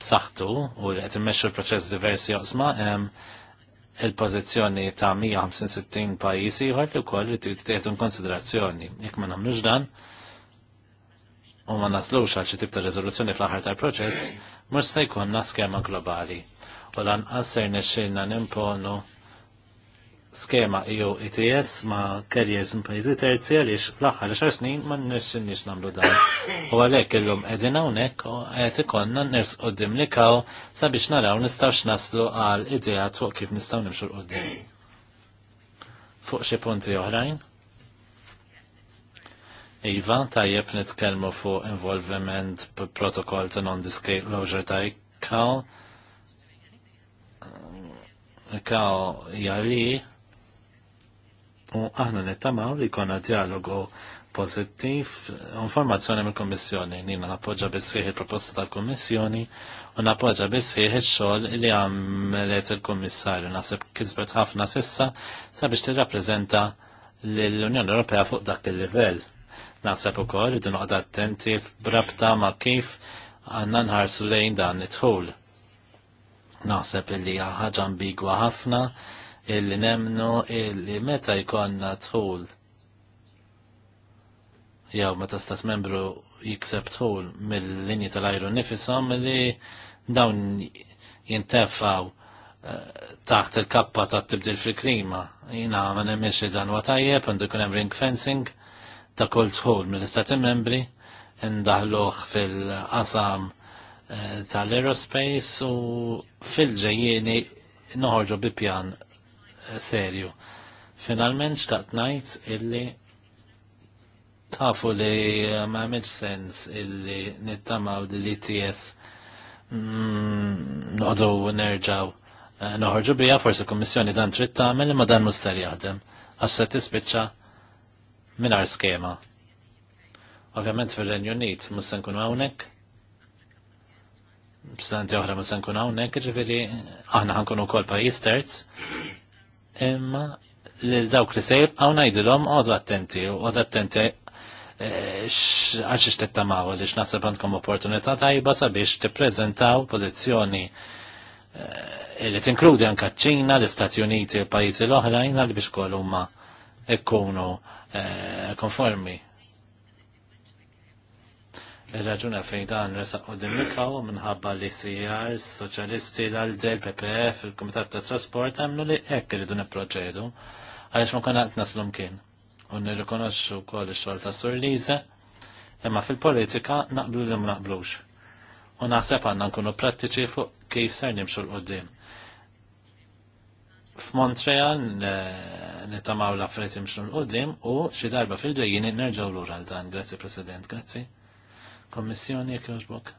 b'saħħtu u qed immexxu l-proċess diversi joqsma il-pożizzjoni ta' 165 pajjiż ieħor li wkoll irid tieħdu konsiderazzjoni. Jekk ma nagħmlux dan u ma naslux għal xi tip ta' riżoluzzjoni fl-aħħar tal-proċess, mhux se jkollna skema globali. U lanqas se nexxilna nimponu skema EU ETS ma' kerjes in pajzi terzi għaliex l-aħħar xar snin ma' nirxinniex namlu dan. U għalhekk illum qegħdin hawnhekk u qed ikollna nirs qudiem li kaw sabiex naraw nistgħux naslu għal idea fuq kif nistgħu nimxu l qudiem. Fuq xi punti oħrajn? Iva, tajjeb nitkellmu fuq involvement protokoll ta' non-disclosure ta' ikkaw. Ikkaw jgħalli U aħna nittamaw li jkollna dialogu pozittiv, informazzjoni mill kommissjoni nina nappoġġa bisħiħ il-proposta tal-Kommissjoni u nappoġġa bisħiħ il-xogħol li għamlet il-Kommissarju nasib kisbet ħafna sissa sabiex tirrappreżenta l-Unjoni Ewropea fuq dak il-livell. Naħseb ukoll li noqgħod attenti b'rabta ma' kif għandna nħarsu lejn dan it-tħul. Naħseb li ħaġa ambigwa ħafna illi nemnu illi meta jkonna tħul jew meta stat membru jikseb tħul mill-linji tal-ajru nifisom li dawn jintefaw eh, taħt il-kappa ta' tibdil fil-klima. Jina ma nemmiex li dan watajjeb, għandu kunem hemm ring fencing ta' kol tħul mill-istati membri, ndaħluħ fil-qasam eh, tal-aerospace u fil ġejjini noħorġu bi pjan serju. Finalment xtaqt ngħid illi tafu li ma meċ sens illi nittamaw li l-ITS mm, noqdu nerġaw eh, noħorġu bija forsi kommissjoni dan trid tagħmel ma dan mustar jaħdem għax se tispiċċa mingħajr skema. Ovvjament fir-Renju Unit mhux se nkun hawnhekk. B'santi oħra mhux se nkun hawnhekk, ġifieri aħna ħankunu wkoll pajjiż terz, imma lil dawk li sejb għaw najdilom għodu attenti u għodu attenti e, xtetta maħu, li xnaħseb għandkom opportunità tajba sabiex tippreżentaw pożizzjoni e, li tinkludi anka ċina, l-Istati Uniti, l pajjiżi l-oħrajn għal biex kollu ikkunu e, konformi Il-raġuna fejn dan resaq u dimikaw minħabba li CR, Soċjalisti, l-Alde, PPF, il-Komitat ta' Trasport għamlu li hekk iridu nipproċedu għaliex ma konna qed naslum kien. U nirrikonoxxu wkoll ix-xogħol ta' surlize imma fil-politika naqblu li ma naqblux. U naħseb għandna nkunu prattiċi fuq kif ser nimxu l-qoddim. F'Montreal eh, nitamaw l-affarijiet imxu l-qoddim u xi darba fil nerġaw nerġgħu lura għal dan. Grazzi President, grazie. Kommissjoni jek joġbok.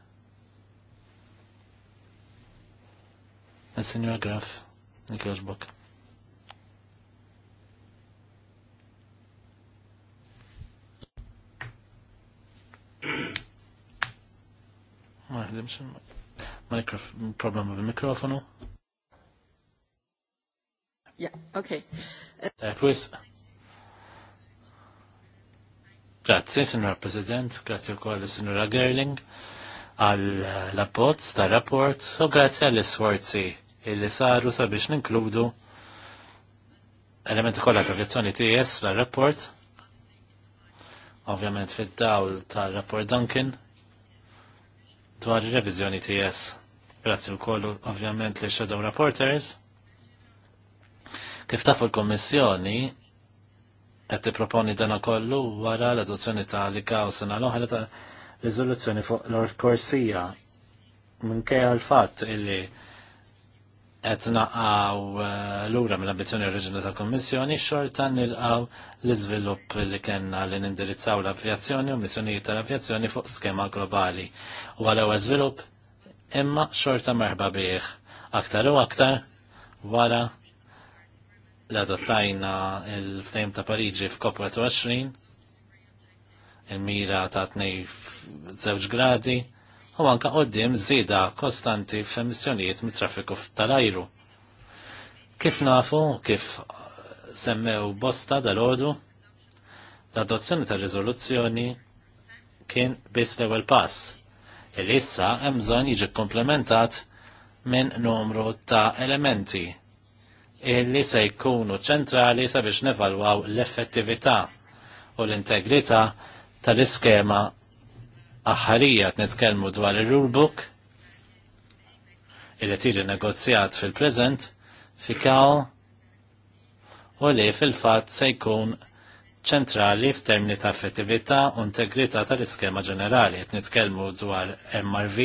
il signor Graf, jek joġbok. Ma jħedimx il-mikrofonu. bil Yeah, okay. Uh, wisq. Grazzi, Sinura President, grazzi u koll Sinura Gerling, għal eh, l ta' rapport u grazzi għall sforzi illi saru sabiex ninkludu elementi kollha ta' vizzjoni TS la' rapport ovvjament fid-dawl ta' rapport Duncan dwar ir revizjoni TS. Grazzi wkoll ovvjament li Shadow Reporters. Kif tafu l-Kommissjoni qed tipproponi dan kollu wara l-adozzjoni ta' likaw sena l-oħra ta' riżoluzzjoni fuq l-orkorsija Minkej l-fatt illi qed naqgħu eh, lura mill-ambizzjoni oriġinali tal-Kummissjoni xorta nilqgħu l-iżvilupp li kellna li nindirizzaw l-avjazzjoni u missjonijiet tal-avjazzjoni fuq skema globali. U għal ewwel żvilupp imma xorta merħba bih aktar u aktar wara l adottajna il ftajm ta' Pariġi fcop 20, il-mira ta' 2 gradi u anka għoddim żieda kostanti f'emissjonijiet mit-traffiku tal-ajru. Kif nafu, kif semmew bosta dal-ordu, l-adozzjoni ta' riżoluzzjoni kien biss l-ewwel pass. Il-issa hemm bżonn jiġi komplementat minn numru ta' elementi illi se jkunu ċentrali sabiex nevalwaw l-effettività u l-integrità tal-iskema aħħarija t-netkelmu dwar il-rulebook illi tiġi negozjat fil-prezent fi kaw u li fil-fat se jkun ċentrali f'termini ta' effettività u integrità tal-iskema ġenerali. Qed nitkellmu dwar MRV,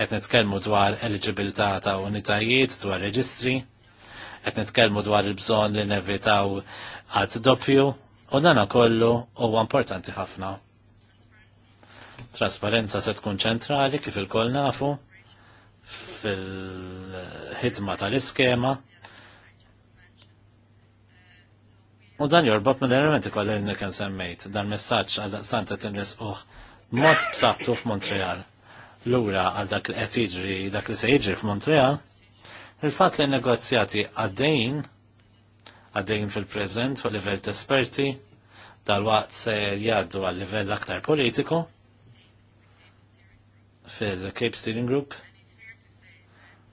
qed nitkellmu dwar eligibilità ta' unitajiet, dwar reġistri qed nitkellmu dwar il-bżonn li nevitaw għad doppju u dana kollu huwa importanti ħafna. Trasparenza se tkun ċentrali kif il-koll nafu fil-ħidma tal-iskema. U dan jorbot mill elementi kollha li kien semmejt dan messaġġ għal daqstan ta' uħ mod b'saħħtu f'Montreal. Lura għal dak li qed jiġri dak li se jiġri f'Montreal Il-fat li negozjati għaddejn, għaddejn fil-prezent u livell t esperti, dal-waqt se jaddu għal livell aktar politiku fil-Cape Steering Group.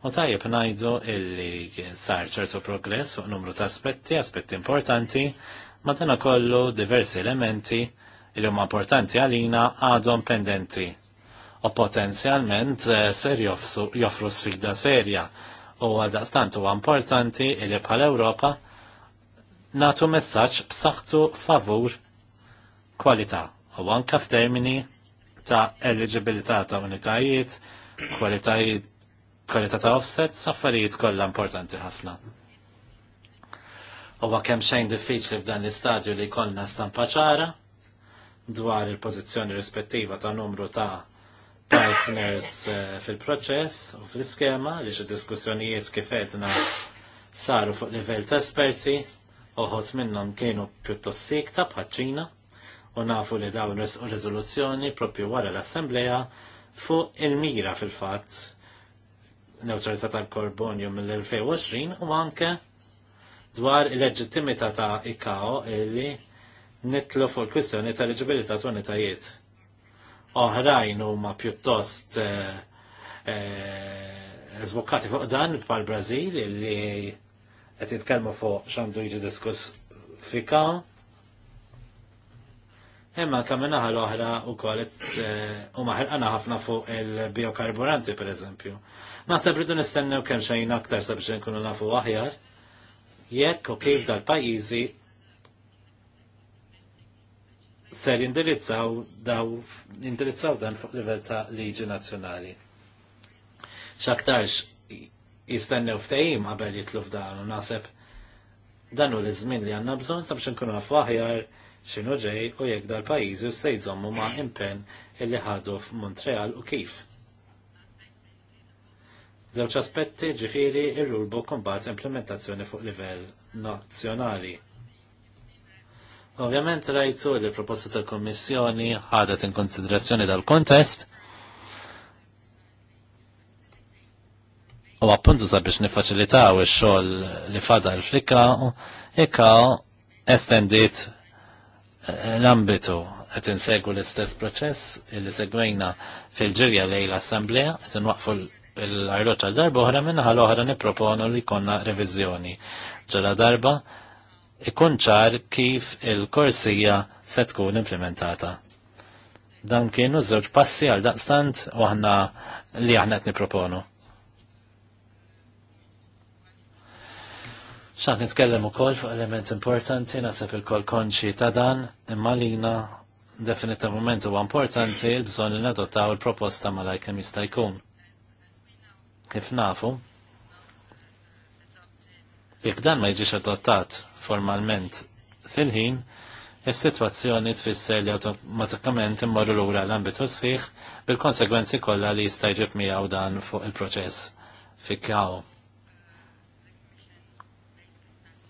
U tajjeb najdu illi sar ċertu progress fuq numru ta' aspetti, aspetti importanti, ma dana kollu diversi elementi illi huma importanti għalina għadhom pendenti u potenzjalment eh, ser joffru sfida serja U għaldaqstant huwa importanti li bħal Ewropa natu messaġġ b'saħħtu favur kwalità u anke f'termini ta' eligibilità ta' unitajiet, kwalitajiet kwalità ta' offset saffarijiet kollha importanti ħafna. Huwa kemm xejn diffiċli f'dan l-istadju li jkollna stampa ċara dwar il-pożizzjoni rispettiva ta' numru ta' partners eh, fil-proċess u fil-skema li xe diskussjonijiet kifetna saru fuq livell ta' esperti uħot minnom kienu pjuttost sikta bħaċċina u nafu li dawn u rezoluzzjoni propju wara l-Assembleja fuq il-mira fil-fatt neutralità tal-korbonju mill-2020 u anke dwar il-leġittimità ta' IKO illi nitlu fuq il-kwistjoni tal-eġibilità t-unitajiet oħrajn huma pjuttost eżvokati eh, eh, fuq dan bħal Brażil li qed jitkellmu fuq x'għandu jiġi diskuss fika. Imma kammin naħa l-oħra wkoll kolet eh, u ħafna fuq il-biokarburanti pereżempju. Naħseb ridu nistennew kemm xejn aktar sabiex nkunu nafu aħjar jekk u kif dal-pajjiżi ser jindirizzaw daw indirizzaw dan fuq livell ta' liġi nazzjonali. X'aktarx jistennew ftehim qabel jitlu f'dan u naħseb dan hu l-iżmin li għandna bżonn sabiex nkunu naf aħjar x'inhu ġej u jekk dal-pajjiżi se jżommu ma' impenn illi ħadu f'Montreal u kif. Żewġ aspetti ġifieri ir-rulbu kumbat implementazzjoni fuq livell nazzjonali Ovvjament rajtu li proposta tal-Kommissjoni ħadet in konsiderazzjoni dal-kontest u appuntu sabiex nifaċilitaw ix-xogħol li fada l-flikka ikka estendit eh, l-ambitu qed insegwu l-istess proċess li segwejna fil-ġirja lejn l-Assemblea qed inwaqfu l-arloċ darba oħra minnaħa l-oħra nipproponu li konna reviżjoni ġala darba ikun ċar kif il-korsija se tkun implementata. Dan kienu żewġ passi għal daqstant u aħna li aħna qed niproponu. ċaħt nitkellem u koll fuq element importanti, nasib il-koll konċi ta' dan, imma lina definitivament huwa importanti l-bżon li nadottaw il-proposta ma lajkem jista' jkun. Kif nafu, Jekk dan ma jiġix adottat formalment fil-ħin, is-sitwazzjoni tfisser li awtomatikament immorru lura l-ambitu sħiħ bil konsegwenzi kollha li jista' jġib miegħu dan fuq il-proċess fikjaw.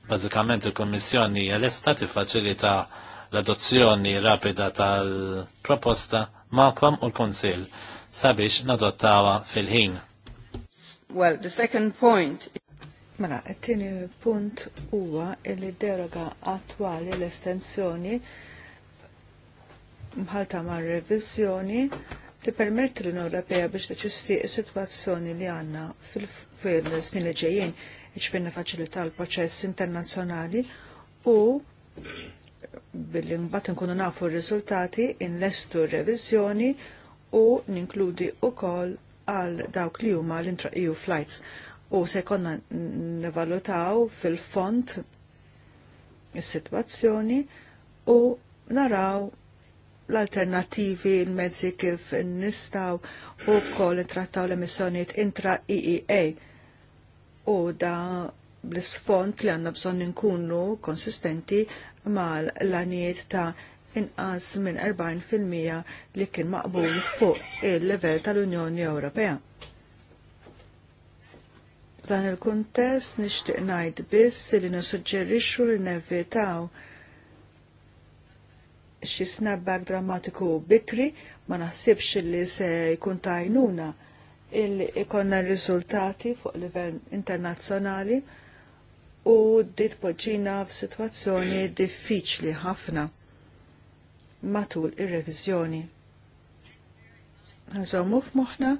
Bażikament il-Kummissjoni hija lesta tiffaċilita l-adozzjoni rapida tal-proposta ma'kom u l-Kunsill sabiex nadottawa fil-ħin. Well, the second point Mela, it-tieni punt huwa li deroga attwali l-estensjoni mħalta ma' revizjoni li permetti l-Unjoni Ewropea biex tiċisti situazzjoni li għandna fil-snin li ġejjin iċfinna faċilità l-proċess internazzjonali u billi mbagħad inkunu nafu r-riżultati inlestu r-reviżjoni u ninkludi wkoll għal dawk li huma l-intra EU flights u se konna nevalutaw fil-font is-sitwazzjoni u naraw l-alternativi, l-mezzi kif nistaw u kol trattaw l-emissjoniet intra EEA u da bl-sfont li għanna bżon nkunu konsistenti mal l-għaniet ta' inqas minn 40% li kien maqbul fuq il-level tal-Unjoni Ewropea. F'dan il-kuntest nixtieq ngħid biss li nisuġġerixxu li nevvitaw xi snapback drammatiku bikri ma naħsibx li se jkun tajnuna illi ikonna riżultati fuq livell internazzjonali u dit poġġina f'sitwazzjoni diffiċli ħafna matul ir-reviżjoni. Nżommu f'moħħna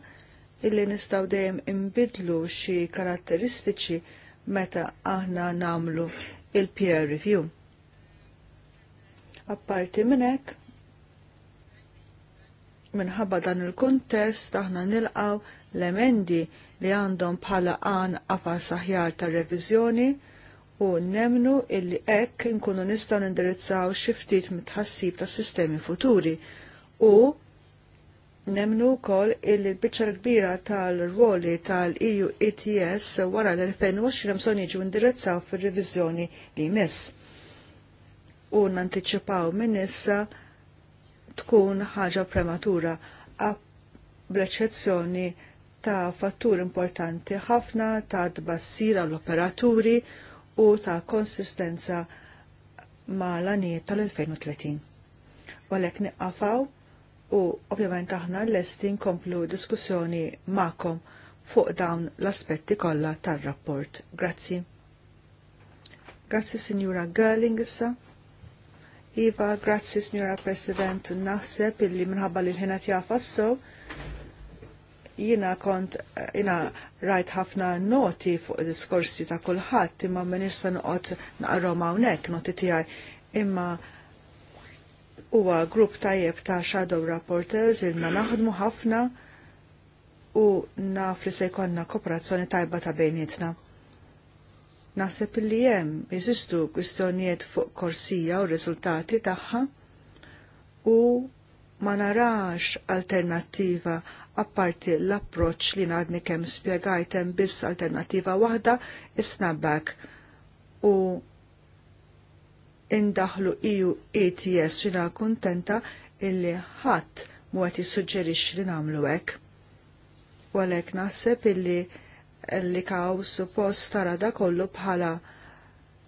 illi nistaw dejjem imbidlu xi karatteristiċi meta aħna namlu il-peer review. Apparti minn hekk. minħabba dan il kuntest aħna nilqaw l-emendi li għandhom bħala għan għafa saħjar ta' revizjoni u nemnu illi ekk nkunu nistaw nindirizzaw xiftit mitħassib ta' sistemi futuri u Nemnu kol il biċċa kbira tal-ruoli tal-EU ETS wara l-2020 msoni jiġu indirizzaw fir revizjoni li jmiss. U nanticipaw minn issa tkun ħaġa prematura, bl-eċezzjoni ta' fattur importanti ħafna ta' tbassira l-operaturi u ta' konsistenza ma' l-għaniet tal-2030. Walek niqqafaw u ovvjament aħna lesti nkomplu diskussjoni ma'kom fuq dawn l-aspetti kollha tar-rapport. Grazzi. Grazzi Sinjura Girling. issa. Iva, grazzi Sinjura President, naħseb illi minħabba li l-ħinat jafas so, jina kont, jina rajt ħafna noti fuq diskorsi ta' kulħadd imma ma issa noqgħod naqrom hawnhekk noti tijaj. imma huwa grupp tajjeb ta' Shadow Rapporters ilna naħdmu ħafna u naf li se jkollna kooperazzjoni tajba ta' bejnietna. Naħseb li hemm jeżistu kwistjonijiet fuq korsija u riżultati tagħha u ma narax alternattiva apparti l-approċ li nadni kem spiegajtem biss alternativa wahda is-snapback u indaħlu iju e ETS jina kontenta illi ħadd muħet jissuġġerix li namlu hekk. U għalhekk naħseb illi li kaw suppost tara da kollu bħala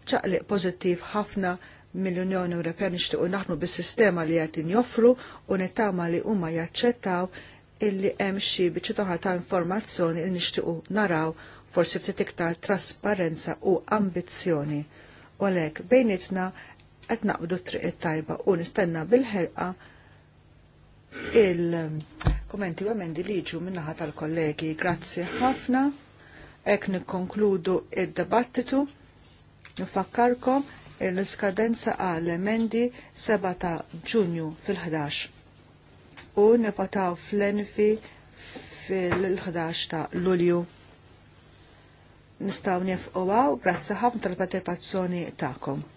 ċaqliq pożittiv ħafna mill-Unjoni Ewropea nixtiequ naħnu bis-sistema li qed joffru u nittama li huma jaċċettaw illi hemm xi biċċi toħra ta' informazzjoni li nixtiequ naraw forsi ftit iktar trasparenza u ambizzjoni. U għalhekk qed naqbdu triq it-tajba u nistenna bil-ħerqa il-kommenti u emendi li jiġu minnaħa tal-kollegi. Grazzi ħafna, ek nikkonkludu id-dibattitu, nifakkarkom l-skadenza għal emendi 7 ta' ġunju fil-11 u nifataw fl-enfi fil-11 ta' lulju nistaw nefqowaw grazzi ħafna tal-partecipazzjoni ta'kom.